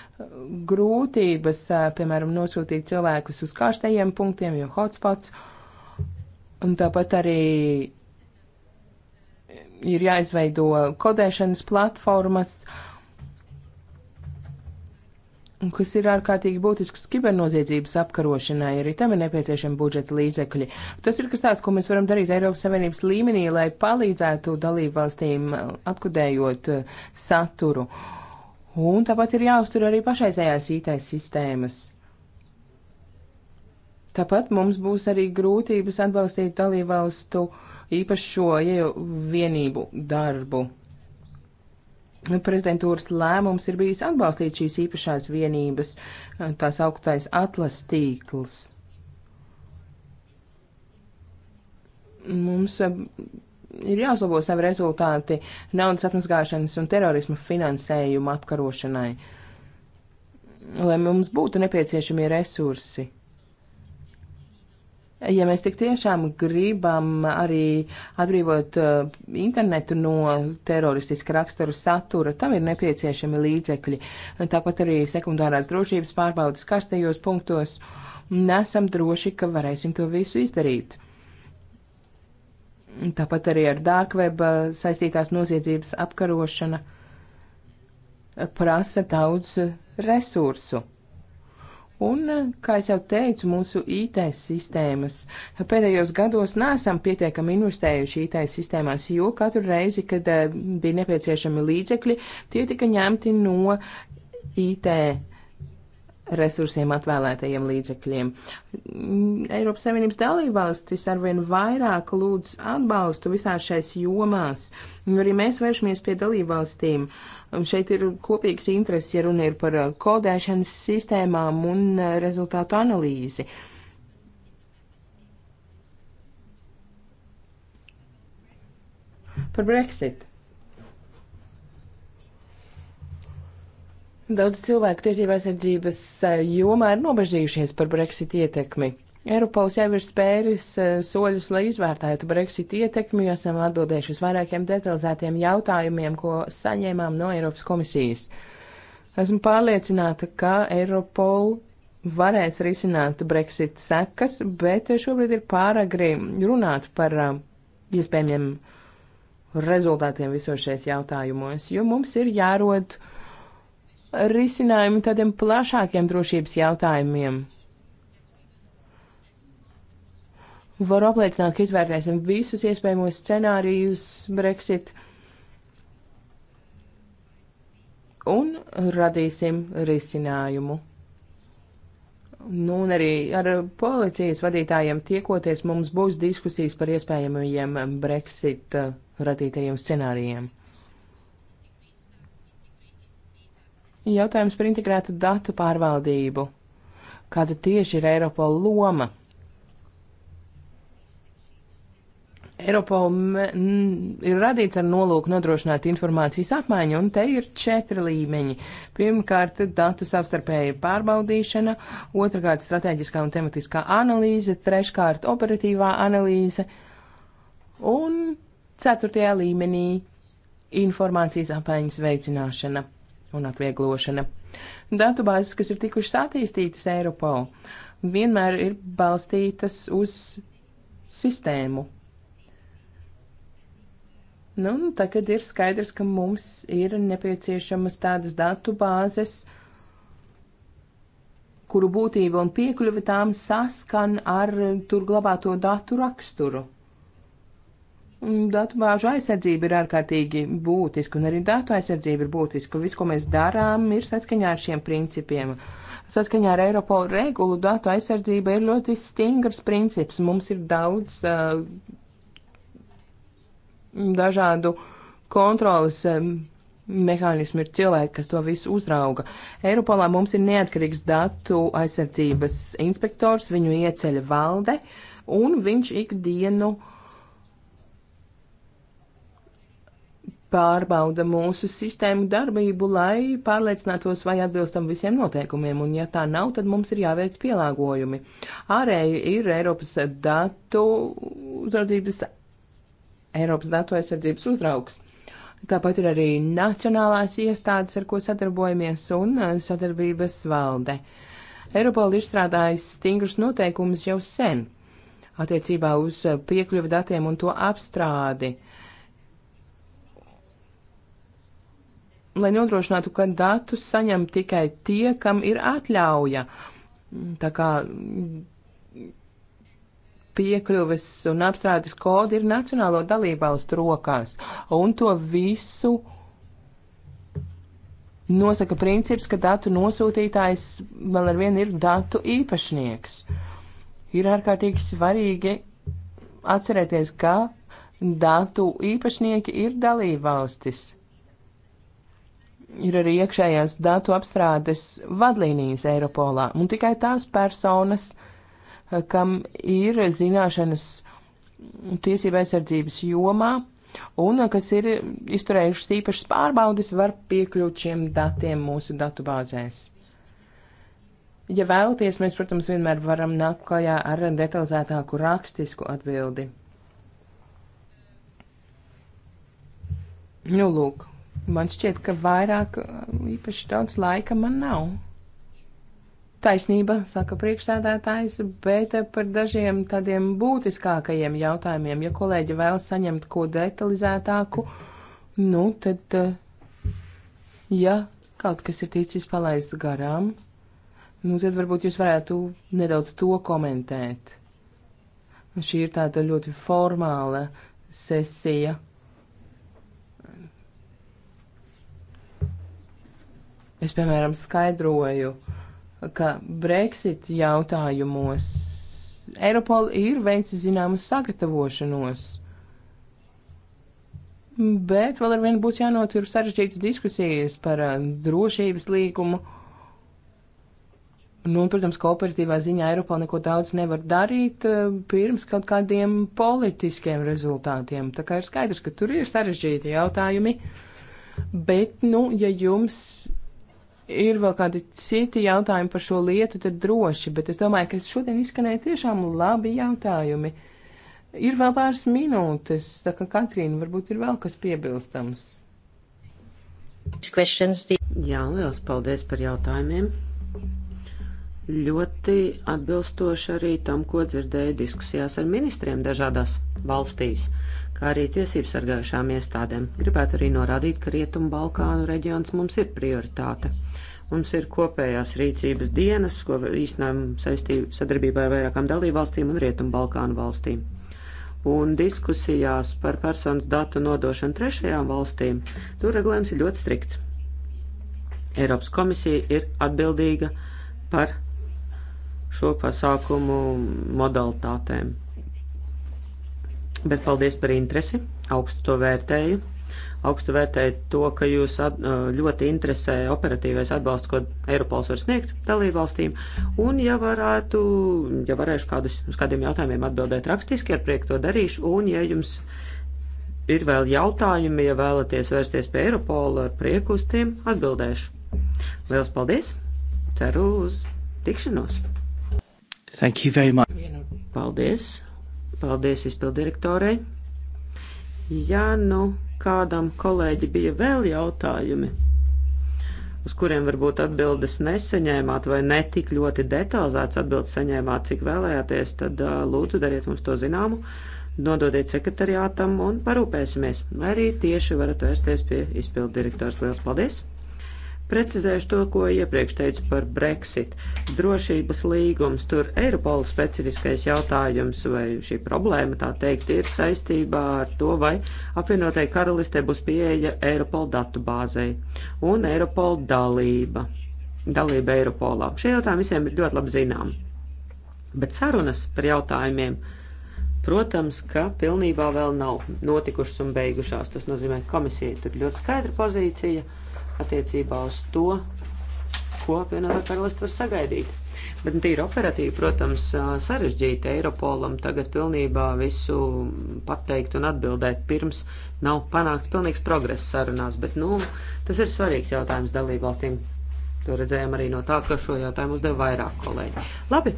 grūtības, uh, piemēram, nosūtīt cilvēkus uz karstajiem punktiem, jo hotspots, un tāpat arī ir jāizveido kodēšanas platformas. Uh, kas ir ārkārtīgi būtisks kibernoziedzības apkarošanai, arī tam ir nepieciešama budžeta līdzekļi. Tas ir kas tāds, ko mēs varam darīt Eiropas Savienības līmenī, lai palīdzētu dalību valstīm uh, atkudējot uh, saturu. Un tāpat ir jāuztur arī pašaizējās IT sistēmas. Tāpat mums būs arī grūtības atbalstīt dalību valstu īpašo vienību darbu. Prezidentūras lēmums ir bijis atbalstīt šīs īpašās vienības, eh, tās augtais atlas tīkls. Mums eh, ir jāuzlabo savi rezultāti naudas atmazgāšanas un terorismu finansējuma apkarošanai, lai mums būtu nepieciešamie resursi ja mēs tik tiešām gribam arī atbrīvot uh, internetu no teroristiska rakstura satura, tam ir nepieciešami līdzekļi. Tāpat arī sekundārās drošības pārbaudas karstajos punktos. Nesam droši, ka varēsim to visu izdarīt. Tāpat arī ar dārkveb uh, saistītās noziedzības apkarošana prasa daudz uh, resursu. Un, kā jau teicu, mūsu IT sistēmas pēdējos gados nesam pietiekami investējuši IT sistēmās, jo katru reizi, kad eh, bija nepieciešami līdzekļi, tie tika ņemti no IT resursiem atvēlētajiem līdzekļiem. Eiropas Savienības dalībvalstis arvien vairāk lūdz atbalstu visās šais jomās. Arī mēs vēršamies pie dalībvalstīm. Šeit ir kopīgs interesi, ja runa ir par uh, kodēšanas sistēmām un uh, rezultātu analīzi. Par Brexit. Daudz cilvēku tiesība aizsardzības eh, jomā ir nobežījušies par Brexit ietekmi. Eiropols jau ir spēris eh, soļus, lai izvērtētu Brexit ietekmi, jo esam atbildējuši uz vairākiem detalizētiem jautājumiem, ko saņēmām no Eiropas komisijas. Esmu pārliecināta, ka Eiropol varēs risināt Brexit sekas, bet šobrīd ir pāragri runāt par eh, iespējamiem rezultātiem visos šajos jautājumos, jo mums ir jārod uh, risinājumi tādiem plašākiem drošības jautājumiem. Varu apliecināt, ka izvērtēsim visus iespējamos scenārijus Brexit un radīsim risinājumu. Nu, un arī ar policijas vadītājiem tiekoties mums būs diskusijas par iespējamajiem Brexit uh, radītajiem scenārijiem. Jautājums par integrētu datu pārvaldību. Kāda tieši ir Eiropola loma? Eiropola ir radīts ar nolūku nodrošināt informācijas apmaiņu, un te ir četri līmeņi. Pirmkārt, datu savstarpēja pārbaudīšana, otrkārt, strateģiskā un tematiskā analīze, treškārt, operatīvā analīze, un ceturtajā līmenī informācijas apmaiņas veicināšana un atvieglošana. Datubāzes, kas ir tikušas attīstītas Eiropol, vienmēr ir balstītas uz sistēmu. Nu, tagad ir skaidrs, ka mums ir nepieciešamas tādas datubāzes, kuru būtība un piekļuve tām saskan ar tur glabāto datu raksturu. Datu bāžu aizsardzība ir ārkārtīgi būtiska, un arī datu aizsardzība ir būtiska. Viss, ko mēs darām, ir saskaņā ar šiem principiem. Saskaņā ar Eiropola regulu datu aizsardzība ir ļoti stingrs princips. Mums ir daudz uh, dažādu kontrolas um, mehānismu, ir cilvēki, kas to visu uzrauga. Eiropolā mums ir neatkarīgs datu aizsardzības inspektors, viņu ieceļ valde, un viņš ikdienu uh, pārbauda mūsu sistēmu darbību, lai pārliecinātos, vai atbilstam visiem noteikumiem, un ja tā nav, tad mums ir jāveic pielāgojumi. Ārēji ir Eiropas datu uzraudzības, Eiropas datu aizsardzības uzraugs. Tāpat ir arī nacionālās iestādes, ar ko sadarbojamies, un uh, sadarbības valde. Eiropola ir strādājis stingrus noteikumus jau sen attiecībā uz piekļuvi datiem un to apstrādi. Uh, lai nodrošinātu, ka datus saņem tikai tie, kam ir atļauja. Tā kā piekļuves un apstrādes kodi ir nacionālo dalībvalstu rokās, un to visu nosaka princips, ka datu nosūtītājs vēl ar vienu ir datu īpašnieks. Ir ārkārtīgi svarīgi atcerēties, ka datu īpašnieki ir dalībvalstis ir arī iekšējās datu apstrādes vadlīnijas Eiropolā, un tikai tās personas, eh, kam ir zināšanas tiesība aizsardzības jomā un eh, kas ir izturējušas īpašas pārbaudes, var piekļūt šiem datiem mūsu datubāzēs. Ja vēlaties, mēs, protams, vienmēr varam nākt klajā ar detalizētāku rakstisku atbildi. Nu, lūk. Man šķiet, ka vairāk uh, īpaši daudz laika man nav. Taisnība, saka priekšsēdētājs, bet uh, par dažiem tādiem būtiskākajiem jautājumiem, ja kolēģi vēl saņemt ko detalizētāku, nu tad, uh, ja kaut kas ir ticis palaists garām, nu tad varbūt jūs varētu nedaudz to komentēt. Šī ir tāda ļoti formāla sesija. Es, piemēram, skaidroju, ka Brexit jautājumos Eiropola ir veicis zināmu sagatavošanos. Bet vēl ar vienu būs jānotur sarežģītas diskusijas par uh, drošības līgumu. Nu, un, protams, kooperatīvā ziņā Eiropā neko daudz nevar darīt uh, pirms kaut kādiem politiskiem rezultātiem. Tā kā ir skaidrs, ka tur ir sarežģīti jautājumi. Bet, nu, ja jums ir vēl kādi citi jautājumi par šo lietu, tad droši, bet es domāju, ka šodien izskanēja tiešām labi jautājumi. Ir vēl pāris minūtes, tā kā Katrīna varbūt ir vēl kas piebilstams. Jā, liels paldies par jautājumiem. Ļoti atbilstoši arī tam, ko dzirdēju diskusijās ar ministriem dažādās valstīs kā arī tiesību sargājušām iestādēm. Gribētu arī norādīt, ka Rietumu Balkānu reģions mums ir prioritāte. Mums ir kopējās rīcības dienas, ko īstenojam saistību sadarbībā ar vairākām dalībvalstīm un Rietumu Balkānu valstīm. Un diskusijās par personas datu nodošanu trešajām valstīm, tur regulējums ir ļoti strikts. Eiropas komisija ir atbildīga par šo pasākumu modalitātēm. Bet paldies par interesi, augstu to vērtēju. Augstu vērtēju to, ka jūs at, uh, ļoti interesē operatīvais atbalsts, ko Eiropols var sniegt dalībvalstīm. Un, ja varētu, ja varēšu kādus, uz kādiem jautājumiem atbildēt rakstiski, ar prieku to darīšu. Un, ja jums ir vēl jautājumi, ja vēlaties vērsties pie Eiropola, ar prieku uz tiem atbildēšu. Lielas paldies! Ceru uz tikšanos! Thank you very much! Paldies! Paldies izpildirektorei. Ja nu kādam kolēģi bija vēl jautājumi, uz kuriem varbūt atbildes nesaņēmāt vai netik ļoti detalizēts atbildes saņēmāt, cik vēlējāties, tad lūdzu dariet mums to zināmu, nododiet sekretariātam un parūpēsimies. Arī tieši varat vērsties pie izpildu direktors. Lielas paldies! Precizēšu to, ko iepriekš teicu par Brexit. Drošības līgums, tur Eiropola specifiskais jautājums vai šī problēma, tā teikt, ir saistībā ar to, vai apvienotai karalistē būs pieeja Eiropola datu bāzei un Eiropola dalība. Dalība Eiropolā. Šie jautājumi visiem ir ļoti labi zinām. Bet sarunas par jautājumiem. Protams, ka pilnībā vēl nav notikušas un beigušās. Tas nozīmē, ka komisija tur ļoti skaidra pozīcija attiecībā uz to, ko apvienotā karalista var sagaidīt. Bet nu, tīri operatīvi, protams, sarežģīti Eiropolam tagad pilnībā visu pateikt un atbildēt pirms nav panākts pilnīgs progress sarunās, bet, nu, tas ir svarīgs jautājums dalībvalstīm. To redzējām arī no tā, ka šo jautājumu uzdeva vairāk kolēģi. Labi,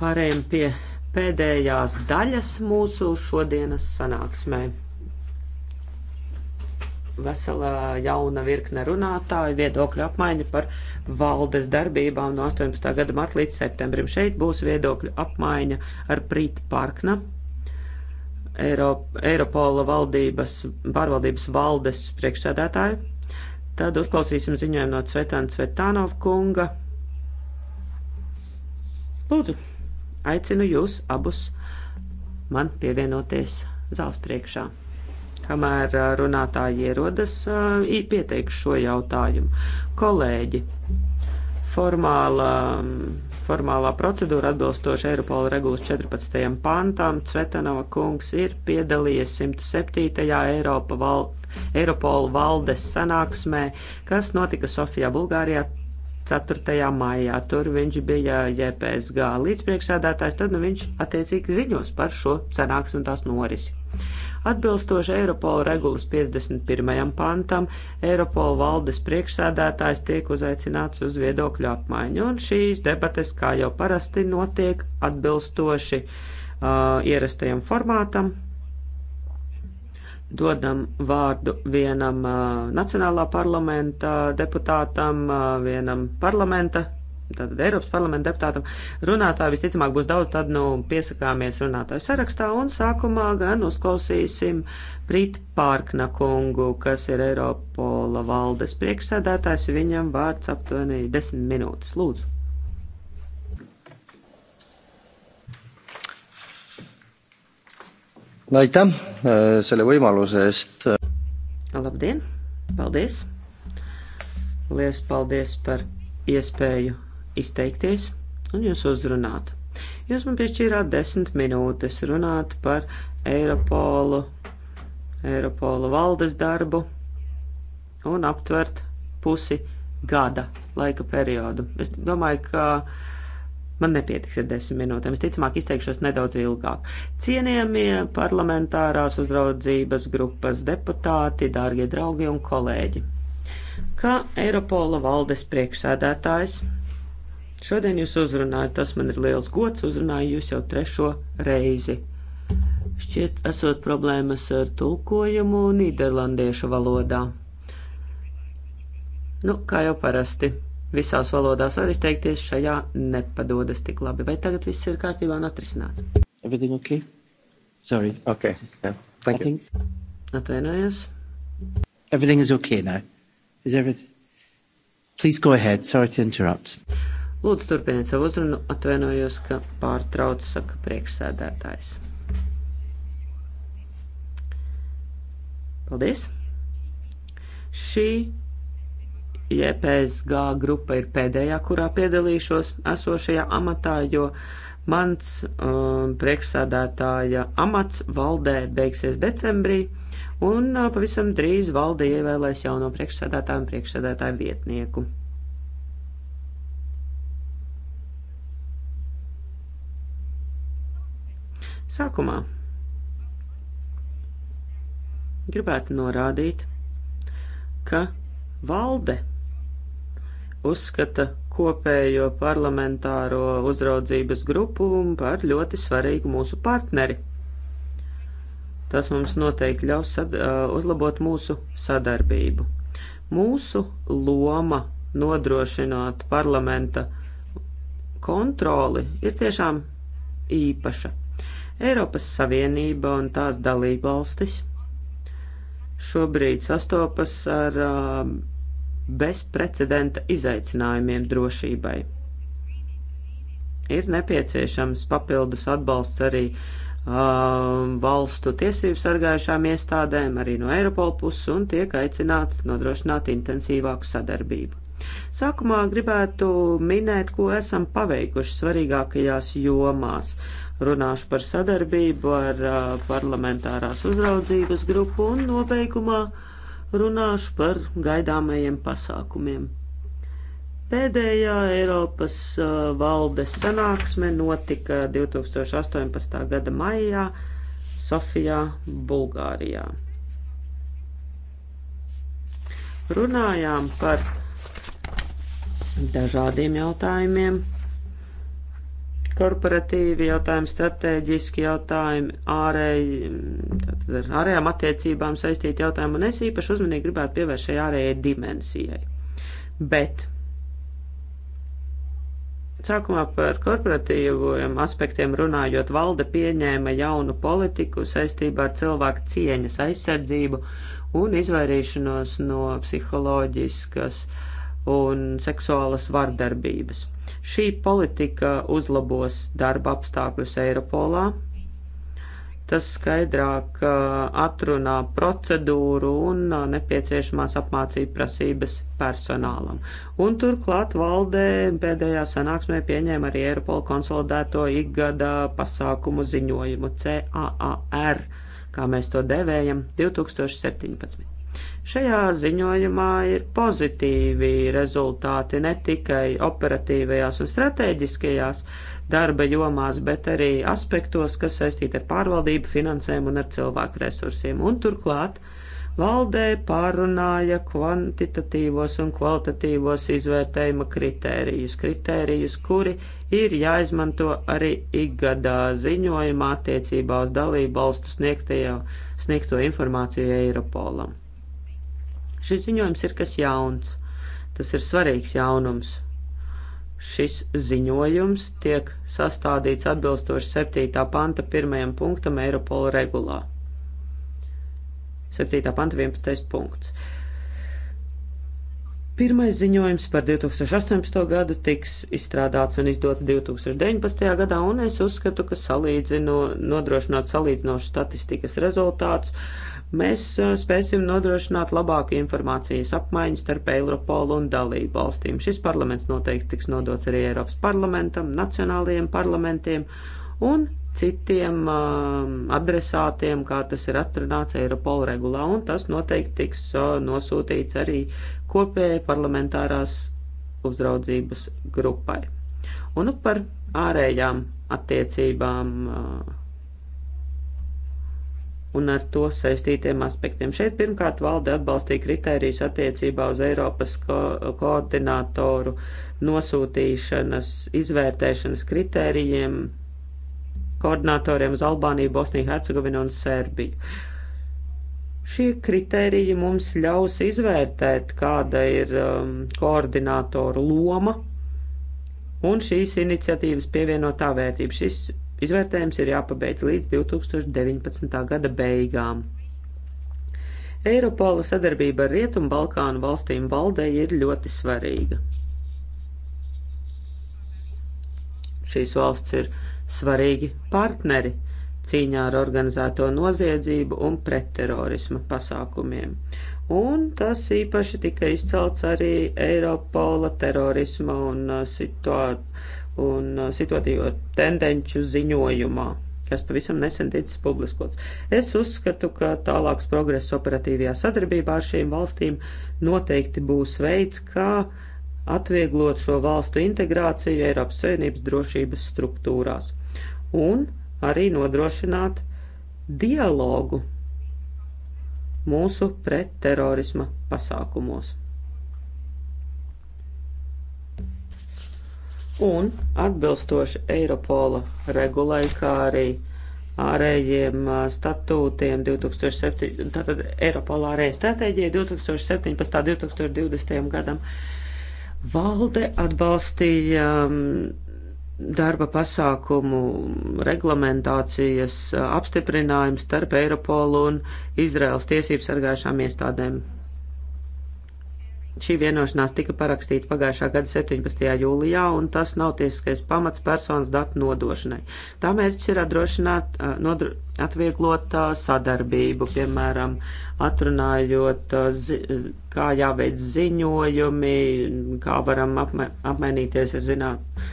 pārējiem pie pēdējās daļas mūsu šodienas sanāksmē vesela jauna virkne runātāju viedokļu apmaiņa par valdes darbībām no 18. gada mart līdz septembrim. Šeit būs viedokļu apmaiņa ar Prīt Parkna, Eiropola valdības, pārvaldības valdes priekšsēdētāju. Tad uzklausīsim ziņojumu no Cvetana Cvetanov kunga. Lūdzu, aicinu jūs abus man pievienoties zāles priekšā. Kamēr runātāji ierodas, pieteikšu šo jautājumu. Kolēģi, formāla, formālā procedūra atbilstoši Eiropola regulas 14. pantam, Cvetanova kungs ir piedalījies 107. Eiropa val, Eiropola valdes sanāksmē, kas notika Sofijā, Bulgārijā 4. maijā. Tur viņš bija JPSG līdzpriekšsēdētājs, tad nu, viņš attiecīgi ziņos par šo sanāksmu un tās norisi. Atbilstoši Eiropola regulas 51. pantam, Eiropola valdes priekšsēdētājs tiek uzaicināts uz viedokļu apmaiņu, un šīs debates, kā jau parasti, notiek atbilstoši uh, ierastajam formātam. Dodam vārdu vienam uh, Nacionālā parlamenta deputātam, uh, vienam parlamenta tātad Eiropas parlamenta deputātam runātāju visticamāk būs daudz, tad nu piesakāmies runātāju sarakstā un sākumā gan uzklausīsim Prit Pārkna kungu, kas ir Eiropola valdes priekšsēdētājs, viņam vārds aptuveni 10 minūtes. Lūdzu. aitäh eh, selle võimaluse eest. labdien, paldies. Lies paldies par iespēju izteikties un jūs uzrunāt. Jūs man piešķīrāt desmit minūtes runāt par Eiropolu, Eiropola valdes darbu un aptvert pusi gada laika periodu. Es domāju, ka man nepietiks ar desmit minūtēm. Es ticamāk izteikšos nedaudz ilgāk. Cienījamie parlamentārās uzraudzības grupas deputāti, dārgie draugi un kolēģi. Kā Eiropola valdes priekšsēdētājs Šodien jūs uzrunājat, tas man ir liels gods, uzrunāju jūs jau trešo reizi. Šķiet, esot problēmas ar tulkojumu nīderlandiešu valodā. Nu, kā jau parasti, visās valodās var izteikties, šajā nepadodas tik labi. Vai tagad viss ir kārtībā un atrisināts? Everything ok? Sorry. Ok. Yeah. Thank you. Think... Atvainojos. Everything is okay now. Is everything? Please go ahead. Sorry to interrupt. Lūdzu, turpiniet savu uzrunu, atvainojos, ka pārtraucu, saka priekšsēdētājs. Paldies! Šī JPSG grupa ir pēdējā, kurā piedalīšos esošajā amatā, jo mans um, priekšsēdētāja amats valdē beigsies decembrī, un uh, pavisam drīz valde ievēlēs jauno priekšsēdētāju un priekšsēdētāju vietnieku. Sākumā gribētu norādīt, ka valde uzskata kopējo parlamentāro uzraudzības grupu par ļoti svarīgu mūsu partneri. Tas mums noteikti ļaus sad, uzlabot mūsu sadarbību. Mūsu loma nodrošināt parlamenta kontroli ir tiešām īpaša. Eiropas Savienība un tās dalībvalstis šobrīd sastopas ar uh, bezprecedenta izaicinājumiem drošībai. Ir nepieciešams papildus atbalsts arī uh, valstu tiesību sargājušām iestādēm, arī no Eiropola puses, un tiek aicināts nodrošināt intensīvāku sadarbību. Sākumā gribētu minēt, ko esam paveikuši svarīgākajās jomās runāšu par sadarbību ar uh, parlamentārās uzraudzības grupu un nobeigumā runāšu par gaidāmajiem pasākumiem. Pēdējā Eiropas uh, valdes sanāksme notika 2018. gada maijā Sofijā, Bulgārijā. Runājām par dažādiem jautājumiem, korporatīvi jautājumi, strateģiski jautājumi, ārēji, mm, tātad ar ārējām attiecībām saistīti jautājumi, un es īpaši uzmanīgi gribētu pievērst šai ārējai dimensijai. Bet sākumā par korporatīviem aspektiem runājot, valde pieņēma jaunu politiku saistībā ar cilvēku cieņas aizsardzību un izvairīšanos no psiholoģiskas uh, un seksuālas vardarbības. Šī politika uzlabos darba apstākļus Eiropolā, tas skaidrāk uh, atrunā procedūru un uh, nepieciešamās apmācību prasības personālam. Un turklāt valdē pēdējā sanāksmē pieņēma arī Eiropola konsolidēto ikgada pasākumu ziņojumu CAAR, kā mēs to devējam, 2017. Šajā ziņojumā ir pozitīvi rezultāti ne tikai operatīvajās un strateģiskajās darba jomās, bet arī aspektos, kas saistīti ar pārvaldību, finansēm un ar cilvēku resursiem. Un turklāt valdē pārunāja kvantitatīvos un kvalitatīvos izvērtējuma kritērijus, kritērijus, kuri ir jāizmanto arī ikgadā ziņojumā attiecībā uz dalību valstu sniegto informāciju Eiropolam. Šis ziņojums ir kas jauns. Tas ir svarīgs jaunums. Šis ziņojums tiek sastādīts atbilstoši 7. panta 1. punktam Eiropola regulā. 7. panta 11. punkts. Pirmais ziņojums par 2018. gadu tiks izstrādāts un izdots 2019. gadā, un es uzskatu, ka salīdzinu, nodrošinot salīdzinošu statistikas rezultātus mēs spēsim nodrošināt labāku informācijas apmaiņu starp Eiropolu un dalību valstīm. Šis parlaments noteikti tiks nodots arī Eiropas parlamentam, nacionālajiem parlamentiem un citiem um, adresātiem, kā tas ir atrunāts Eiropola regulā, un tas noteikti tiks uh, nosūtīts arī kopēji parlamentārās uzraudzības grupai. Un nu, par ārējām attiecībām. Uh, un ar to saistītiem aspektiem. Šeit pirmkārt valde atbalstīja kritērijus attiecībā uz Eiropas ko koordinātoru nosūtīšanas, izvērtēšanas kritērijiem, koordinatoriem uz Albāniju, Bosniju, Hercegovinu un Serbiju. Šie kriteriji mums ļaus izvērtēt, kāda ir um, koordinātoru loma un šīs iniciatīvas pievienotā vērtība. Šis Izvērtējums ir jāpabeidz līdz 2019. gada beigām. Eiropola sadarbība ar Rietumu Balkānu valstīm valdē ir ļoti svarīga. Šīs valsts ir svarīgi partneri cīņā ar organizēto noziedzību un pretterorisma pasākumiem. Un tas īpaši tika izcelts arī Eiropola terorisma un uh, situācijas un uh, situatīvo tendenču ziņojumā kas pavisam nesen ticis publiskots. Es uzskatu, ka tālāks progress operatīvajā sadarbībā ar šīm valstīm noteikti būs veids, kā atvieglot šo valstu integrāciju Eiropas Savienības drošības struktūrās un arī nodrošināt dialogu mūsu pretterorisma pasākumos. un atbilstoši Eiropola regulai, kā arī ārējiem statūtiem 2007, tātad Eiropola ārējai stratēģijai 2017. 2020. gadam. Valde atbalstīja um, darba pasākumu reglamentācijas apstiprinājumu starp Eiropolu un Izraels tiesību sargājušām iestādēm Šī vienošanās tika parakstīta pagājušā gada 17. jūlijā, un tas nav tiesiskais pamats personas datu nodošanai. Tā mērķis ir atdrošināt, nodru, atvieglot sadarbību, piemēram, atrunājot, kā jāveic ziņojumi, kā varam apma apmainīties ar zināt,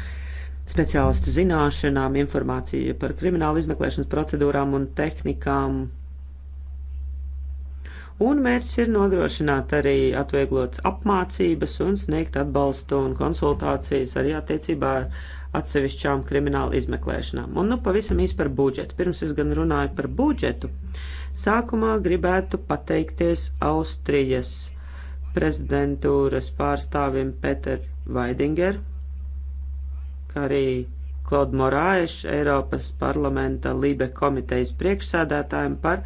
speciālistu zināšanām, informāciju par kriminālu izmeklēšanas procedūrām un tehnikām un mērķis ir nodrošināt arī atvieglotas apmācības un sniegt atbalstu un konsultācijas arī attiecībā ar atsevišķām krimināla izmeklēšanām. Un nu pavisam īsi par budžetu. Pirms es gan runāju par budžetu, sākumā gribētu pateikties Austrijas prezidentūras pārstāvim Peter Vaidinger, kā arī Klaudu Morāešu, Eiropas parlamenta Lībe komitejas priekšsādātājiem par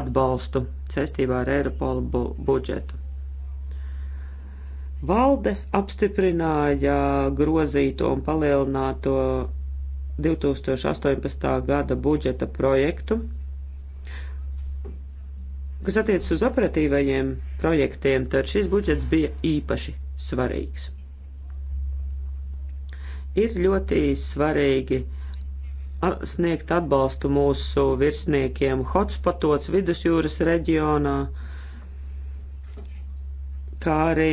atbalstu saistībā ar Eiropola bu budžetu. Valde apstiprināja grozīto un palielināto 2018. gada budžeta projektu, kas attiecas uz operatīvajiem projektiem, tad šis budžets bija īpaši svarīgs. Ir ļoti svarīgi uh, sniegt atbalstu mūsu virsniekiem hotspotos vidusjūras reģionā, kā arī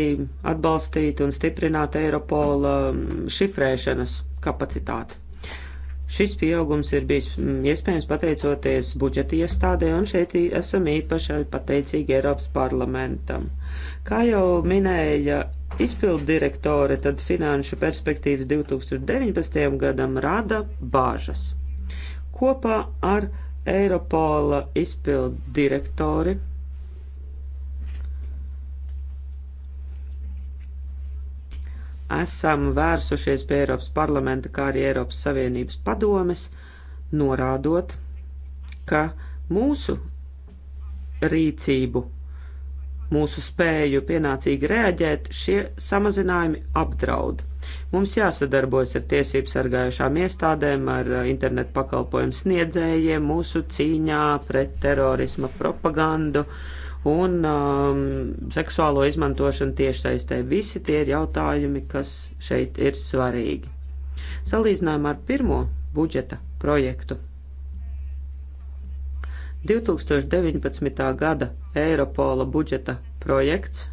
atbalstīt un stiprināt Eiropola mm, šifrēšanas kapacitāti. Šis pieaugums ir bijis mm, iespējams pateicoties budžeta iestādē, un šeit esam īpaši pateicīgi Eiropas parlamentam. Kā jau minēja izpildu direktore, tad finanšu perspektīvas 2019. gadam rada bāžas. Kopā ar Eiropola izpildu direktori esam vērsušies pie Eiropas parlamenta, kā arī Eiropas Savienības padomes, norādot, ka mūsu rīcību, mūsu spēju pienācīgi reaģēt, šie samazinājumi apdraud. Mums jāsadarbojas ar tiesību sargājušām iestādēm, ar internetu pakalpojumu sniedzējiem mūsu cīņā pret terorisma propagandu. Uh, un um, seksuālo izmantošanu tiešsaistē. Visi tie ir jautājumi, kas šeit ir svarīgi. Salīdzinājumā ar pirmo budžeta projektu 2019. gada Eiropola budžeta projekts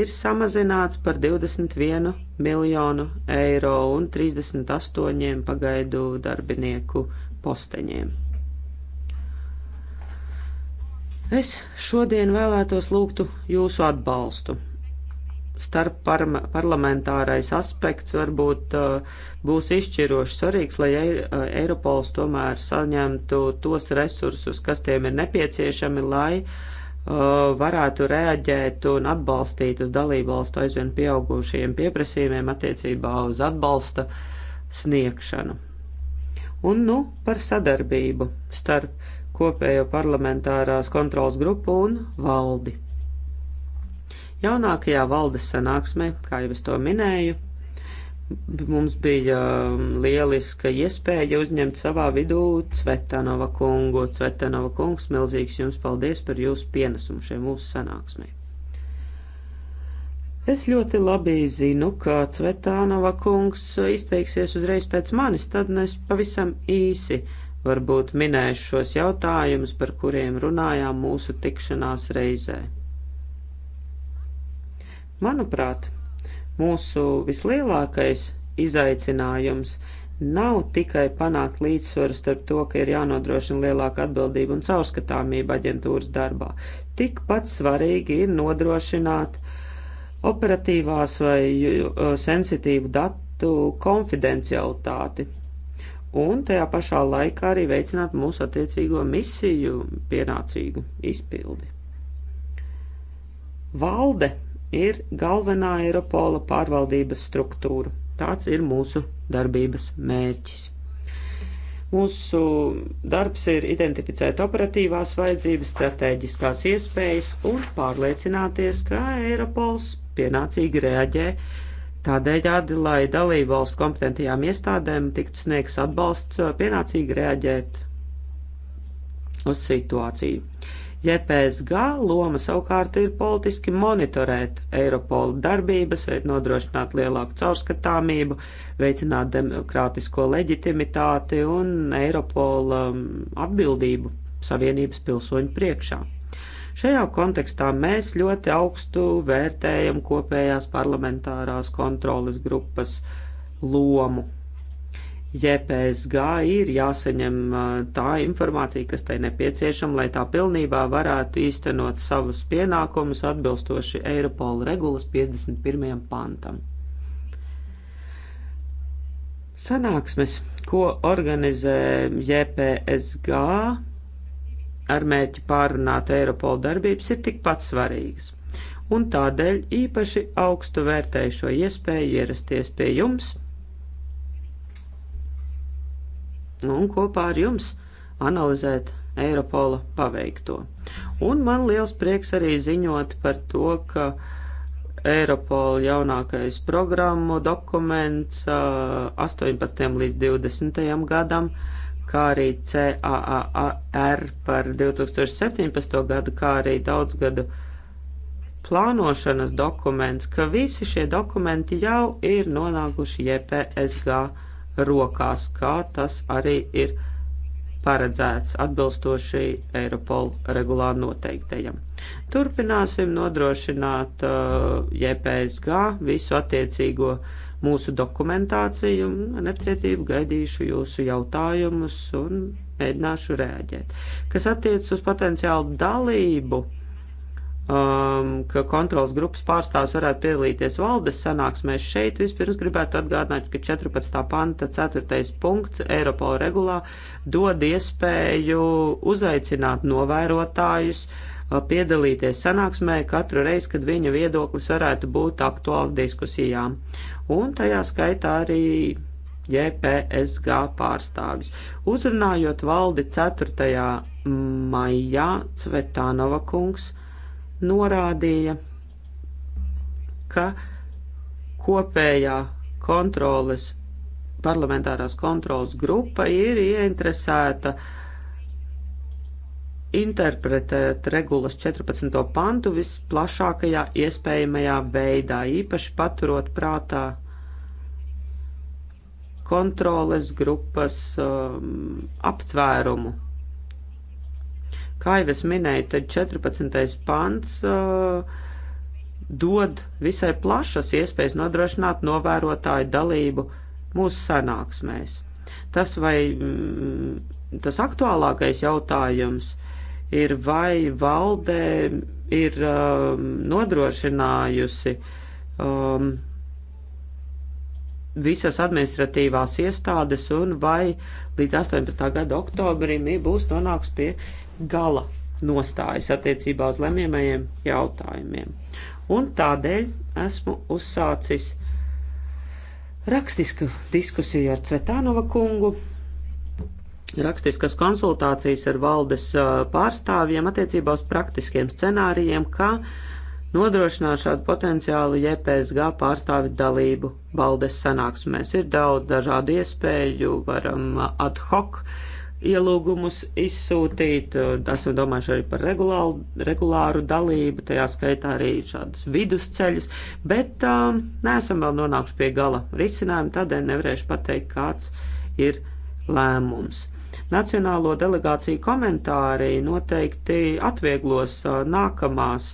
ir samazināts par 21 miljonu eiro un 38 pagaidu darbinieku posteņiem. Es šodien vēlētos lūgtu jūsu atbalstu. Starp par parlamentārais aspekts varbūt uh, būs izšķiroši svarīgs, lai Ei uh, Eiropols tomēr saņemtu tos resursus, kas tiem ir nepieciešami, lai uh, varētu reaģēt un atbalstīt uz dalībvalstu aizvien pieaugušajiem pieprasījumiem attiecībā uz atbalsta sniegšanu. Un, nu, par sadarbību starp kopējo parlamentārās kontrolas grupu un valdi. Jaunākajā valdes sanāksmē, kā jau es to minēju, mums bija um, lieliska iespēja uzņemt savā vidū Cvetanova kungu. Cvetanova kungs, milzīgs jums paldies par jūsu pienesumu šai mūsu sanāksmē. Es ļoti labi zinu, ka Cvetānova kungs izteiksies uzreiz pēc manis, tad es pavisam īsi varbūt minēšu šos jautājumus, par kuriem runājām mūsu tikšanās reizē. Manuprāt, mūsu vislielākais izaicinājums nav tikai panākt līdzsvaru starp to, ka ir jānodrošina lielāka atbildība un caurskatāmība aģentūras darbā. Tikpat svarīgi ir nodrošināt operatīvās vai uh, sensitīvu datu konfidencialitāti, un tajā pašā laikā arī veicināt mūsu attiecīgo misiju pienācīgu izpildi. Valde ir galvenā Eiropola pārvaldības struktūra. Tāds ir mūsu darbības mērķis. Mūsu darbs ir identificēt operatīvās vajadzības, stratēģiskās iespējas un pārliecināties, ka Eiropols pienācīgi reaģē Tādējādi, lai dalību valstu kompetentajām iestādēm tiktu sniegs atbalsts uh, pienācīgi reaģēt uz situāciju. JPSG loma savukārt ir politiski monitorēt Eiropola darbības, veikt nodrošināt lielāku caurskatāmību, veicināt demokrātisko leģitimitāti un Eiropola um, atbildību savienības pilsoņu priekšā. Šajā kontekstā mēs ļoti augstu vērtējam kopējās parlamentārās kontroles grupas lomu. JPSG ir jāsaņem tā informācija, kas tai nepieciešama, lai tā pilnībā varētu īstenot savus pienākumus atbilstoši Eiropola regulas 51. pantam. Sanāksmes, ko organizē JPSG, ar mērķi pārunāt Eiropola darbības ir tikpat svarīgas. Un tādēļ īpaši augstu vērtēju šo iespēju ierasties pie jums un kopā ar jums analizēt Eiropola paveikto. Un man liels prieks arī ziņot par to, ka Eiropola jaunākais programmu dokuments 18. līdz 20. gadam uh, kā arī CAAR par 2017. gadu, kā arī daudzgadu plānošanas dokuments, ka visi šie dokumenti jau ir nonākuši JPSG rokās, kā tas arī ir paredzēts atbilstoši Eiropol regulā noteiktajam. Turpināsim nodrošināt uh, JPSG visu attiecīgo uh, mūsu dokumentāciju. Ar nepacietību gaidīšu jūsu jautājumus un mēģināšu rēģēt. Kas attiecas uz potenciālu dalību, um, ka kontrols grupas pārstāvs varētu piedalīties valdes sanāksmēs šeit, vispirms gribētu atgādināt, ka 14. panta 4. punkts Eiropola regulā dod iespēju uzaicināt novērotājus, uh, piedalīties sanāksmē katru reizi, kad viņa viedoklis varētu būt aktuāls diskusijām un tajā skaitā arī JPSG pārstāvis. Uzrunājot valdi 4. maijā, Cvetānova kungs norādīja, ka kopējā kontroles, parlamentārās kontroles grupa ir ieinteresēta uh, interpretēt regulas 14. pantu visplašākajā iespējamajā veidā, īpaši paturot prātā kontroles grupas um, aptvērumu. Kā jau es minēju, tad 14. pants uh, dod visai plašas iespējas nodrošināt novērotāju dalību mūsu sanāksmēs. Tas vai mm, tas aktuālākais jautājums ir, ir vai valdē ir um, nodrošinājusi um, visas administratīvās iestādes un vai līdz 18. gada oktobrim būs nonāks pie gala nostājas attiecībā uz lemjamajiem jautājumiem. Un tādēļ esmu uzsācis rakstisku diskusiju ar Cvetānova kungu rakstiskas konsultācijas ar valdes pārstāvjiem attiecībā uz praktiskiem scenārijiem, kā nodrošināt šādu potenciālu JPSG pārstāvi dalību valdes sanāksmēs. Ir daudz dažādu iespēju, varam ad hoc ielūgumus izsūtīt, esam domājuši arī par regulāru, regulāru dalību, tajā skaitā arī šādus vidusceļus, bet um, neesam vēl nonākuši pie gala risinājuma, tādēļ nevarēšu pateikt, kāds ir lēmums. Nacionālo delegāciju komentāri noteikti atvieglos nākamās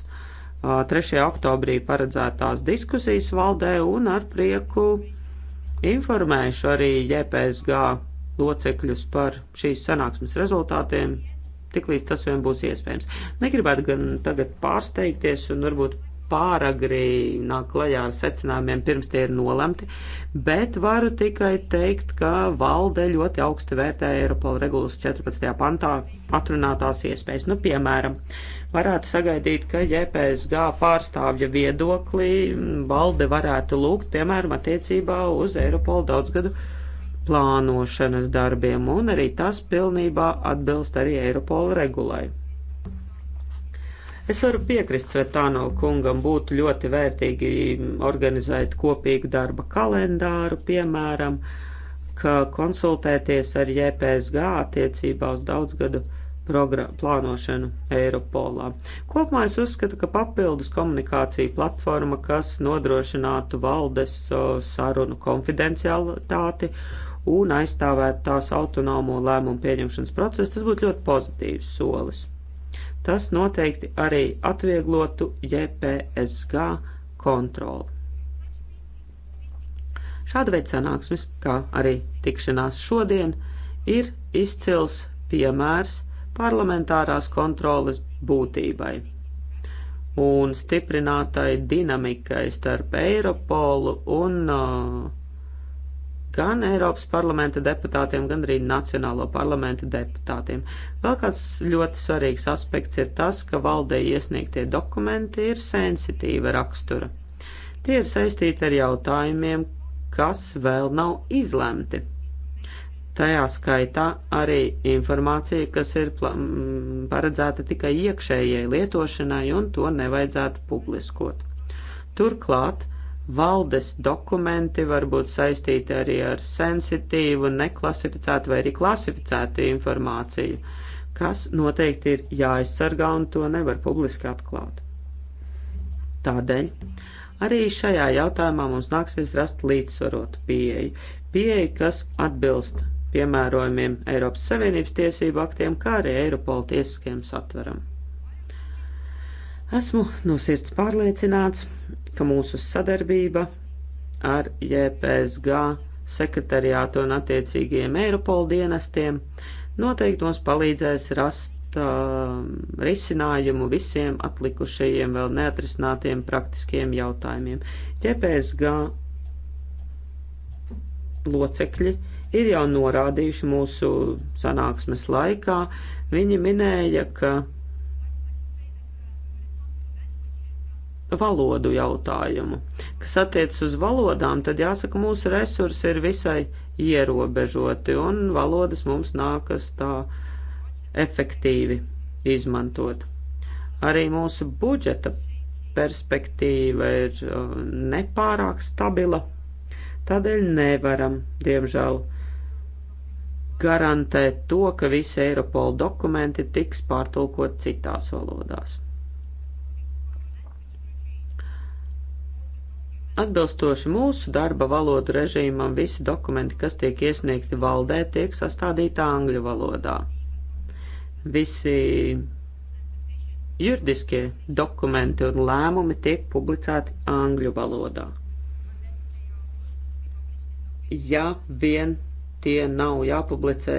3. oktobrī paredzētās diskusijas valdē un ar prieku informēšu arī JPSG locekļus par šīs sanāksmes rezultātiem, tiklīdz tas vien būs iespējams. Negribētu gan tagad pārsteigties un varbūt pāragri nāk klajā ar secinājumiem, pirms tie ir nolemti, bet varu tikai teikt, ka valde ļoti augsti vērtē Eiropola regulas 14. pantā atrunātās iespējas. Nu, piemēram, varētu sagaidīt, ka JPSG pārstāvja viedoklī valde varētu lūgt, piemēram, attiecībā uz Eiropola daudzgadu plānošanas darbiem, un arī tas pilnībā atbilst arī Eiropola regulai. Es varu piekrist Svetāno kungam, būtu ļoti vērtīgi organizēt kopīgu darba kalendāru, piemēram, ka konsultēties ar JPSG attiecībā uz daudzgadu plānošanu Eiropolā. Kopumā es uzskatu, ka papildus komunikācija platforma, kas nodrošinātu valdes sarunu konfidencialitāti un aizstāvētu tās autonomo lēmumu pieņemšanas procesu, tas būtu ļoti pozitīvs solis. Tas noteikti arī atvieglotu JPSG kontroli. Šāda veida sanāksmes, kā arī tikšanās šodien, ir izcils piemērs parlamentārās kontroles būtībai un stiprinātai dinamikai starp Eiropolu un uh, gan Eiropas parlamenta deputātiem, gan arī Nacionālo parlamentu deputātiem. Vēl kāds ļoti svarīgs aspekts ir tas, ka valdē iesniegtie dokumenti ir sensitīva rakstura. Tie ir saistīti ar jautājumiem, kas vēl nav izlemti. Tajā skaitā arī informācija, kas ir paredzēta tikai iekšējai lietošanai, un to nevajadzētu publiskot. Turklāt Valdes dokumenti var būt saistīti arī ar sensitīvu, neklasificētu vai arī klasificētu informāciju, kas noteikti ir jāaizsargā un to nevar publiski atklāt. Tādēļ arī šajā jautājumā mums nāksies rast līdzsvarotu pieeju, pieeju, kas atbilst piemērojumiem Eiropas Savienības tiesību aktiem, kā arī Eiropola tiesiskajam satveram. Esmu no sirds pārliecināts, ka mūsu sadarbība ar JPSG sekretariātu un attiecīgiem Eiropola dienestiem noteikti mums palīdzēs rast uh, risinājumu visiem atlikušajiem vēl neatrisinātiem praktiskiem jautājumiem. JPSG locekļi ir jau norādījuši mūsu sanāksmes laikā. Viņi minēja, ka valodu jautājumu. Kas attiecas uz valodām, tad jāsaka, mūsu resursi ir visai ierobežoti, un valodas mums nākas tā efektīvi izmantot. Arī mūsu budžeta perspektīva ir uh, nepārāk stabila, tādēļ nevaram, diemžēl, garantēt to, ka visi Eiropola dokumenti tiks pārtulkot citās valodās. Atbilstoši mūsu darba valodu režīmam, visi dokumenti, kas tiek iesniegti valdē, tiek sastādīti angļu valodā. Visi juridiskie dokumenti un lēmumi tiek publicēti angļu valodā. Ja vien tie nav jāpublicē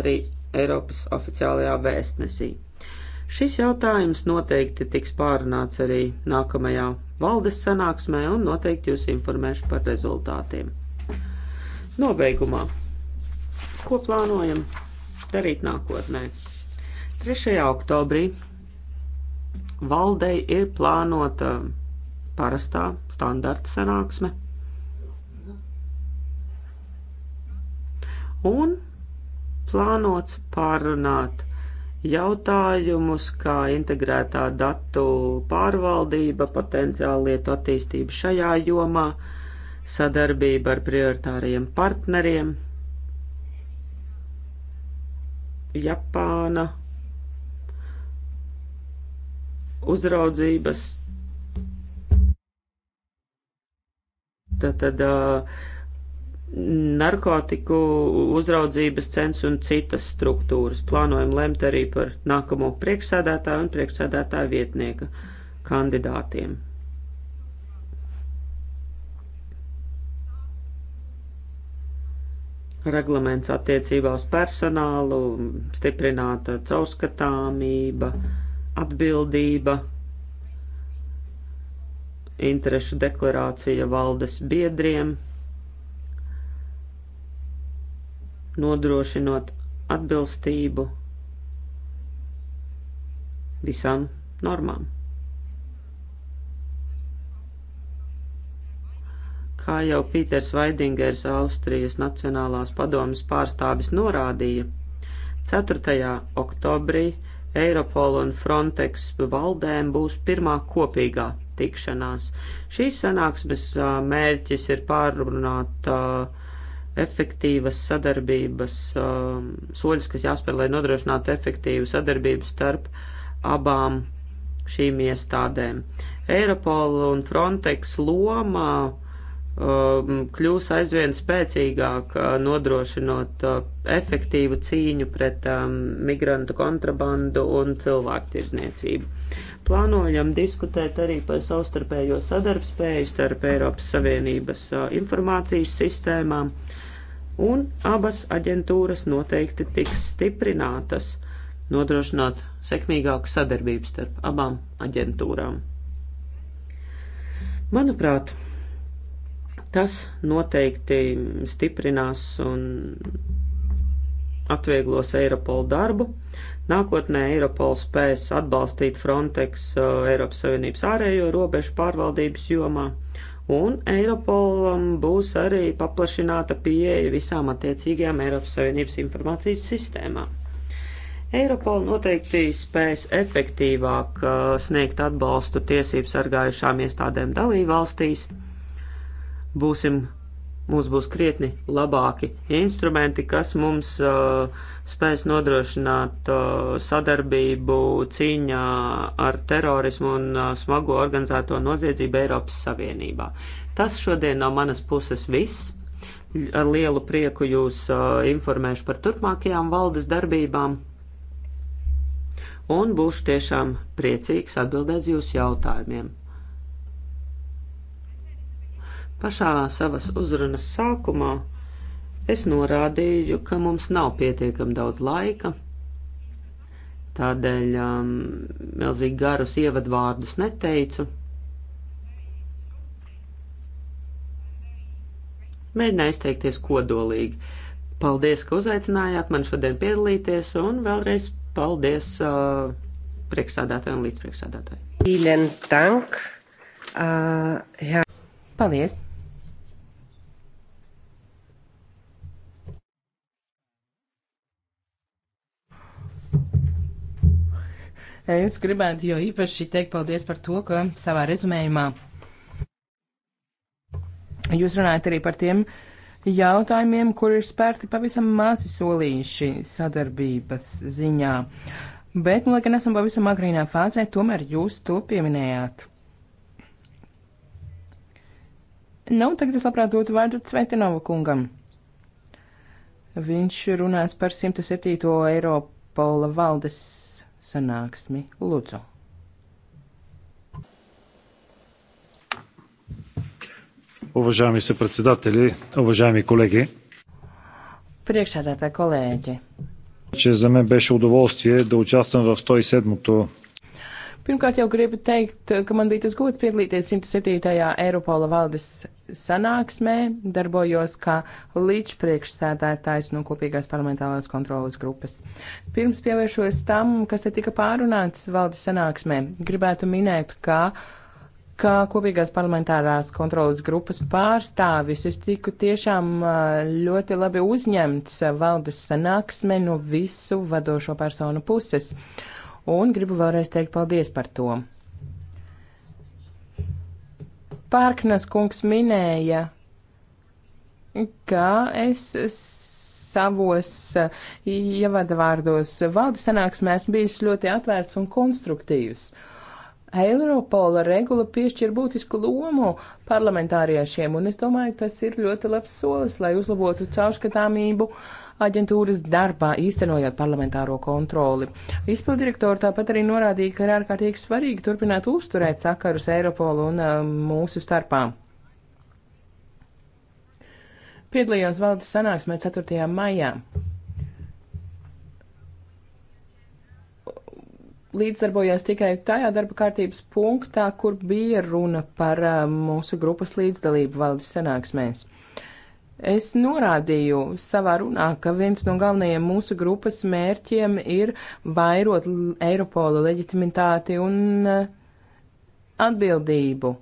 arī Eiropas oficiālajā vēstnesī. Šis jautājums noteikti tiks pārunāts arī nākamajā valdes sanāksmē un noteikti jūs informēšu par rezultātiem. Nobeigumā, ko plānojam darīt nākotnē? 3. oktobrī valdei ir plānota parastā standarta sanāksme. Un plānots pārunāt jautājumus, kā integrētā datu pārvaldība, potenciāli lietu attīstība šajā jomā, sadarbība ar prioritāriem partneriem, Japāna, uzraudzības. Tātad uh, narkotiku uzraudzības cents un citas struktūras. Plānojam lemt arī par nākamo priekšsēdētāju un priekšsēdētāju vietnieka kandidātiem. Reglaments attiecībā uz personālu, stiprināta caurskatāmība, atbildība, interešu deklarācija valdes biedriem. nodrošinot atbilstību visām normām. Kā jau Pīters Vaidingers, Austrijas Nacionālās padomas pārstāvis norādīja, 4. oktobrī Eiropola un Frontex valdēm būs pirmā kopīgā tikšanās. Šīs sanāksmes mērķis ir pārrunāt uh, efektīvas sadarbības um, soļus, kas jāspēr, lai nodrošinātu efektīvu sadarbību starp abām šīm iestādēm. Eiropola un Frontex loma um, kļūs aizvien spēcīgāk, uh, nodrošinot uh, efektīvu cīņu pret um, migrantu kontrabandu un cilvēktirdzniecību. Plānojam diskutēt arī par savstarpējo sadarbspēju starp Eiropas Savienības uh, informācijas sistēmām. Uh, un abas aģentūras noteikti tiks stiprinātas, nodrošinot sekmīgāku sadarbību starp abām aģentūrām. Manuprāt, tas noteikti stiprinās un atvieglos Eiropola darbu. Nākotnē Eiropola spēs atbalstīt Frontex uh, Eiropas Savienības ārējo robežu pārvaldības jomā un Eiropolam būs arī paplašināta pieeja visām attiecīgajām Eiropas Savienības informācijas sistēmām. Eiropola noteikti spēs efektīvāk uh, sniegt atbalstu tiesību sargājušām iestādēm dalībvalstīs. Būsim mums būs krietni labāki instrumenti, kas mums uh, spēs nodrošināt uh, sadarbību cīņā ar terorismu un uh, smago organizēto noziedzību Eiropas Savienībā. Tas šodien no manas puses viss. Ar lielu prieku jūs uh, informēšu par turpmākajām valdes darbībām un būšu tiešām priecīgs atbildēt jūsu jautājumiem. Pašā savas uzrunas sākumā es norādīju, ka mums nav pietiekami daudz laika, tādēļ um, milzīgi garus ievadvārdus neteicu. Mēģināju izteikties kodolīgi. Paldies, ka uzaicinājāt mani šodien piedalīties, un vēlreiz paldies uh, priekšsādātājiem un līdzpriekšsādātājiem. Uh, paldies! Es gribētu jau īpaši teikt paldies par to, ka savā rezumējumā jūs runājat arī par tiem jautājumiem, kur ir spērti pavisam mazi solīši sadarbības ziņā. Bet, nu, lai gan esam pavisam agrīnā fāzē, tomēr jūs to pieminējāt. Nu, tagad es labprāt dotu vārdu Cvetinovu kungam. Viņš runās par 107. Eiropola valdes sanāksmi. Lūdzu! Уважаеми съпредседатели, уважаеми колеги! Приекшатата колеги! че за мен беше удоволствие да участвам в 107-то. Pirmkārt, jau gribu teikt, ka man bija tas gods piedalīties 107. Eiropola valdes sanāksmē darbojos kā līdzpriekšsēdētājs no kopīgās parlamentārās kontrolas grupas. Pirms pievēršos tam, kas te tika pārunāts valdes sanāksmē, gribētu minēt, ka kā kopīgās parlamentārās kontrolas grupas pārstāvis, es tiku tiešām ļoti labi uzņemts valdes sanāksmē no visu vadošo personu puses. Un gribu vēlreiz teikt paldies par to. Pārknas kungs minēja, ka es savos uh, ievada vārdos valdes sanāksmē esmu bijis ļoti atvērts un konstruktīvs. Eiropola regula piešķir būtisku lomu parlamentāriešiem, un es domāju, tas ir ļoti labs solis, lai uzlabotu caurskatāmību uh, aģentūras darbā, īstenojot parlamentāro kontroli. Izpildirektori tāpat arī norādīja, ka ir ārkārtīgi svarīgi turpināt uzturēt sakarus Eiropolu un uh, mūsu starpā. Piedalījos valdes sanāksmē 4. maijā. līdzdarbojās tikai tajā darba kārtības punktā, kur bija runa par uh, mūsu grupas līdzdalību valdes sanāksmēs. Es norādīju savā runā, ka viens no galvenajiem mūsu grupas mērķiem ir vairot Eiropola leģitimitāti un eh, atbildību.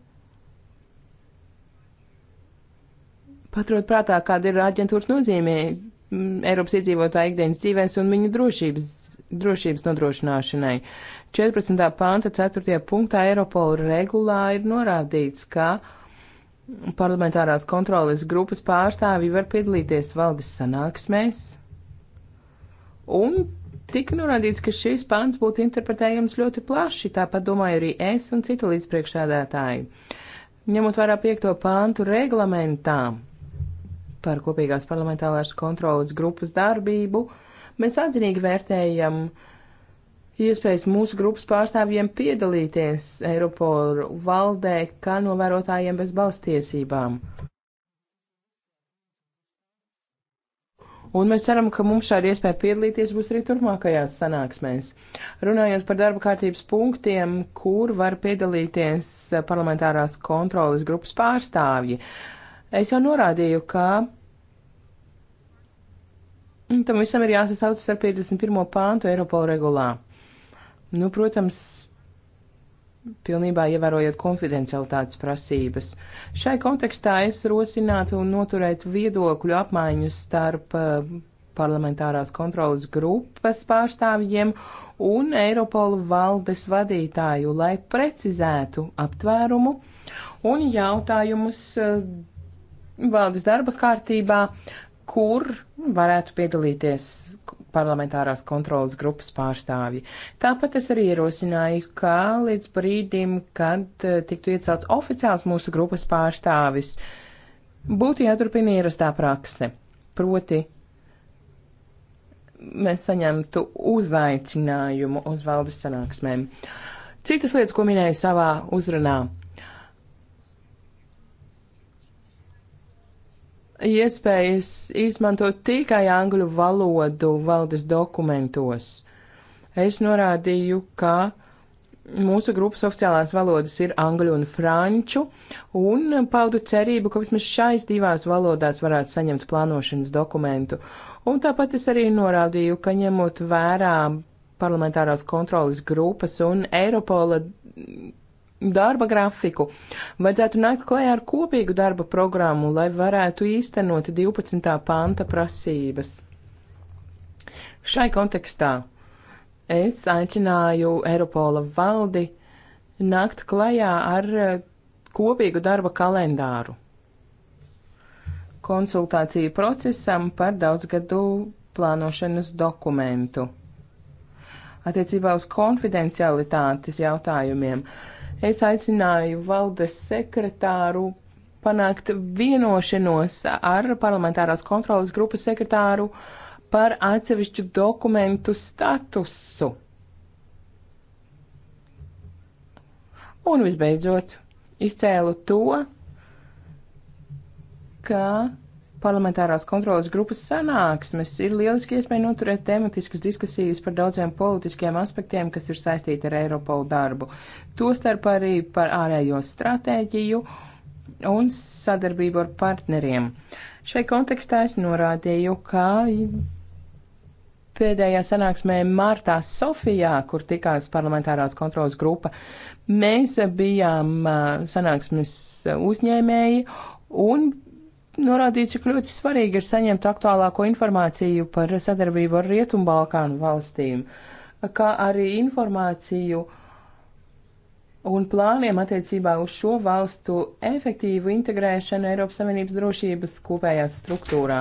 Paturot prātā, kāda ir aģentūras nozīme mm, Eiropas iedzīvotāju ikdienas dzīvēs un viņu drošības, drošības nodrošināšanai. 14. panta 4. punktā Eiropola regulā ir norādīts, ka parlamentārās kontrolas grupas pārstāvji var piedalīties valdes sanāksmēs. Un tika norādīts, ka šīs pāns būtu interpretējams ļoti plaši, tāpat domāju arī es un citi līdzpriekšādātāji. Ņemot vērā piekto pāntu reglamentā par kopīgās parlamentārās kontrolas grupas darbību, mēs atzinīgi vērtējam uh, iespējas mūsu grupas pārstāvjiem piedalīties Eiropola valdē, kā novērotājiem bez balstiesībām. Un mēs ceram, ka mums šāda iespēja piedalīties būs arī turpmākajās sanāksmēs. Runājot par darba kārtības punktiem, kur var piedalīties parlamentārās kontrolas grupas pārstāvji, es jau norādīju, ka tam visam ir jāsasaucas ar 51. pāntu Eiropola regulā. Nu, protams, pilnībā ievērojot konfidencialitātes prasības. Šai kontekstā es rosinātu un noturētu viedokļu apmaiņu starp eh, parlamentārās kontrolas grupas pārstāvjiem un Eiropola valdes vadītāju, lai precizētu aptvērumu un jautājumus eh, valdes darba kārtībā, kur varētu piedalīties parlamentārās kontrolas grupas pārstāvji. Tāpat es arī ierosināju, ka līdz brīdim, kad eh, tiktu iecelts oficiāls mūsu grupas pārstāvis, būtu jāturpina ierastā prakse. Proti, mēs saņemtu uzaicinājumu uz valdes sanāksmēm. Citas lietas, ko minēju savā uzrunā iespējas izmantot tikai angļu valodu valdes dokumentos. Es norādīju, ka mūsu grupas oficiālās valodas ir angļu un franču, un paudu cerību, ka vismaz šais divās valodās varētu saņemt plānošanas dokumentu. Un tāpat es arī norādīju, ka ņemot vērā parlamentārās kontrolas grupas un Eiropola darba grafiku. Vajadzētu nākt klajā ar kopīgu darba programmu, lai varētu īstenot 12. panta prasības. Šai kontekstā es aicināju Eiropola valdi nākt klajā ar eh, kopīgu darba kalendāru konsultāciju procesam par daudzgadu plānošanas dokumentu. Attiecībā uz konfidencialitātes jautājumiem. Uh, es aicināju valdes sekretāru panākt vienošanos ar parlamentārās kontrolas grupas sekretāru par atsevišķu dokumentu statusu. Un visbeidzot, izcēlu to, ka parlamentārās kontrolas grupas sanāksmes ir lieliski iespēja noturēt tematiskas diskusijas par daudziem politiskiem aspektiem, kas ir saistīti ar Eiropolu darbu. Tostarp arī par ārējo stratēģiju un sadarbību ar partneriem. Šai kontekstā es norādīju, ka pēdējā sanāksmē Martā Sofijā, kur tikās parlamentārās kontrolas grupa, mēs bijām sanāksmes uzņēmēji un norādīts, cik ļoti svarīgi ir saņemt aktuālāko informāciju par sadarbību ar Rietumbalkānu valstīm, kā arī informāciju un plāniem attiecībā uz šo valstu efektīvu integrēšanu Eiropas Savienības drošības kopējās struktūrā.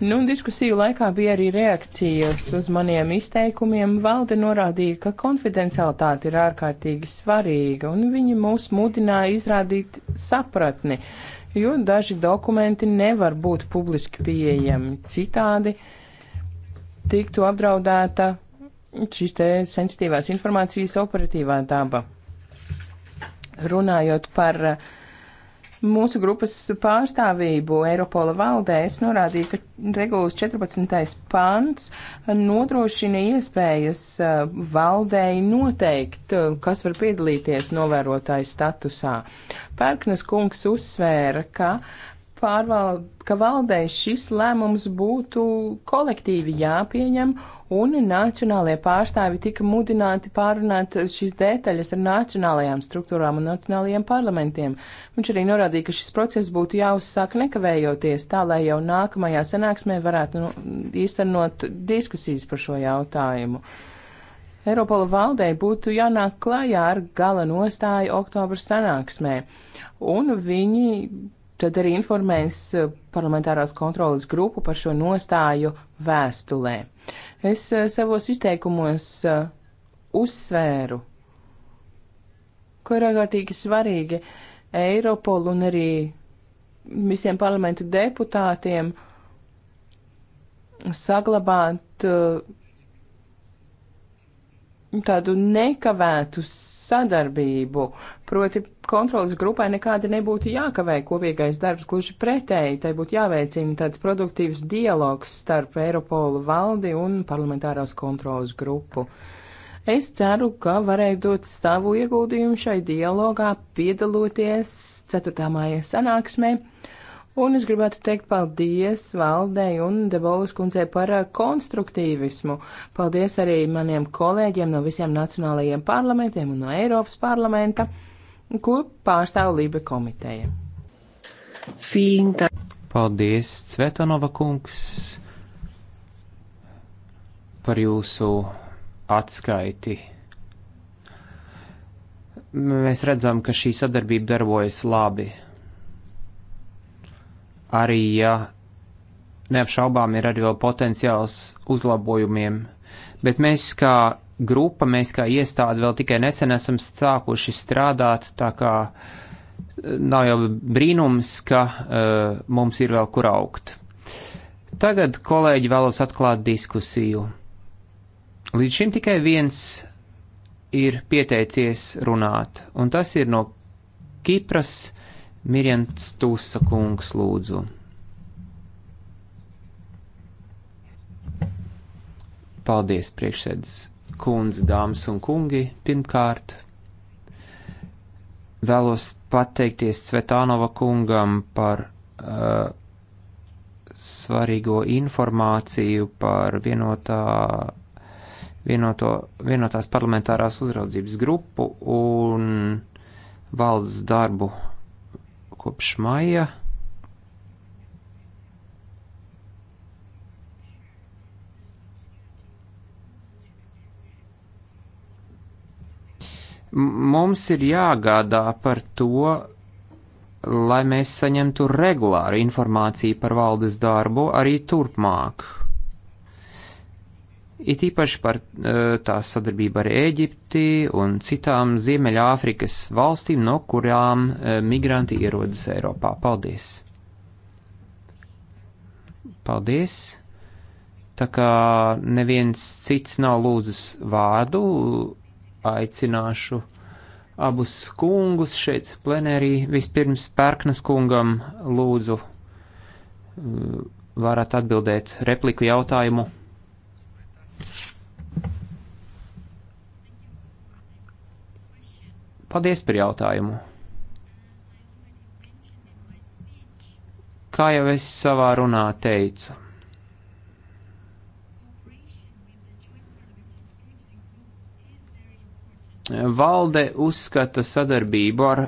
Nu, diskusiju laikā bija arī reakcijas uz maniem izteikumiem. Valde norādīja, ka konfidencialitāte ir ārkārtīgi svarīga, un viņi mūs mudināja izrādīt sapratni jo daži dokumenti nevar būt publiski pieejami. Citādi tiktu apdraudēta šīs te sensitīvās informācijas operatīvā daba. Runājot par uh, mūsu grupas pārstāvību Eiropola valdē, es norādīju, ka regulas 14. pants nodrošina iespējas uh, valdēji noteikt, uh, kas var piedalīties novērotāju statusā. Pērknes kungs uzsvēra, ka pārvald, ka valdei šis lēmums būtu kolektīvi jāpieņem, un nacionālajie pārstāvi tika mudināti pārunāt šīs detaļas ar nacionālajām struktūrām un nacionālajiem parlamentiem. Viņš arī norādīja, ka šis process būtu jāuzsāk nekavējoties, tā lai jau nākamajā sanāksmē varētu nu, īstenot diskusijas par šo jautājumu. Eiropola valdei būtu jānāk klājā ar gala nostāju oktobra sanāksmē, un viņi tad arī informēs eh, parlamentārās kontrolas grupu par šo nostāju vēstulē. Es eh, savos izteikumos eh, uzsvēru, ka ir ārkārtīgi svarīgi Eiropolu un arī visiem parlamentu deputātiem saglabāt tādu nekavētu sadarbību Proti kontrolas grupai nekādi nebūtu jākavē kopīgais darbs, gluži pretēji, tai būtu jāveicina tāds produktīvs dialogs starp Eiropolu valdi un parlamentārās kontrolas grupu. Es ceru, ka varēju dot savu ieguldījumu šai dialogā, piedaloties 4. māja sanāksmē. Un es gribētu teikt paldies valdei un Debolas kundzei par uh, konstruktīvismu. Paldies arī maniem kolēģiem no visiem nacionālajiem parlamentiem un no Eiropas parlamenta ko pārstāv Lība komiteja. Fīnta. Paldies, Cvetanova kungs, par jūsu atskaiti. Mēs redzam, ka šī sadarbība darbojas labi. Arī, ja neapšaubām ir arī vēl potenciāls uzlabojumiem, bet mēs kā grupa, mēs kā iestāde vēl tikai nesen esam sākuši strādāt, tā kā eh, nav jau brīnums, ka uh, mums ir vēl kur augt. Tagad, kolēģi, vēlos atklāt diskusiju. Līdz šim tikai viens ir pieteicies runāt, un tas ir no Kipras Mirjants Tūsa kungs lūdzu. Paldies, priekšsēdus kundze, dāmas un kungi, pirmkārt vēlos pateikties Cvetānova kungam par uh, svarīgo informāciju par vienotā, vienoto, vienotās parlamentārās uzraudzības grupu un valdes darbu kopš maija. Mums ir jāgādā par to, lai mēs saņemtu regulāru informāciju par valdes darbu arī turpmāk. It īpaši par e, tās sadarbību ar Ēģipti un citām Ziemeļāfrikas valstīm, no kurām e, migranti ierodas Eiropā. Paldies! Paldies! Tā kā neviens cits nav lūdzis vārdu, aicināšu abus kungus šeit plenērī. Vispirms Pērknas kungam lūdzu eh, varat atbildēt repliku jautājumu. Paldies par jautājumu. Kā jau es savā runā teicu. Valde uzskata sadarbību ar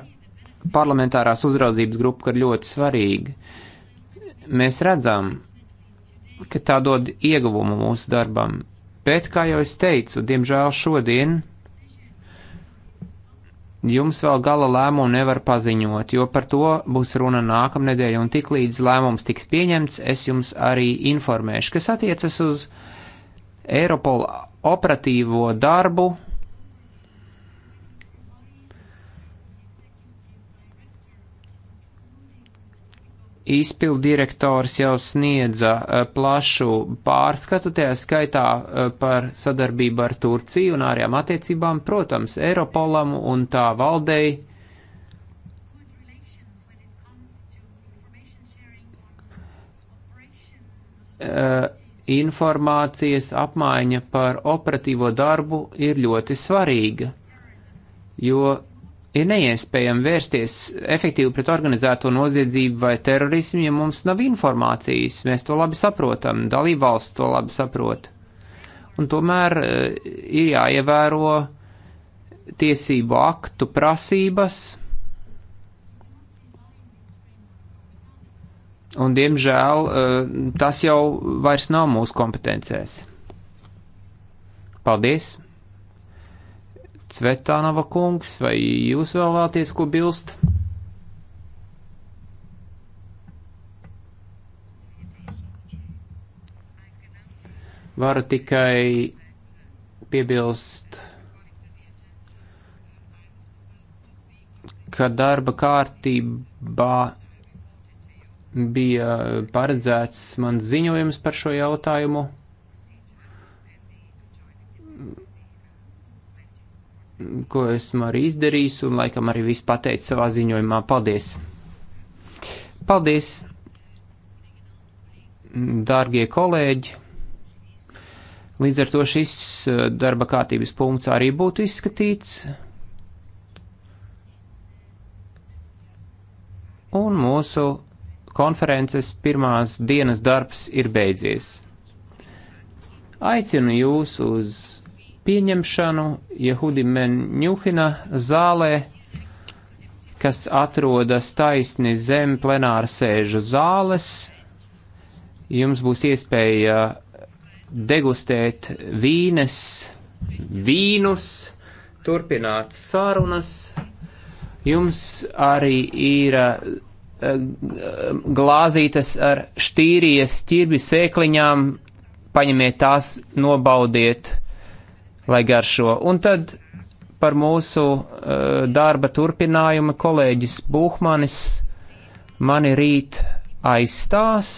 parlamentārās uzraudzības grupu par ļoti svarīgu. Mēs redzam, ka tā dod ieguvumu mūsu darbam, bet, kā jau es teicu, diemžēl šodien jums vēl gala lēmumu nevar paziņot, jo par to būs runa nākamnedēļ, un tik līdz lēmums tiks pieņemts, es jums arī informēšu, kas attiecas uz Eiropola operatīvo darbu izpildu direktors jau sniedza eh, plašu pārskatu, tajā skaitā eh, par sadarbību ar Turciju un ārējām attiecībām, protams, Eiropolam un tā valdei. Eh, informācijas apmaiņa par operatīvo darbu ir ļoti svarīga, jo ir neiespējami vērsties efektīvi pret organizēto noziedzību vai terorismu, ja mums nav informācijas. Mēs to labi saprotam, dalībvalsts to labi saprot. Un tomēr eh, ir jāievēro tiesību aktu prasības. Un, diemžēl, eh, tas jau vairs nav mūsu kompetencēs. Paldies! Cvetānava kungs, vai jūs vēl vēlaties ko bilst? Varu tikai piebilst, ka darba kārtībā bija paredzēts man ziņojums par šo jautājumu. ko esmu arī izdarījis un laikam arī viss pateicu savā ziņojumā. Paldies! Paldies! Dārgie kolēģi! Līdz ar to šis uh, darba kārtības punkts arī būtu izskatīts. Un mūsu konferences pirmās dienas darbs ir beidzies. Aicinu jūs uz pieņemšanu Jehudi Menjuhina zālē, kas atrodas taisni zem plenāra sēžu zāles. Jums būs iespēja degustēt vīnes, vīnus, turpināt sarunas. Jums arī ir eh, glāzītas ar štīrijas ķirbi sēkliņām, paņemiet tās, nobaudiet lai garšo. Un tad par mūsu uh, darba turpinājumu kolēģis Buhmanis mani rīt aizstās.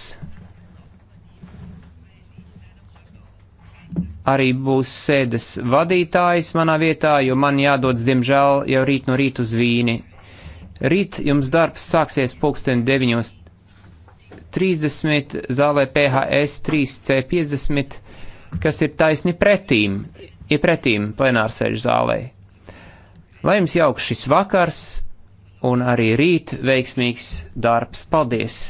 Arī būs sēdes vadītājs manā vietā, jo man jādodas, diemžēl, jau rīt no rīta uz vīni. Rīt jums darbs sāksies pulksten 9.30 zālē PHS 3C50, kas ir taisni pretīm ir pretīm plenārsēžu zālē. Lai jums jauks šis vakars un arī rīt veiksmīgs darbs. Paldies!